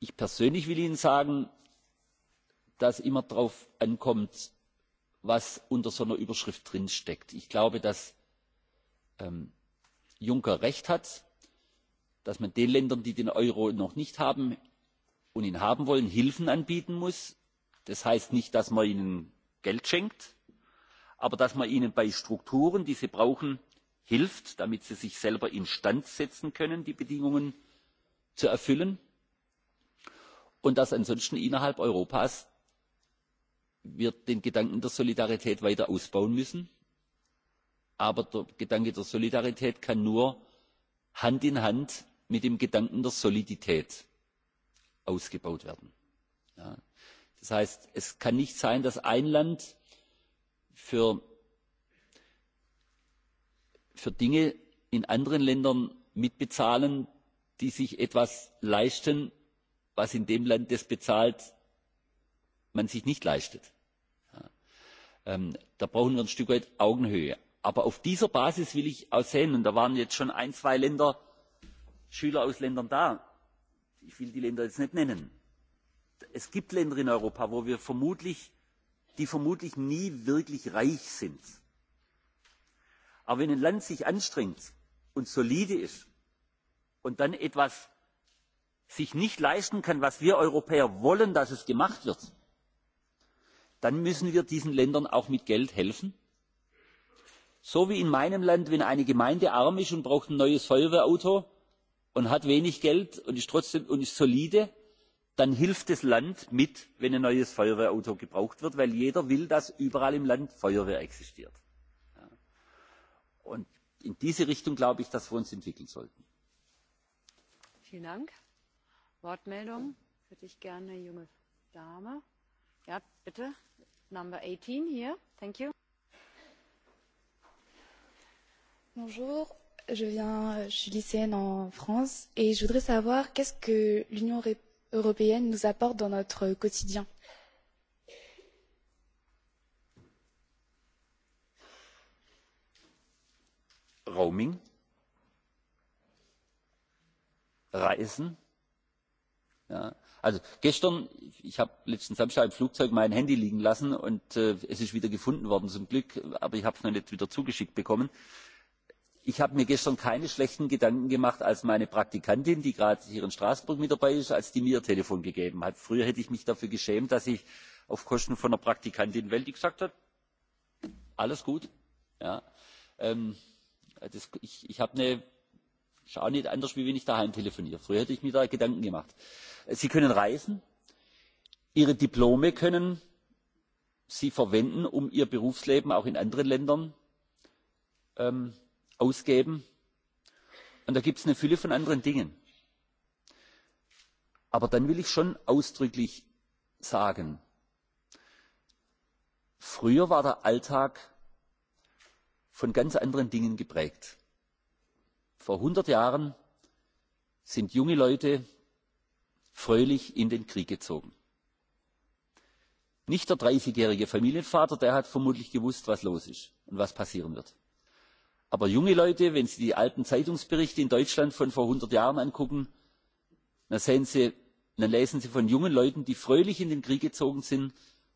Speaker 23: ich persönlich will ihnen sagen dass es immer darauf ankommt was unter so einer überschrift steckt. ich glaube dass juncker recht hat dass man den ländern die den euro noch nicht haben und ihn haben wollen hilfen anbieten muss. das heißt nicht dass man ihnen geld schenkt aber dass man ihnen bei strukturen die sie brauchen hilft damit sie sich selber instand setzen können die bedingungen zu erfüllen und dass wir ansonsten innerhalb europas den gedanken der solidarität weiter ausbauen müssen. aber der gedanke der solidarität kann nur hand in hand mit dem gedanken der solidität ausgebaut werden. das heißt es kann nicht sein dass ein land für Dinge in anderen Ländern mitbezahlen, die sich etwas leisten, was in dem Land, das bezahlt, man sich nicht leistet. Da brauchen wir ein Stück weit Augenhöhe. Aber auf dieser Basis will ich auch sehen, und da waren jetzt schon ein, zwei Länder, Schüler aus Ländern da. Ich will die Länder jetzt nicht nennen. Es gibt Länder in Europa, wo wir vermutlich die vermutlich nie wirklich reich sind. Aber wenn ein Land sich anstrengt und solide ist und dann etwas sich nicht leisten kann, was wir Europäer wollen, dass es gemacht wird, dann müssen wir diesen Ländern auch mit Geld helfen. So wie in meinem Land, wenn eine Gemeinde arm ist und braucht ein neues Feuerwehrauto und hat wenig Geld und ist trotzdem und ist solide, dann hilft das land mit wenn ein neues feuerwehrauto gebraucht wird weil jeder will dass überall im land feuerwehr existiert. in diese richtung glaube ich dass wir uns entwickeln sollten.
Speaker 2: wortmeldung hätte ich gerne junge dame. qu'est-ce
Speaker 7: que l'Union européenne nous apporte dans notre quotidien.
Speaker 23: Roaming, Reisen. Ja. Also gestern, ich habe letzten Samstag im Flugzeug mein Handy liegen lassen und äh, es ist wieder gefunden worden zum Glück, aber ich habe es noch nicht wieder zugeschickt bekommen ich habe mir gestern keine schlechten gedanken gemacht als meine praktikantin die gerade hier in straßburg mit dabei ist mir ihr telefon gegeben hat. früher hätte ich mich dafür geschämt dass ich auf kosten einer praktikantin weltweit gesagt habe alles gut ich habe eine schaue nicht anders wie wenn ich daheim telefoniere. früher hätte ich mir da gedanken gemacht. sie können reisen ihre diplome können sie verwenden um ihr berufsleben auch in anderen ländern ausgeben. Und da gibt es eine Fülle von anderen Dingen. Aber dann will ich schon ausdrücklich sagen, früher war der Alltag von ganz anderen Dingen geprägt. Vor hundert Jahren sind junge Leute fröhlich in den Krieg gezogen. Nicht der dreißigjährige Familienvater, der hat vermutlich gewusst, was los ist und was passieren wird aber junge leute wenn sie die alten zeitungsberichte in deutschland von vor hundert jahren ansehen dann lesen sie von jungen leuten die fröhlich in den krieg gezogen sind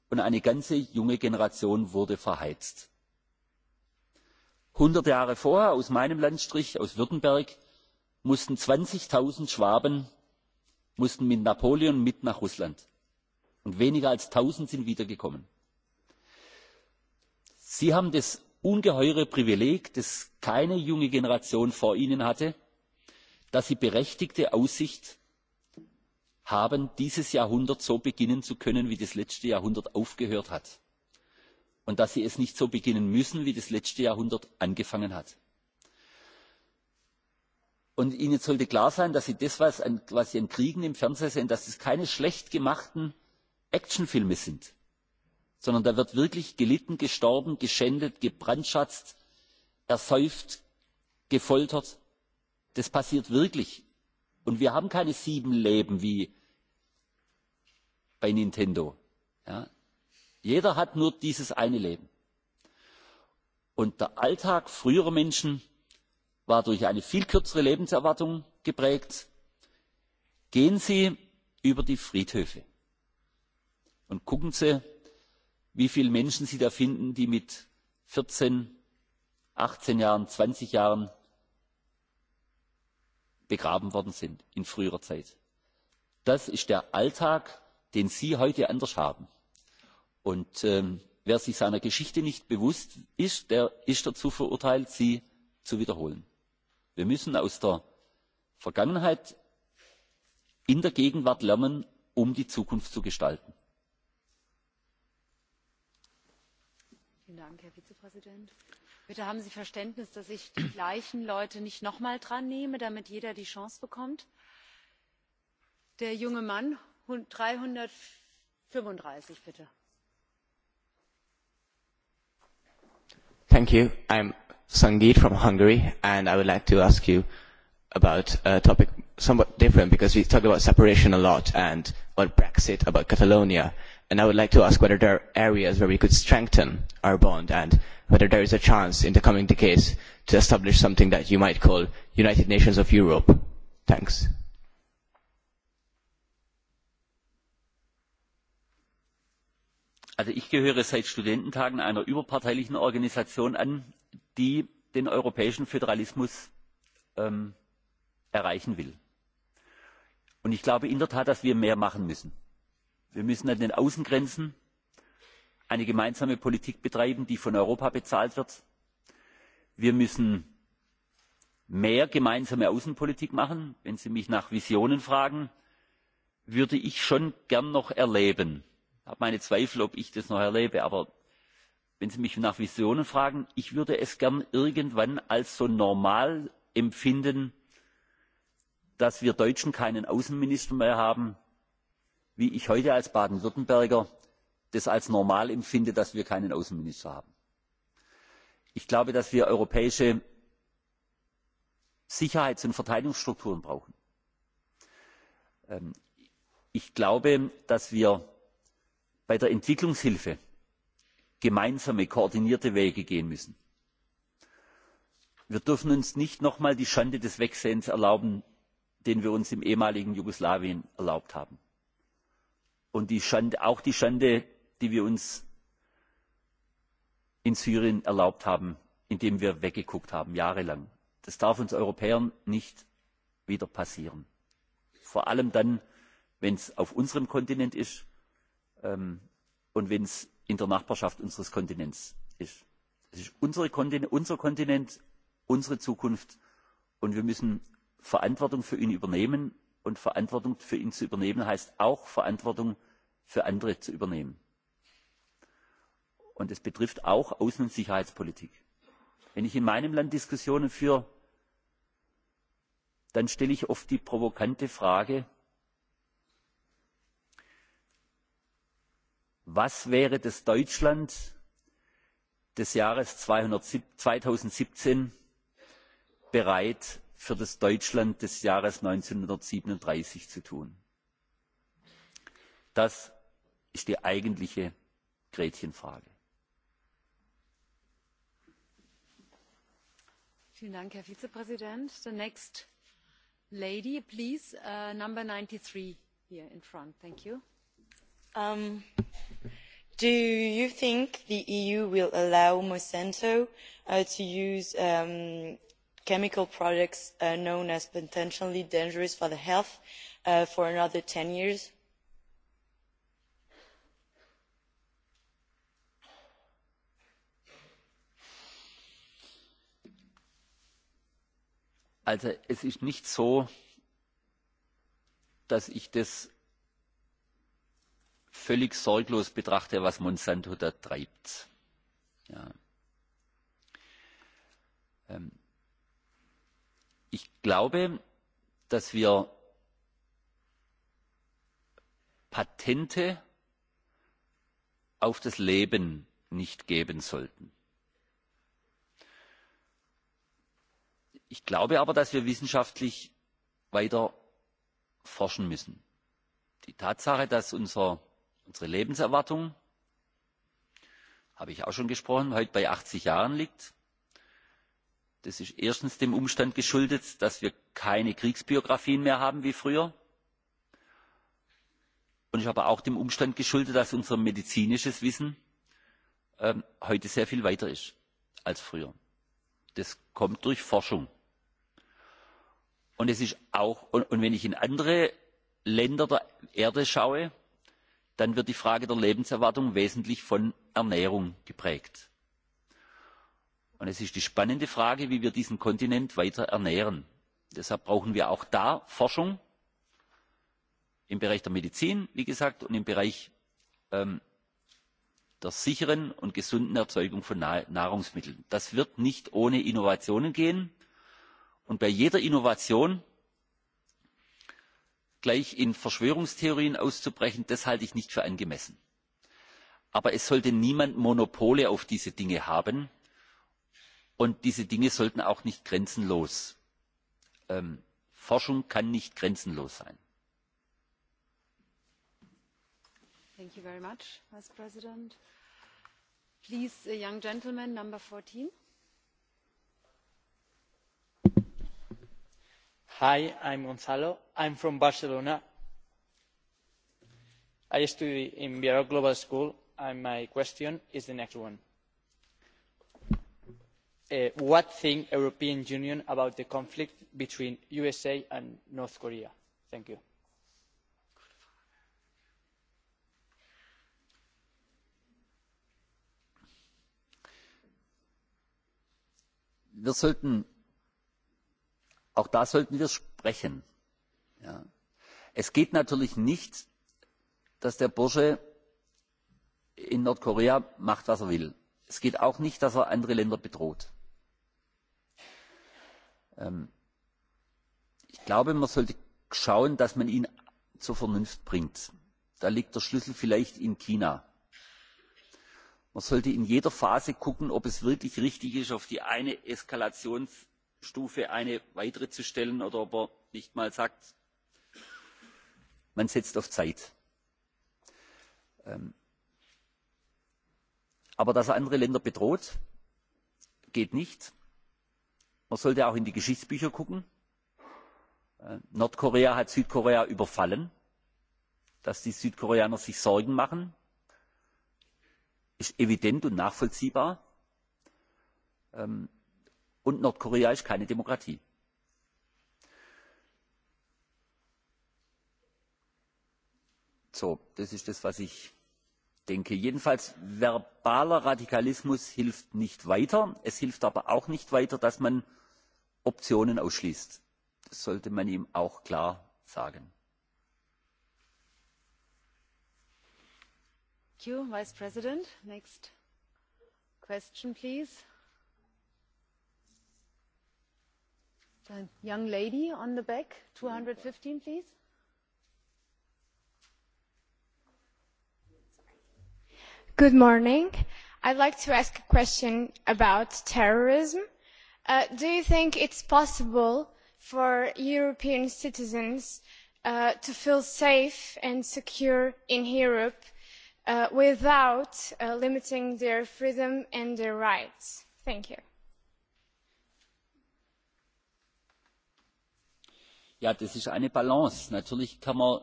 Speaker 23: und eine ganze junge generation wurde verheizt. hundert jahre vorher aus meinem landstrich aus württemberg mussten zwanzig null schwaben mit napoleon mit nach russland und weniger als eins null sind wiedergekommen. sie haben ungeheure privileg das keine junge generation vor ihnen hatte dass sie berechtigte aussicht haben dieses jahrhundert so beginnen zu können wie das letzte jahrhundert aufgehört hat und dass sie es nicht so beginnen müssen wie das letzte jahrhundert angefangen hat. ihnen sollte klar sein dass das was sie an kriegen im fernsehen sehen keine schlecht gemachten actionfilme sind sondern da wird wirklich gelitten gestorben geschändet gebrandschatzt ersäuft gefoltert. das passiert wirklich. und wir haben keine sieben leben wie bei nintendo. jeder hat nur dieses eine leben. und der alltag früherer menschen war durch eine viel kürzere lebenserwartung geprägt. gehen sie über die friedhöfe und gucken sie wie viele menschen sie da finden die mit vierzehn achtzehn jahren zwanzig jahren begraben worden sind in früherer zeit. das ist der alltag den sie heute anders haben. und wer sich seiner geschichte nicht bewusst ist der ist dazu verurteilt sie zu wiederholen. wir müssen aus der vergangenheit in der gegenwart lernen um die zukunft zu gestalten.
Speaker 2: Herr Vizepräsident. Bitte haben Sie Verständnis, dass ich die gleichen Leute nicht noch dran nehme, damit jeder die Chance bekommt. Der junge Mann, dreihundertfünfunddreißig bitte.
Speaker 13: Thank you. I'm Sangeet from
Speaker 12: Hungary, and I would like to ask you about a topic somewhat different because we talk about separation a lot and about Brexit, about Catalonia and I would like to ask whether there are areas where we could strengthen our bond and whether there is a chance in the coming decades to establish something that you might call United Nations of Europe. Thanks.
Speaker 23: Also ich gehöre seit Studententagen einer überparteilichen Organisation an, die den europäischen Föderalismus erreichen will. Und ich glaube in der Tat, dass wir mehr machen müssen wir müssen an den außengrenzen eine gemeinsame politik betreiben die von europa bezahlt wird. wir müssen mehr gemeinsame außenpolitik machen. wenn sie mich nach visionen fragen würde ich schon gern noch erleben ich habe meine zweifel ob ich das noch erlebe aber wenn sie mich nach visionen fragen ich würde es gern irgendwann als so normal empfinden dass wir deutschen keinen außenminister mehr haben wie ich heute als baden württemberger das als normal empfinde dass wir keinen außenminister haben. ich glaube dass wir europäische sicherheits und verteidigungsstrukturen brauchen. ich glaube dass wir bei der entwicklungshilfe gemeinsame koordinierte wege gehen müssen. wir dürfen uns nicht noch einmal die schande des wegsehens erlauben die wir uns im ehemaligen jugoslawien erlaubt haben und auch die Schande, die wir uns in Syrien erlaubt haben, indem wir weggeguckt haben, jahrelang. Das darf uns Europäern nicht wieder passieren. Vor allem dann, wenn es auf unserem Kontinent ist und wenn es in der Nachbarschaft unseres Kontinents ist. Es ist Kontinent, unser Kontinent, unsere Zukunft und wir müssen Verantwortung für ihn übernehmen und verantwortung für ihn zu übernehmen heißt auch verantwortung für andere zu übernehmen. und es betrifft auch außen und sicherheitspolitik. wenn ich in meinem land diskussionen führe dann stelle ich oft die provokante frage was wäre das deutschland des jahres zweitausendsiebzehn bereit für das deutschland des jahres eintausendneunhundertsiebenunddreißig zu tun. das ist die eigentliche gretchenfrage.
Speaker 2: vielen dank herr vizepräsident. the next lady please number ninety three here in front. thank you. do
Speaker 6: you think the eu will allow monsanto to use chemical products known as potentially dangerous for health for
Speaker 2: another ten years?
Speaker 23: Also es ist nicht so, dass ich das völlig sorglos betrachte, was Monsanto da treibt. Ja glaube dass wir patente auf das leben nicht geben sollten. ich glaube aber dass wir wissenschaftlich weiter forschen müssen. die tatsache dass unsere lebenserwartung habe ich auch schon gesprochen heute bei achtzig jahren liegt das ist erstens dem umstand geschuldet dass wir keine kriegsbiografien mehr haben wie früher und aber auch dem umstand geschuldet dass unser medizinisches wissen heute sehr viel weiter ist als früher. das kommt durch forschung. und wenn ich in andere länder der erde schaue dann wird die frage der lebenserwartung wesentlich von ernährung geprägt. Und es ist die spannende Frage, wie wir diesen Kontinent weiter ernähren. Deshalb brauchen wir auch da Forschung im Bereich der Medizin, wie gesagt, und im Bereich der sicheren und gesunden Erzeugung von Nahrungsmitteln. Das wird nicht ohne Innovationen gehen. Und bei jeder Innovation gleich in Verschwörungstheorien auszubrechen, das halte ich nicht für angemessen. Aber es sollte niemand Monopole auf diese Dinge haben Und diese Dinge sollten auch nicht grenzenlos. Ähm, Forschung kann nicht grenzenlos sein.
Speaker 2: Thank you very much, Vice President. Please, a young gentleman, number 14.
Speaker 3: Hi, I'm Gonzalo. I'm from Barcelona. I study in Vero Global School, and my question is the next one what the european union about the conflict between the usa and north korea? thank you.
Speaker 23: wir sollten auch da sollten wir sprechen. es geht natürlich nicht dass der bursche in nordkorea macht was er will. es geht auch nicht dass er andere länder bedroht ich glaube man sollte schauen dass man ihn zur vernunft bringt. da liegt der schlüssel vielleicht in china. man sollte in jeder phase schauen ob es wirklich richtig ist auf die eine eskalationsstufe eine weitere zu stellen oder ob man nicht mal sagt man setzt auf zeit. aber dass er andere länder bedroht geht nicht man sollte auch in die geschichtsbücher schauen nordkorea hat südkorea überfallen dass die südkoreaner sich sorgen machen ist evident und nachvollziehbar und nordkorea ist keine demokratie. das ist das was ich denke. jedenfalls verbaler radikalismus hilft nicht weiter. es hilft aber auch nicht weiter dass optionen ausschließt. das sollte man ihm auch klar sagen.
Speaker 2: vice president next question please the young lady on the back 215 please
Speaker 10: good morning i'd like to ask a question about terrorism do you think it is possible for european citizens to feel safe and secure in europe without limiting their freedom and their rights?
Speaker 23: das ist eine balance. natürlich kann man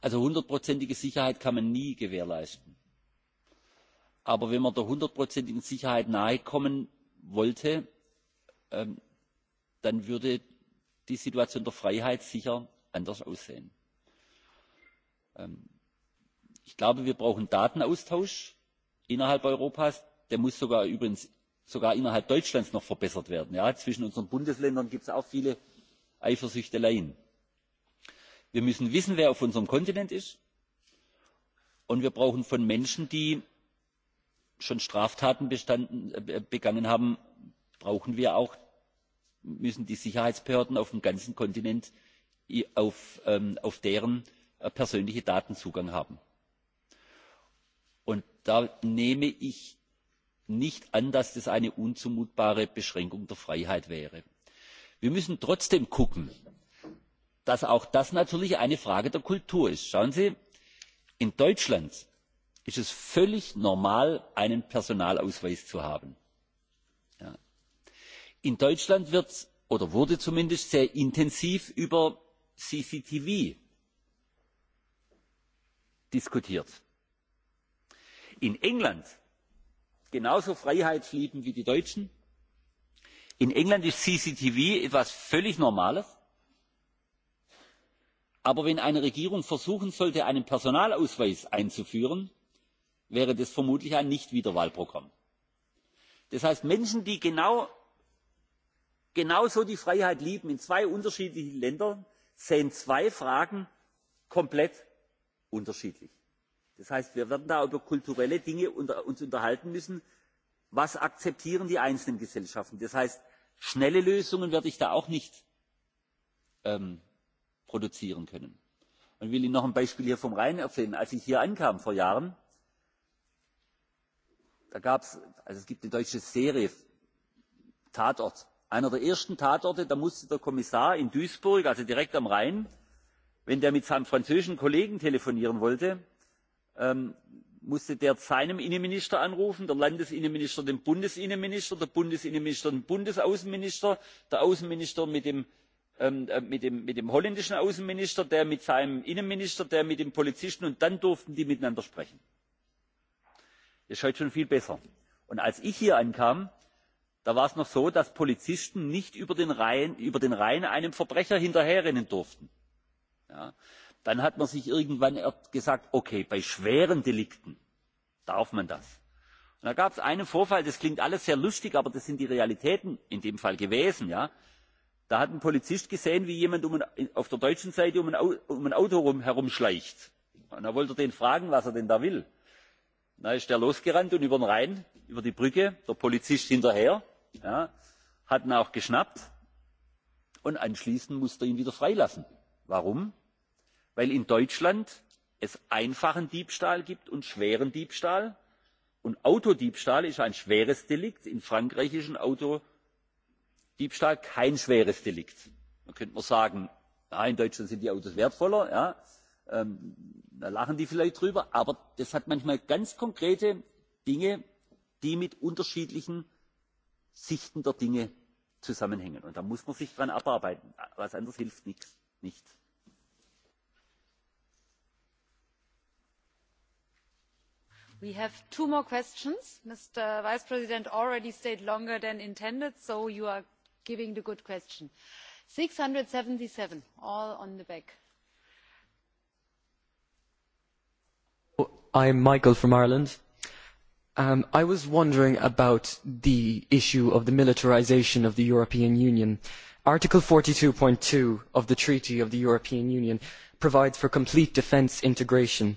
Speaker 23: also hundertprozentige sicherheit kann man nie gewährleisten. aber wenn man der hundertprozentigen sicherheit nahe kommen wollte dann würde die Situation der Freiheit sicher anders aussehen. Ich glaube, wir brauchen Datenaustausch innerhalb Europas. Der muss sogar übrigens sogar innerhalb Deutschlands noch verbessert werden. zwischen unseren Bundesländern gibt es auch viele Eifersüchteleien. Wir müssen wissen, wer auf unserem Kontinent ist. Und wir brauchen von Menschen, die schon Straftaten begangen haben, brauchen wir auch müssen die sicherheitsbehörden auf dem ganzen kontinent auf deren persönliche daten zugang haben. und da nehme ich nicht an dass das eine unzumutbare beschränkung der freiheit wäre. wir müssen trotzdem schauen dass auch das natürlich eine frage der kultur ist. schauen sie in deutschland ist es völlig normal einen personalausweis zu haben in deutschland wird oder wurde zumindest sehr intensiv über cctv diskutiert in england genauso freiheitsliebend wie die deutschen in england ist cctv etwas völlig normales aber wenn eine regierung versuchen sollte einen personalausweis einzuführen wäre das vermutlich ein nichtwiederwahlprogramm. das heißt menschen die genau genauso die freiheit lieben in zwei unterschiedlichen ländern sehen zwei fragen komplett unterschiedlich. das heißt wir werden uns da über kulturelle dinge unterhalten müssen was akzeptieren die einzelnen gesellschaften? das heißt schnelle lösungen werde ich da auch nicht produzieren können. ich will ihnen noch ein beispiel vom rhein erzählen als ich hier ankam vor jahren da gab es es gibt eine deutsche serie tatort einer der ersten tatorte da musste der kommissar in duisburg also direkt am rhein wenn der mit seinem französischen kollegen telefonieren wollte musste der seinen innenminister anrufen der landesinnenminister den bundesinnenminister der bundesinnenminister den bundesaußenminister der außenminister mit dem holländischen außenminister der mit seinem innenminister der mit dem polizisten und dann durften die miteinander sprechen. das ist heute schon viel besser. als ich hier ankam da war es noch so dass polizisten nicht über den rhein einem verbrecher hinterherrennen durften. dann hat man sich irgendwann gesagt okay bei schweren delikten darf man das. da gab es einen vorfall das klingt alles sehr lustig aber das sind die realitäten in dem fall gewesen da hat ein polizist gesehen wie jemand auf der deutschen seite um ein auto herumschleicht und da wollte er den fragen was er denn da will. da ist der losgerannt und über den rhein über die brücke der polizist hinterher hat ihn auch geschnappt und anschließend musste er ihn wieder freilassen. warum? weil es in deutschland einfachen diebstahl gibt und schweren diebstahl und autodiebstahl ist ein schweres delikt in frankreich ist ein autodiebstahl kein schweres delikt. dann könnte man sagen in deutschland sind die autos wertvoller da lachen die vielleicht drüber aber das hat manchmal ganz konkrete dinge die mit unterschiedlichen sichten der dinge zusammenhängen. und da muss man sich daran abarbeiten etwas anderes hilft nichts.
Speaker 2: we have two more questions. mr vice president already stayed longer than intended so you are giving the good question. six hundred and seventy seven all on the back.
Speaker 12: i am michael from ireland I was wondering about the issue of the militarisation of the European Union. Article forty two two of the Treaty of the European Union provides for complete defence integration.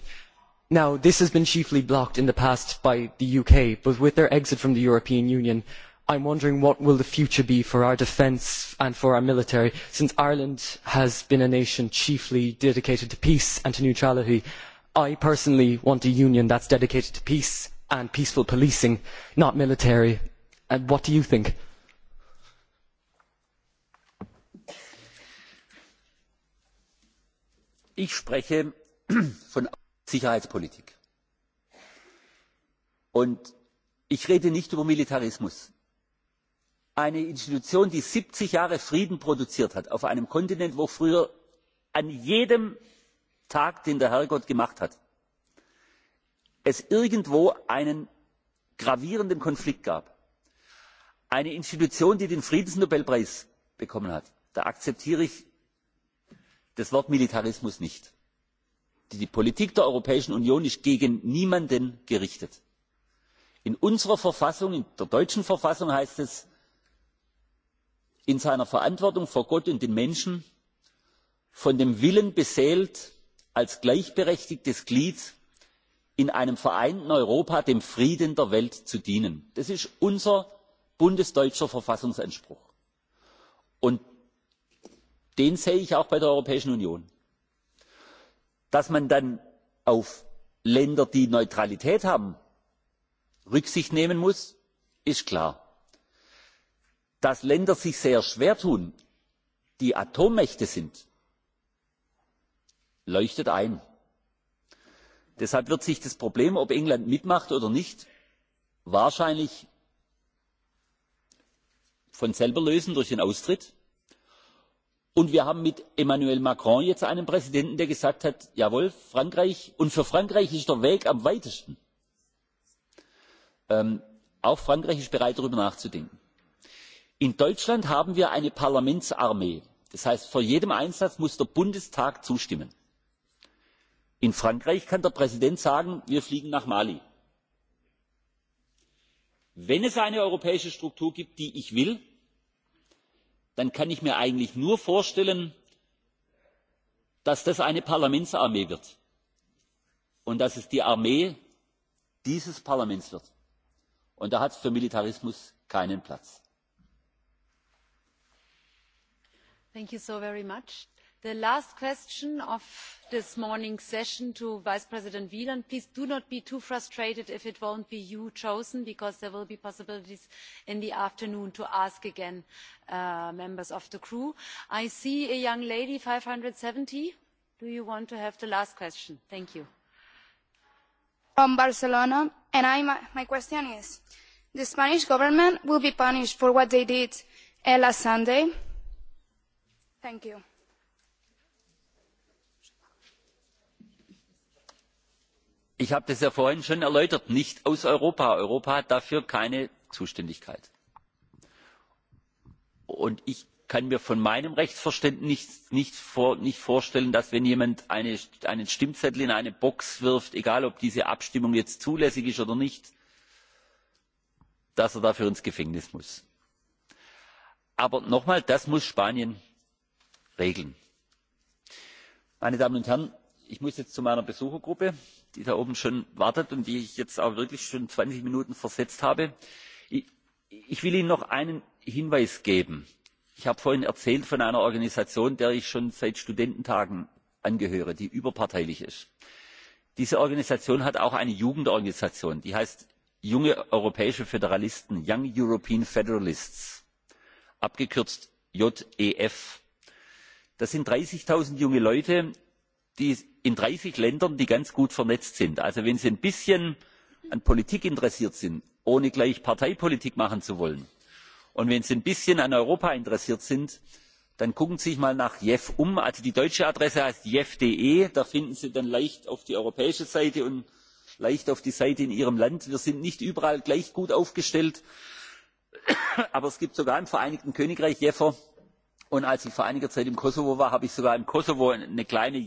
Speaker 12: Now, this has been chiefly blocked in the past by the UK, but with their exit from the European Union, I am wondering what will the future be for our defence and for our military, since Ireland has been a nation chiefly dedicated to peace and to neutrality. I personally want a union that is dedicated to peace and peaceful policing, not military. And what do you think?
Speaker 23: Ich spreche von Sicherheitspolitik. Und ich rede nicht über Militarismus. Eine Institution, die siebzig Jahre Frieden produziert hat, auf einem Kontinent, wo früher an jedem Tag, den der Herrgott gemacht hat, es irgendwo einen gravierenden konflikt gab eine institution die den friedensnobelpreis bekommen hat da akzeptiere ich das wort militarismus nicht die politik der europäischen union ist gegen niemanden gerichtet. in unserer verfassung in der deutschen verfassung heißt es in seiner verantwortung vor gott und den menschen von dem willen beseelt als gleichberechtigtes glied in einem vereinten europa dem frieden der welt zu dienen. das ist unser bundesdeutscher verfassungsanspruch und den sehe ich auch bei der europäischen union. dass man dann auf länder die neutralität haben rücksicht nehmen muss ist klar. dass länder sich sehr schwer tun die atommächte sind leuchtet ein deshalb wird sich das problem ob england mitmacht oder nicht wahrscheinlich von selber lösen durch den austritt und wir haben mit emmanuel macron jetzt einen präsidenten der gesagt hat jawohl frankreich und für frankreich ist der weg am weitesten. auch frankreich ist bereit darüber nachzudenken. in deutschland haben wir eine parlamentsarmee das heißt vor jedem einsatz muss der bundestag zustimmen in frankreich kann der präsident sagen wir fliegen nach mali. wenn es eine europäische struktur gibt die ich will dann kann ich mir eigentlich nur vorstellen dass das eine parlamentsarmee wird und dass es die armee dieses parlaments wird. und da hat es für militarismus keinen platz.
Speaker 2: thank you so very much the last question of this morning's session to Vice President Wieland. Please do not be too frustrated if it won't be you chosen, because there will be possibilities in the afternoon to ask again members of the crew. I see a young lady, five hundred and seventy. Do you want to have the last question? Thank you.
Speaker 18: From Barcelona, and I, my, my question is, the Spanish government will be punished for what they did last Sunday?
Speaker 10: Thank you.
Speaker 23: ich habe das ja vorhin schon erläutert nicht aus europa europa hat dafür keine zuständigkeit. und ich kann mir von meinem rechtsverständnis nicht vorstellen dass wenn jemand einen stimmzettel in eine box wirft egal ob diese abstimmung jetzt zulässig ist oder nicht dass er dafür ins gefängnis muss. aber nochmal das muss spanien regeln. meine damen und herren ich muss jetzt zu meiner besuchergruppe die da oben schon wartet und die ich jetzt auch wirklich schon zwanzig minuten versetzt habe. ich will ihnen noch einen hinweis geben ich habe vorhin erzählt von einer organisation der ich schon seit studententagen angehöre die überparteilich ist. diese organisation hat auch eine jugendorganisation die heißt junge europäische föderalisten young european federalists abgekürzt jef. das sind dreißig null junge leute die in dreißig ländern die ganz gut vernetzt sind. also wenn sie ein bisschen an politik interessiert sind ohne gleich parteipolitik machen zu wollen und wenn sie ein bisschen an europa interessiert sind dann schauen sie sich mal nach jef um. die deutsche adresse heißt jef de da finden sie dann leicht auf die europäische seite und leicht auf die seite in ihrem land. wir sind nicht überall gleich gut aufgestellt aber es gibt sogar im vereinigten königreich jefer und als ich vor einiger zeit im kosovo war habe ich sogar im kosovo eine kleine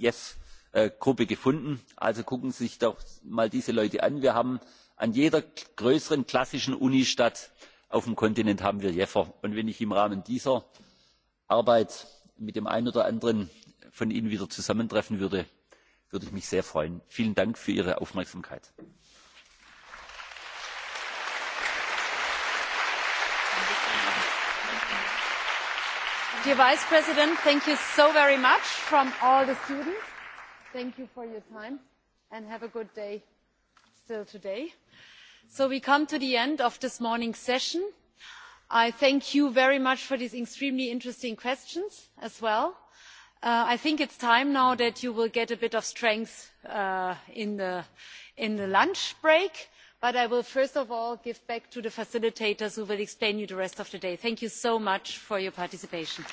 Speaker 23: gruppe gefunden. also gucken sie sich doch mal diese leute an. wir haben an jeder größeren klassischen unistadt auf dem kontinent jeffer. und wenn ich im rahmen dieser arbeit mit dem einen oder anderen von ihnen wieder zusammentreffen würde würde ich mich sehr freuen. vielen dank für ihre aufmerksamkeit.
Speaker 2: dear vice president thank you so very much from all the students. Thank you for your time and have a good day still today. So we come to the end of this morning's session. I thank you very much for these extremely interesting questions as well. I think it's time now that you will get a bit of strength in the lunch break, but I will first of all give back to the facilitators who will explain you the rest of the day. Thank you so much for your participation.